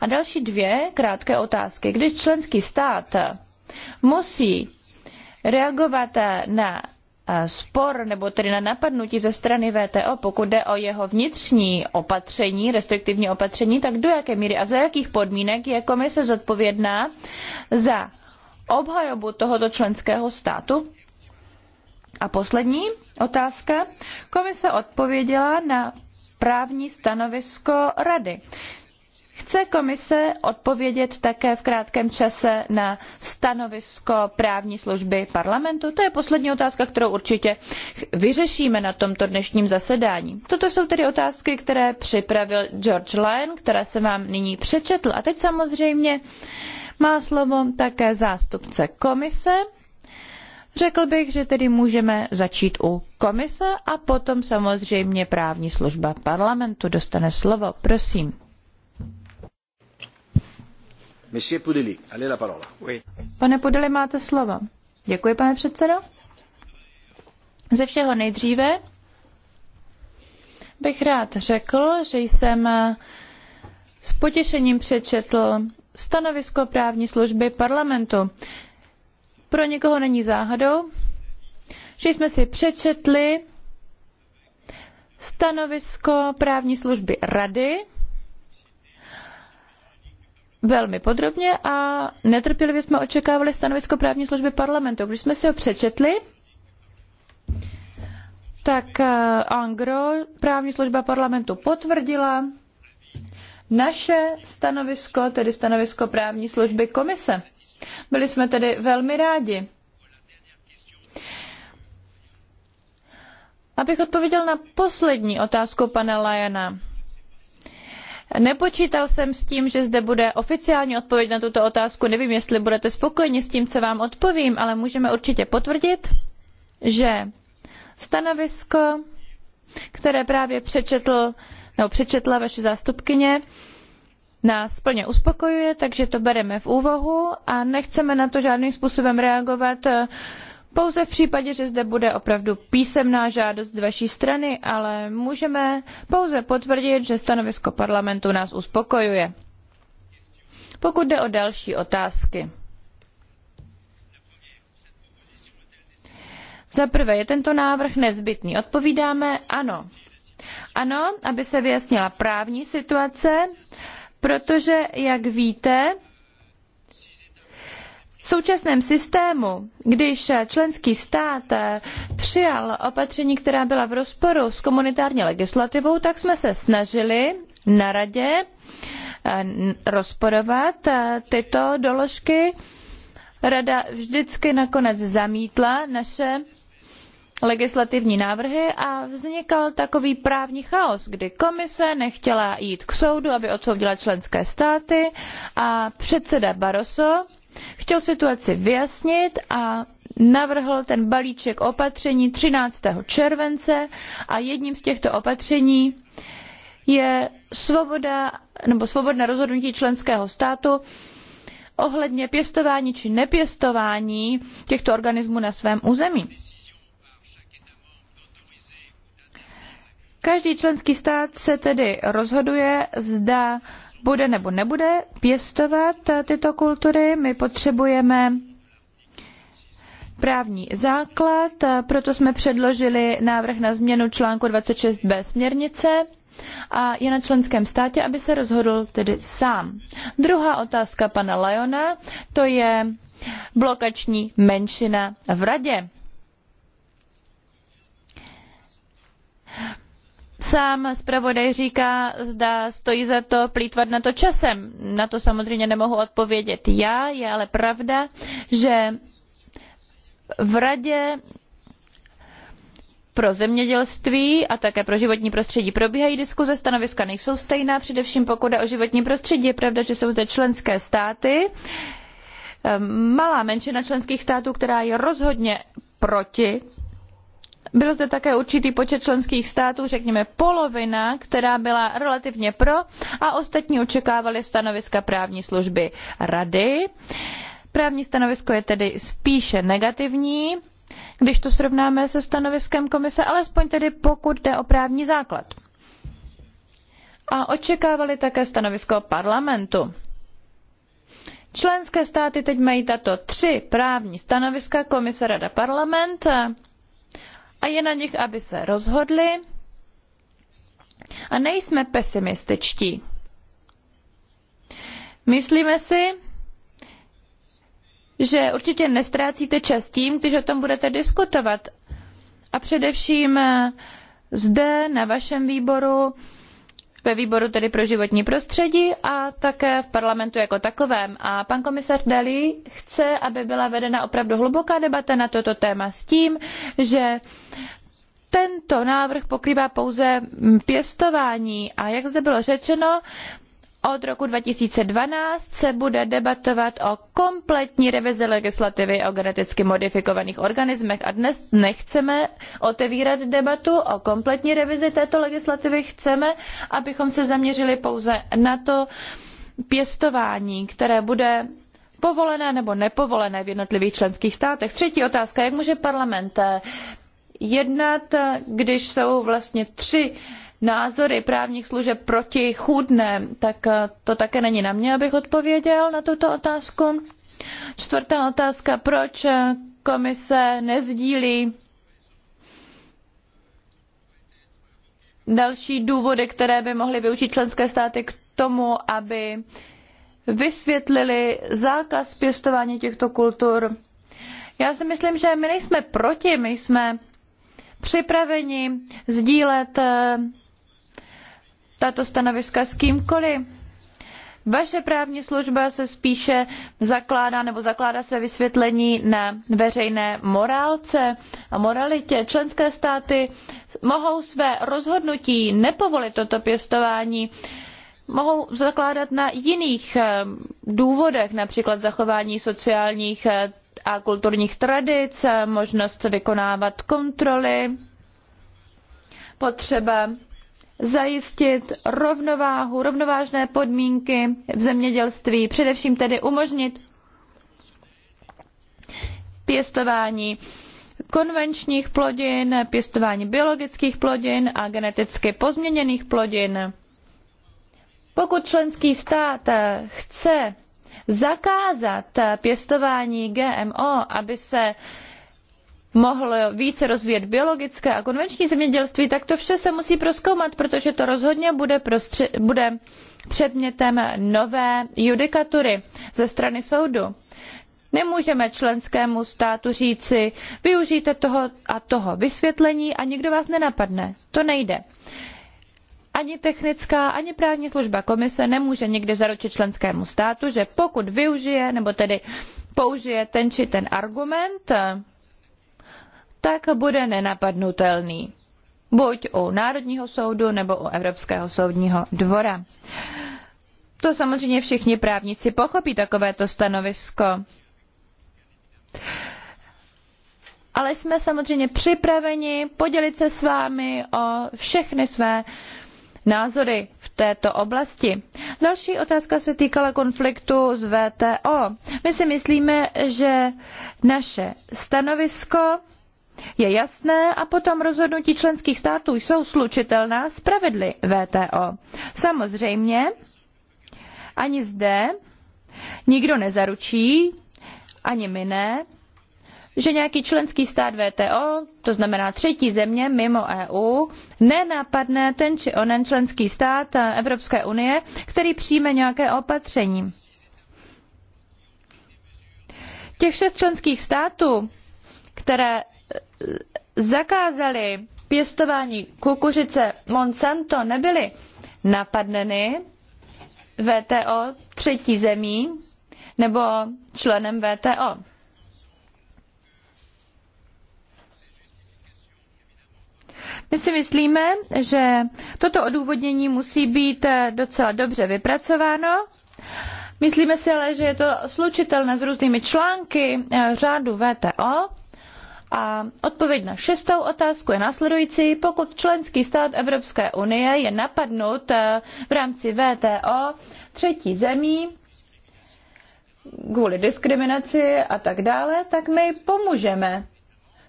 A další dvě krátké otázky. Když členský stát musí reagovat na Eh, spor nebo tedy na napadnutí ze strany VTO, pokud jde o jeho vnitřní opatření, restriktivní opatření, tak do jaké míry a za jakých podmínek je komise zodpovědná za obhajobu tohoto členského státu? A poslední otázka. Komise odpověděla na právní stanovisko rady. Chce komise odpovědět také v krátkém čase na stanovisko právní služby parlamentu? To je poslední otázka, kterou určitě vyřešíme na tomto dnešním zasedání. Toto jsou tedy otázky, které připravil George Lyon, které se vám nyní přečetl. A teď samozřejmě má slovo také zástupce komise. Řekl bych, že tedy můžeme začít u komise a potom samozřejmě právní služba parlamentu dostane slovo. Prosím. Pane Pudeli, máte slovo. Děkuji, pane předsedo. Ze všeho nejdříve bych rád řekl, že jsem s potěšením přečetl stanovisko právní služby parlamentu. Pro někoho není záhadou, že jsme si přečetli stanovisko právní služby rady velmi podrobně a netrpělivě jsme očekávali stanovisko právní služby parlamentu. Když jsme si ho přečetli, tak Angro, eh, právní služba parlamentu potvrdila naše stanovisko, tedy stanovisko právní služby komise. Byli jsme tedy velmi rádi. Abych odpověděl na poslední otázku pana Lajana. Nepočítal jsem s tím, že zde bude oficiální odpověď na tuto otázku. Nevím, jestli budete spokojeni s tím, co vám odpovím, ale můžeme určitě potvrdit, že stanovisko, které právě přečetl, nebo přečetla vaše zástupkyně, nás plně uspokojuje, takže to bereme v úvahu a nechceme na to žádným způsobem reagovat pouze v případě, že zde bude opravdu písemná žádost z vaší strany, ale můžeme pouze potvrdit, že stanovisko parlamentu nás uspokojuje. Pokud jde o další otázky. Za prvé, je tento návrh nezbytný? Odpovídáme ano. Ano, aby se vyjasnila právní situace, protože, jak víte, v současném systému, když členský stát přijal opatření, která byla v rozporu s komunitární legislativou, tak jsme se snažili na radě eh, rozporovat eh, tyto doložky. Rada vždycky nakonec zamítla naše legislativní návrhy a vznikal takový právní chaos, kdy komise nechtěla jít k soudu, aby odsoudila členské státy a předseda Barroso Chtěl situaci vyjasnit a navrhl ten balíček opatření 13. července a jedním z těchto opatření je svoboda nebo svobodné rozhodnutí členského státu ohledně pěstování či nepěstování těchto organismů na svém území. Každý členský stát se tedy rozhoduje, zda bude nebo nebude pěstovat tyto kultury. My potřebujeme právní základ, proto jsme předložili návrh na změnu článku 26b směrnice a je na členském státě, aby se rozhodl tedy sám. Druhá otázka pana Lajona, to je blokační menšina v radě. sám zpravodaj říká, zda stojí za to plýtvat na to časem. Na to samozřejmě nemohu odpovědět já, je ale pravda, že v radě pro zemědělství a také pro životní prostředí probíhají diskuze, stanoviska nejsou stejná, především pokud jde o životní prostředí. Je pravda, že jsou zde členské státy, ehm, malá menšina členských států, která je rozhodně proti byl zde také určitý počet členských států, řekněme polovina, která byla relativně pro a ostatní očekávali stanoviska právní služby rady. Právní stanovisko je tedy spíše negativní, když to srovnáme se stanoviskem komise, alespoň tedy pokud jde o právní základ. A očekávali také stanovisko parlamentu. Členské státy teď mají tato tři právní stanoviska, komise, rada, parlament a je na nich, aby se rozhodli. A nejsme pesimističtí. Myslíme si, že určitě nestrácíte čas tím, když o tom budete diskutovat. A především eh, zde na vašem výboru ve výboru tedy pro životní prostředí a také v parlamentu jako takovém. A pan komisař Dalí chce, aby byla vedena opravdu hluboká debata na toto téma s tím, že tento návrh pokrývá pouze pěstování a jak zde bylo řečeno, od roku 2012 se bude debatovat o kompletní revizi legislativy o geneticky modifikovaných organismech a dnes nechceme otevírat debatu o kompletní revizi této legislativy. Chceme, abychom se zaměřili pouze na to pěstování, které bude povolené nebo nepovolené v jednotlivých členských státech. Třetí otázka, jak může parlament eh, jednat, eh, když jsou vlastně tři názory právních služeb proti chudné, tak eh, to také není na mě, abych odpověděl na tuto otázku. Čtvrtá otázka, proč eh, komise nezdílí další důvody, které by mohly využít členské státy k tomu, aby vysvětlili zákaz pěstování těchto kultur. Já si myslím, že my nejsme proti, my jsme připraveni sdílet eh, tato stanoviska s kýmkoliv. Vaše právní služba se spíše zakládá nebo zakládá své vysvětlení na veřejné morálce a moralitě. Členské státy mohou své rozhodnutí nepovolit toto pěstování mohou zakládat na jiných eh, důvodech, například zachování sociálních eh, a kulturních tradic, eh, možnost vykonávat kontroly, potřeba zajistit rovnováhu, rovnovážné podmínky v zemědělství, především tedy umožnit pěstování konvenčních plodin, pěstování biologických plodin a geneticky pozměněných plodin. Pokud členský stát chce zakázat pěstování GMO, aby se mohl více rozvíjet biologické a konvenční zemědělství, tak to vše se musí prozkoumat, protože to rozhodně bude, prostře- bude předmětem nové judikatury ze strany soudu. Nemůžeme členskému státu říci, využijte toho a toho vysvětlení a nikdo vás nenapadne. To nejde. Ani technická, ani právní služba komise nemůže nikdy zaručit členskému státu, že pokud využije nebo tedy použije ten či ten argument, tak bude nenapadnutelný. Buď u Národního soudu nebo u Evropského soudního dvora. To samozřejmě všichni právníci pochopí takovéto stanovisko. Ale jsme samozřejmě připraveni podělit se s vámi o všechny své názory v této oblasti. Další otázka se týkala konfliktu s VTO. My si myslíme, že naše stanovisko je jasné a potom rozhodnutí členských států jsou slučitelná s pravidly VTO. Samozřejmě ani zde nikdo nezaručí, ani my ne, že nějaký členský stát VTO, to znamená třetí země mimo EU, nenapadne ten či onen členský stát Evropské unie, který přijme nějaké opatření. Těch šest členských států, které zakázali pěstování kukuřice Monsanto, nebyly napadeny VTO třetí zemí nebo členem VTO. My si myslíme, že toto odůvodnění musí být docela dobře vypracováno. Myslíme si ale, že je to slučitelné s různými články eh, řádu VTO a odpověď na šestou otázku je následující. Pokud členský stát Evropské unie je napadnut eh, v rámci VTO třetí zemí, kvůli diskriminaci a tak dále, tak my pomůžeme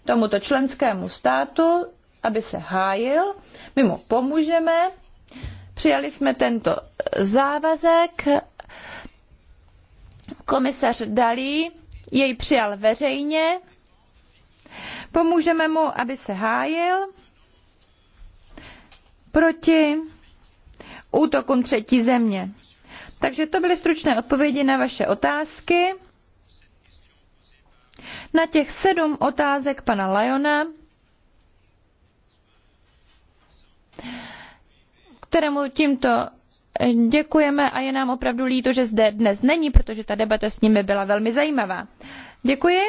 tomuto členskému státu, aby se hájil. My mu pomůžeme. Přijali jsme tento závazek. Komisař Dalí jej přijal veřejně Pomůžeme mu, aby se hájil proti útokům třetí země. Takže to byly stručné odpovědi na vaše otázky. Na těch sedm otázek pana Lajona, kterému tímto děkujeme a je nám opravdu líto, že zde dnes není, protože ta debata s nimi byla velmi zajímavá. Děkuji.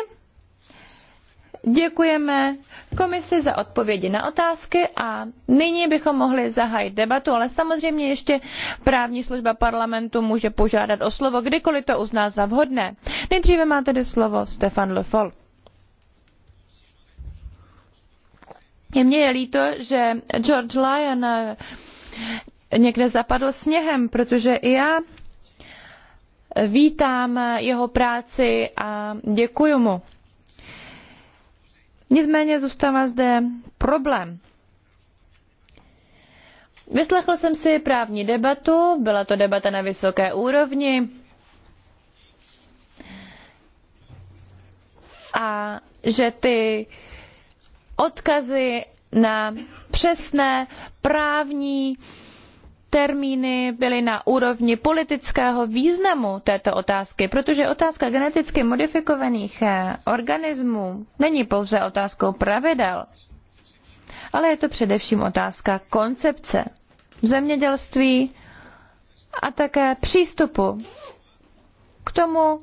Děkujeme komisi za odpovědi na otázky a nyní bychom mohli zahájit debatu, ale samozřejmě ještě právní služba parlamentu může požádat o slovo, kdykoliv to uzná za vhodné. Nejdříve má tedy slovo Stefan Le Foll. Je mně je líto, že George Lyon eh, někde zapadl sněhem, protože i já vítám jeho práci a děkuji mu. Nicméně zůstává zde problém. Vyslechl jsem si právní debatu, byla to debata na vysoké úrovni. A že ty odkazy na přesné právní uh, termíny byly na úrovni politického významu této otázky, protože otázka geneticky modifikovaných eh, organismů není pouze otázkou pravidel, ale je to především otázka koncepce zemědělství a také přístupu k tomu,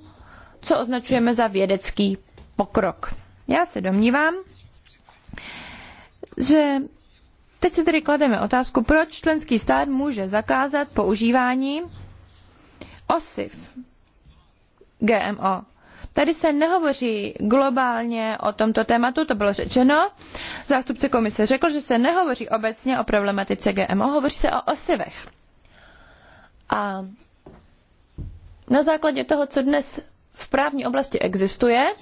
co označujeme za vědecký pokrok. Já se domnívám, že Teď si tedy klademe otázku, proč členský stát může zakázat používání osiv GMO. Tady se nehovoří globálně o tomto tématu, to bylo řečeno. Zástupce komise řekl, že se nehovoří obecně o problematice GMO, hovoří se o osivech. A na základě toho, co dnes v právní oblasti existuje,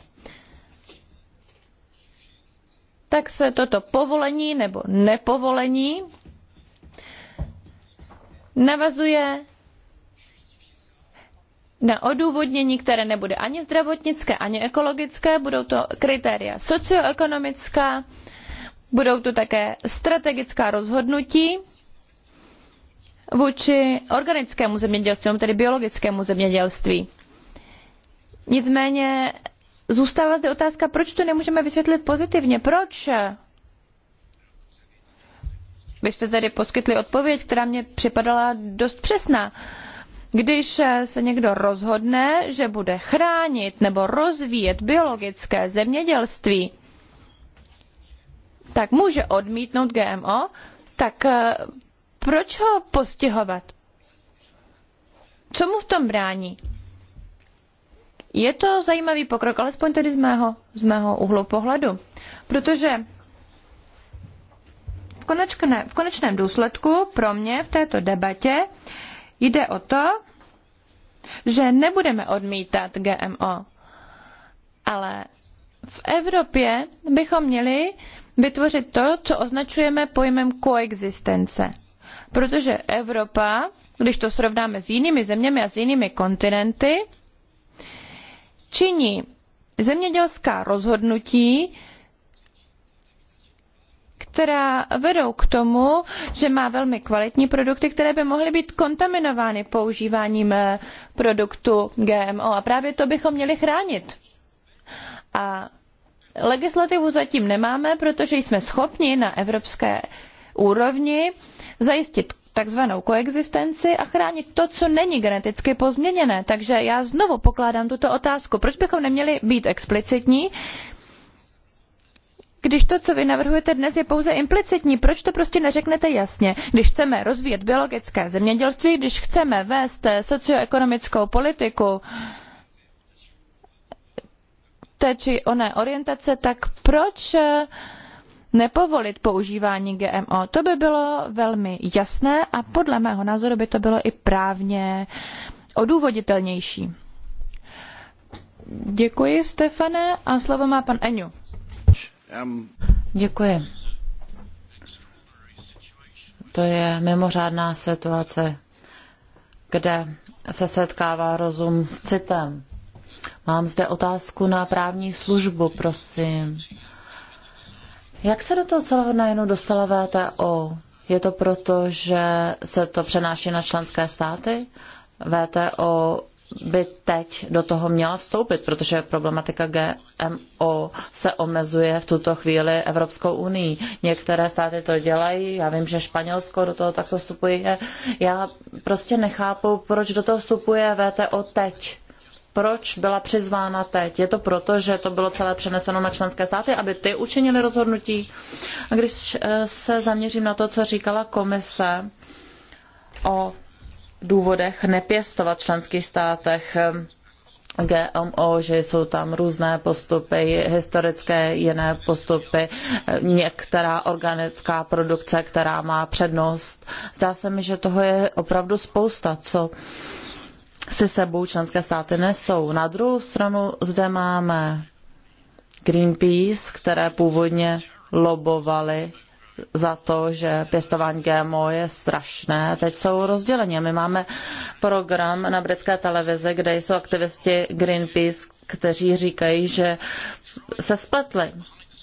tak se toto povolení nebo nepovolení navazuje na odůvodnění, které nebude ani zdravotnické, ani ekologické, budou to kritéria socioekonomická, budou to také strategická rozhodnutí vůči organickému zemědělství, tedy biologickému zemědělství. Nicméně zůstává zde otázka, proč to nemůžeme vysvětlit pozitivně. Proč? Vy jste tedy poskytli odpověď, která mě připadala dost přesná. Když se někdo rozhodne, že bude chránit nebo rozvíjet biologické zemědělství, tak může odmítnout GMO, tak eh, proč ho postihovat? Co mu v tom brání? Je to zajímavý pokrok, alespoň tedy z mého, z mého uhlu pohledu, protože v, konečné, v konečném důsledku pro mě v této debatě jde o to, že nebudeme odmítat GMO, ale v Evropě bychom měli vytvořit to, co označujeme pojmem koexistence. Protože Evropa, když to srovnáme s jinými zeměmi a s jinými kontinenty, činí zemědělská rozhodnutí, která vedou k tomu, že má velmi kvalitní produkty, které by mohly být kontaminovány používáním eh, produktu GMO. A právě to bychom měli chránit. A legislativu zatím nemáme, protože jsme schopni na evropské úrovni zajistit takzvanou koexistenci a chránit to, co není geneticky pozměněné. Takže já znovu pokládám tuto otázku. Proč bychom neměli být explicitní, když to, co vy navrhujete dnes, je pouze implicitní, proč to prostě neřeknete jasně? Když chceme rozvíjet biologické zemědělství, když chceme vést eh, socioekonomickou politiku té či oné orientace, tak proč eh, nepovolit používání GMO. To by bylo velmi jasné a podle mého názoru by to bylo i právně odůvoditelnější. Děkuji, Stefane, a slovo má pan Eňu. Děkuji. To je mimořádná situace, kde se setkává rozum s citem. Mám zde otázku na právní službu, prosím. Jak se do toho celého najednou dostala VTO? Je to proto, že se to přenáší na členské státy? VTO by teď do toho měla vstoupit, protože problematika GMO se omezuje v tuto chvíli Evropskou unii. Některé státy to dělají, já vím, že Španělsko do toho takto vstupuje. Já prostě nechápu, proč do toho vstupuje VTO teď proč byla přizvána teď? Je to proto, že to bylo celé přeneseno na členské státy, aby ty učinili rozhodnutí? A když eh, se zaměřím na to, co říkala komise o důvodech nepěstovat v členských státech eh, GMO, že jsou tam různé postupy, historické jiné postupy, eh, některá organická produkce, která má přednost. Zdá se mi, že toho je opravdu spousta, co se sebou členské státy nesou. Na druhou stranu zde máme Greenpeace, které původně lobovali za to, že pěstování GMO je strašné. Teď jsou rozděleni. My máme program na britské televizi, kde jsou aktivisti Greenpeace, kteří říkají, že se spletli.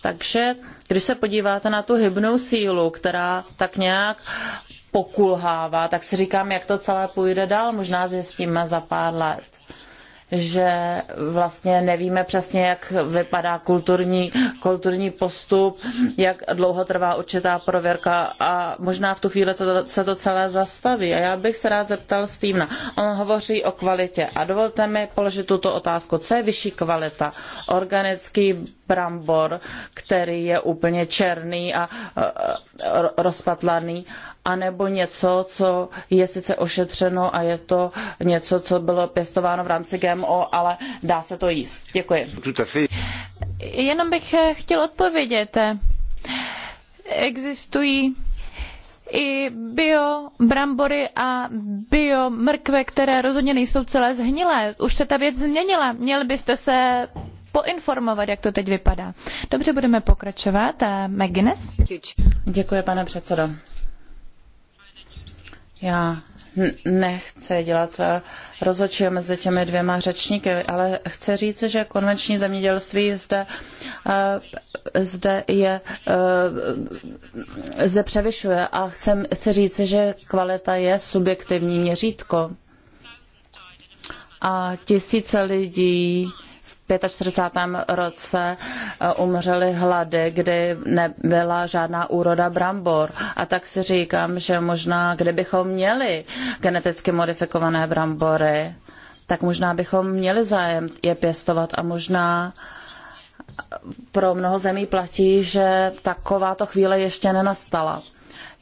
Takže když se podíváte na tu hybnou sílu, která tak nějak pokulhává, tak si říkám, jak to celé půjde dál. Možná zjistíme za pár let, že vlastně nevíme přesně, jak vypadá kulturní, kulturní postup, jak dlouho trvá určitá prověrka a možná v tu chvíli se to, se to celé zastaví. A já bych se rád zeptal Stevena. On hovoří o kvalitě a dovolte mi položit tuto otázku. Co je vyšší kvalita? Organický brambor, který je úplně černý a rozpatlaný, anebo něco, co je sice ošetřeno a je to něco, co bylo pěstováno v rámci GMO, ale dá se to jíst. Děkuji. Jenom bych eh, chtěl odpovědět. Existují i bio brambory a bio mrkve, které rozhodně nejsou celé zhnilé. Už se ta věc změnila. Měli byste se poinformovat, jak to teď vypadá. Dobře, budeme pokračovat. Eh, McGuinness? Děkuji, pane předsedo. Já nechci dělat eh, rozhodčí mezi těmi dvěma řečníky, ale chci říct, že konvenční zemědělství zde, eh, zde je eh, zde převyšuje a chci, chci říct, že kvalita je subjektivní měřítko. A tisíce lidí 45. roce eh, umřely hlady, kdy nebyla žádná úroda brambor. A tak si říkám, že možná, kdybychom měli geneticky modifikované brambory, tak možná bychom měli zájem je pěstovat a možná eh, pro mnoho zemí platí, že takováto chvíle ještě nenastala.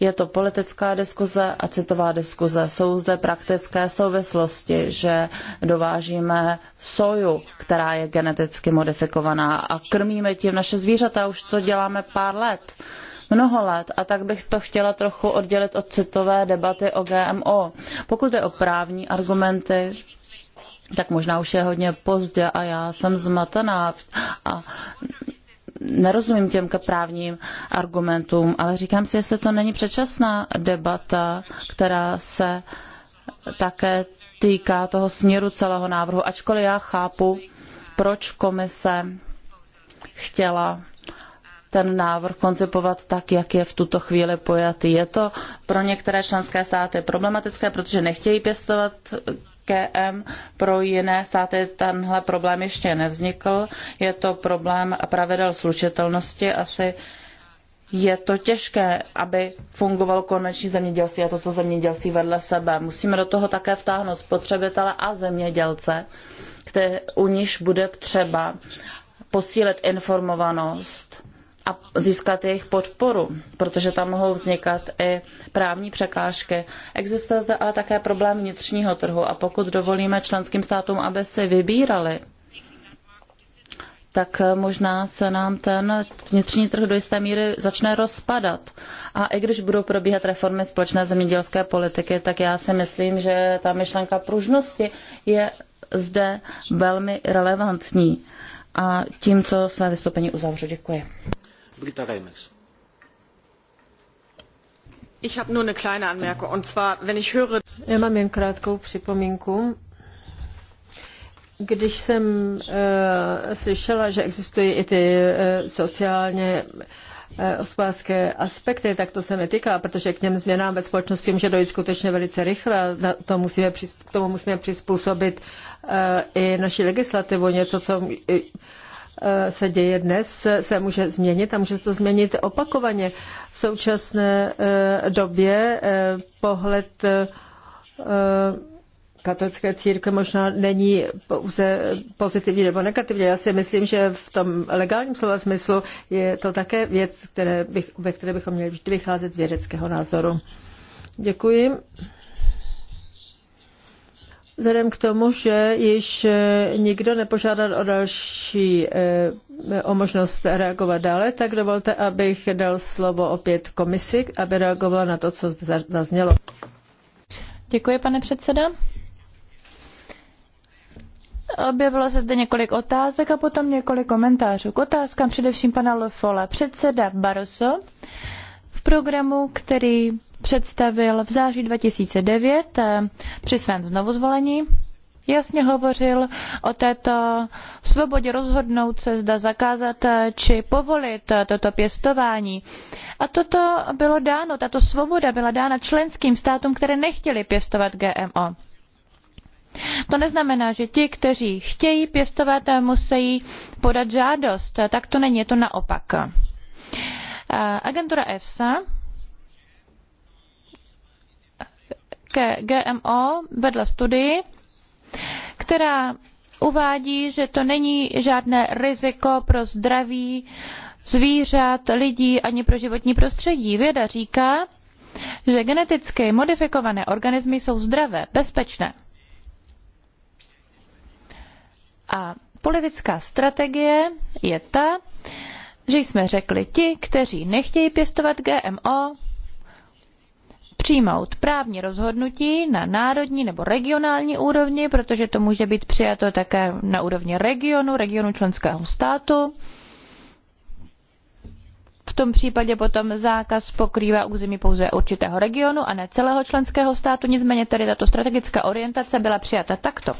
Je to politická diskuze a citová diskuze. Jsou zde praktické souvislosti, že dovážíme soju, která je geneticky modifikovaná a krmíme tím naše zvířata. Už to děláme pár let mnoho let a tak bych to chtěla trochu oddělit od citové debaty o GMO. Pokud je o právní argumenty, tak možná už je hodně pozdě a já jsem zmatená a nerozumím těm právním argumentům, ale říkám si, jestli to není předčasná debata, která se také týká toho směru celého návrhu, ačkoliv já chápu, proč komise chtěla ten návrh koncipovat tak, jak je v tuto chvíli pojatý. Je to pro některé členské státy problematické, protože nechtějí pěstovat KM. Pro jiné státy tenhle problém ještě nevznikl. Je to problém pravidel slučitelnosti. Asi je to těžké, aby fungovalo konvenční zemědělství a toto zemědělství vedle sebe. Musíme do toho také vtáhnout spotřebitele a zemědělce, které, u níž bude třeba posílit informovanost a získat jejich podporu, protože tam mohou vznikat i právní překážky. Existuje zde ale také problém vnitřního trhu a pokud dovolíme členským státům, aby si vybírali, tak možná se nám ten vnitřní trh do jisté míry začne rozpadat. A i když budou probíhat reformy společné zemědělské politiky, tak já si myslím, že ta myšlenka pružnosti je zde velmi relevantní. A tímto své vystoupení uzavřu. Děkuji. Já mám jen krátkou připomínku. Když jsem uh, slyšela, že existují i ty uh, sociálně eh, hospodářské aspekty, tak to se mi týká, protože k těm změnám ve společnosti může dojít skutečně velice rychle a to musíme, k tomu musíme přizpůsobit i naši legislativu, něco, co Eh, se děje dnes, se může změnit a může se to změnit opakovaně. V současné eh, době eh, pohled katolické církve možná není pouze pozitivní nebo negativní. Já si myslím, že v tom legálním slova smyslu je to také věc, které bych, ve které bychom měli vždy vycházet z vědeckého názoru. Děkuji. Vzhledem k tomu, že již eh, nikdo nepožádal o další eh, o možnost reagovat dále, tak dovolte, abych dal slovo opět komisi, aby reagovala na to, co zaznělo. Děkuji, pane předseda. Objevilo se zde několik otázek a potom několik komentářů. K otázkám především pana Lofola. Předseda Baroso v programu, který představil v září 2009 eh, při svém znovuzvolení. Jasně hovořil o této svobodě rozhodnout se, zda zakázat eh, či povolit eh, toto pěstování. A toto bylo dáno, tato svoboda byla dána členským státům, které nechtěly pěstovat GMO. To neznamená, že ti, kteří chtějí pěstovat, musí podat žádost. Tak to není, je to naopak. Agentura EFSA ke GMO vedla studii, která uvádí, že to není žádné riziko pro zdraví zvířat, lidí ani pro životní prostředí. Věda říká, že geneticky modifikované organismy jsou zdravé, bezpečné. A politická strategie je ta, že jsme řekli ti, kteří nechtějí pěstovat GMO, přijmout právní rozhodnutí na národní nebo regionální úrovni, protože to může být přijato také na úrovni regionu, regionu členského státu. V tom případě potom zákaz pokrývá území pouze určitého regionu a ne celého členského státu, nicméně tedy tato strategická orientace byla přijata takto.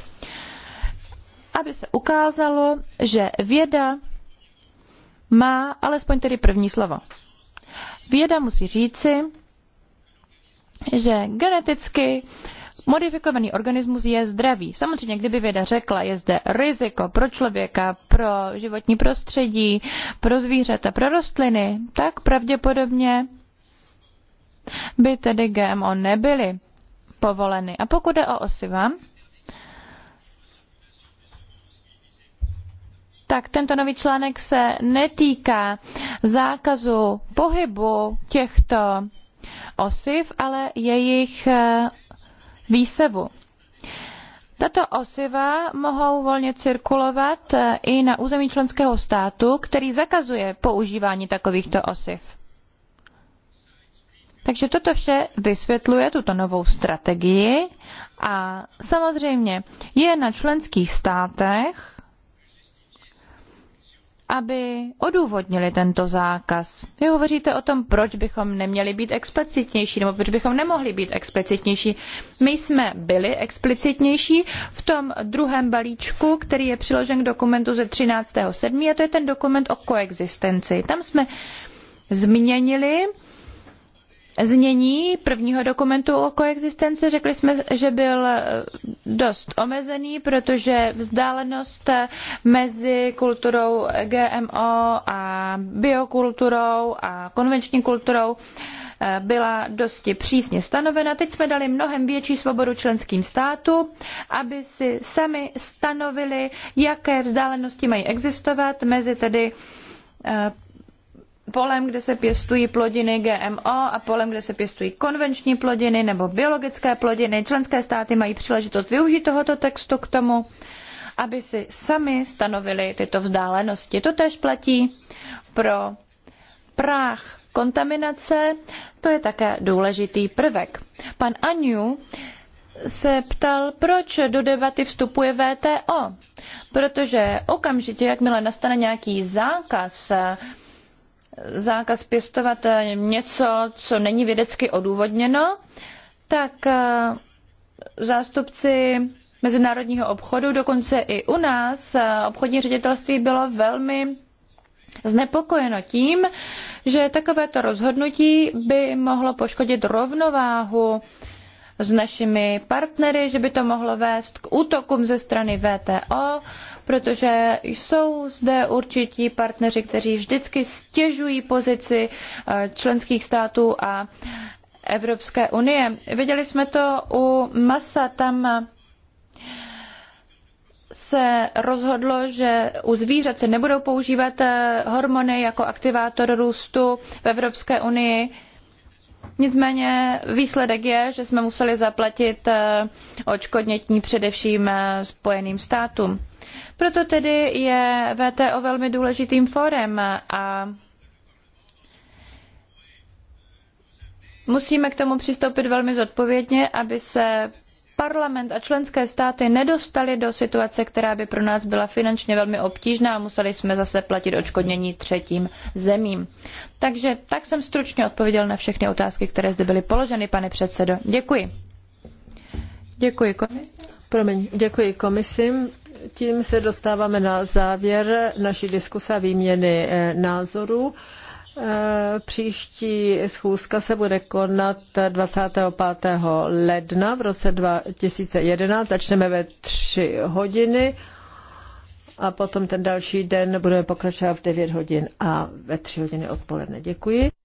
Aby se ukázalo, že věda má alespoň tedy první slovo. Věda musí říci, že geneticky modifikovaný organismus je zdravý. Samozřejmě, kdyby věda řekla, je zde riziko pro člověka, pro životní prostředí, pro zvířata, pro rostliny, tak pravděpodobně by tedy GMO nebyly povoleny. A pokud jde o osiva, tak tento nový článek se netýká zákazu pohybu těchto osiv, ale jejich eh, výsevu. Tato osiva mohou volně cirkulovat eh, i na území členského státu, který zakazuje používání takovýchto osiv. Takže toto vše vysvětluje tuto novou strategii a samozřejmě je na členských státech, aby odůvodnili tento zákaz. Vy hovoříte o tom, proč bychom neměli být explicitnější, nebo proč bychom nemohli být explicitnější. My jsme byli explicitnější v tom druhém balíčku, který je přiložen k dokumentu ze 13.7. a to je ten dokument o koexistenci. Tam jsme změnili znění prvního dokumentu o koexistenci. Řekli jsme, že byl eh, dost omezený, protože vzdálenost eh, mezi kulturou GMO a biokulturou a konvenční kulturou eh, byla dosti přísně stanovena. Teď jsme dali mnohem větší svobodu členským státům, aby si sami stanovili, jaké vzdálenosti mají existovat mezi tedy polem, kde se pěstují plodiny GMO a polem, kde se pěstují konvenční plodiny nebo biologické plodiny. Členské státy mají příležitost využít tohoto textu k tomu, aby si sami stanovili tyto vzdálenosti. To tež platí pro práh kontaminace, to je také důležitý prvek. Pan Aniu se ptal, proč do debaty vstupuje VTO. Protože okamžitě, jakmile nastane nějaký zákaz, zákaz pěstovat eh, něco, co není vědecky odůvodněno, tak eh, zástupci mezinárodního obchodu, dokonce i u nás, eh, obchodní ředitelství bylo velmi znepokojeno tím, že takovéto rozhodnutí by mohlo poškodit rovnováhu s našimi partnery, že by to mohlo vést k útokům ze strany VTO, protože jsou zde určití partneři, kteří vždycky stěžují pozici eh, členských států a Evropské unie. Viděli jsme to u masa, tam se rozhodlo, že u zvířat se nebudou používat eh, hormony jako aktivátor růstu v Evropské unii. Nicméně výsledek je, že jsme museli zaplatit eh, očkodnětní především Spojeným státům. Proto tedy je VTO velmi důležitým fórem a musíme k tomu přistoupit velmi zodpovědně, aby se parlament a členské státy nedostali do situace, která by pro nás byla finančně velmi obtížná a museli jsme zase platit odškodnění třetím zemím. Takže tak jsem stručně odpověděl na všechny otázky, které zde byly položeny, pane předsedo. Děkuji. Děkuji komisi. Promiň, děkuji komisi tím se dostáváme na závěr naší diskuse a výměny eh, názorů. Eh, příští schůzka se bude konat 25. ledna v roce 2011. Začneme ve 3 hodiny a potom ten další den budeme pokračovat v 9 hodin a ve 3 hodiny odpoledne. Děkuji.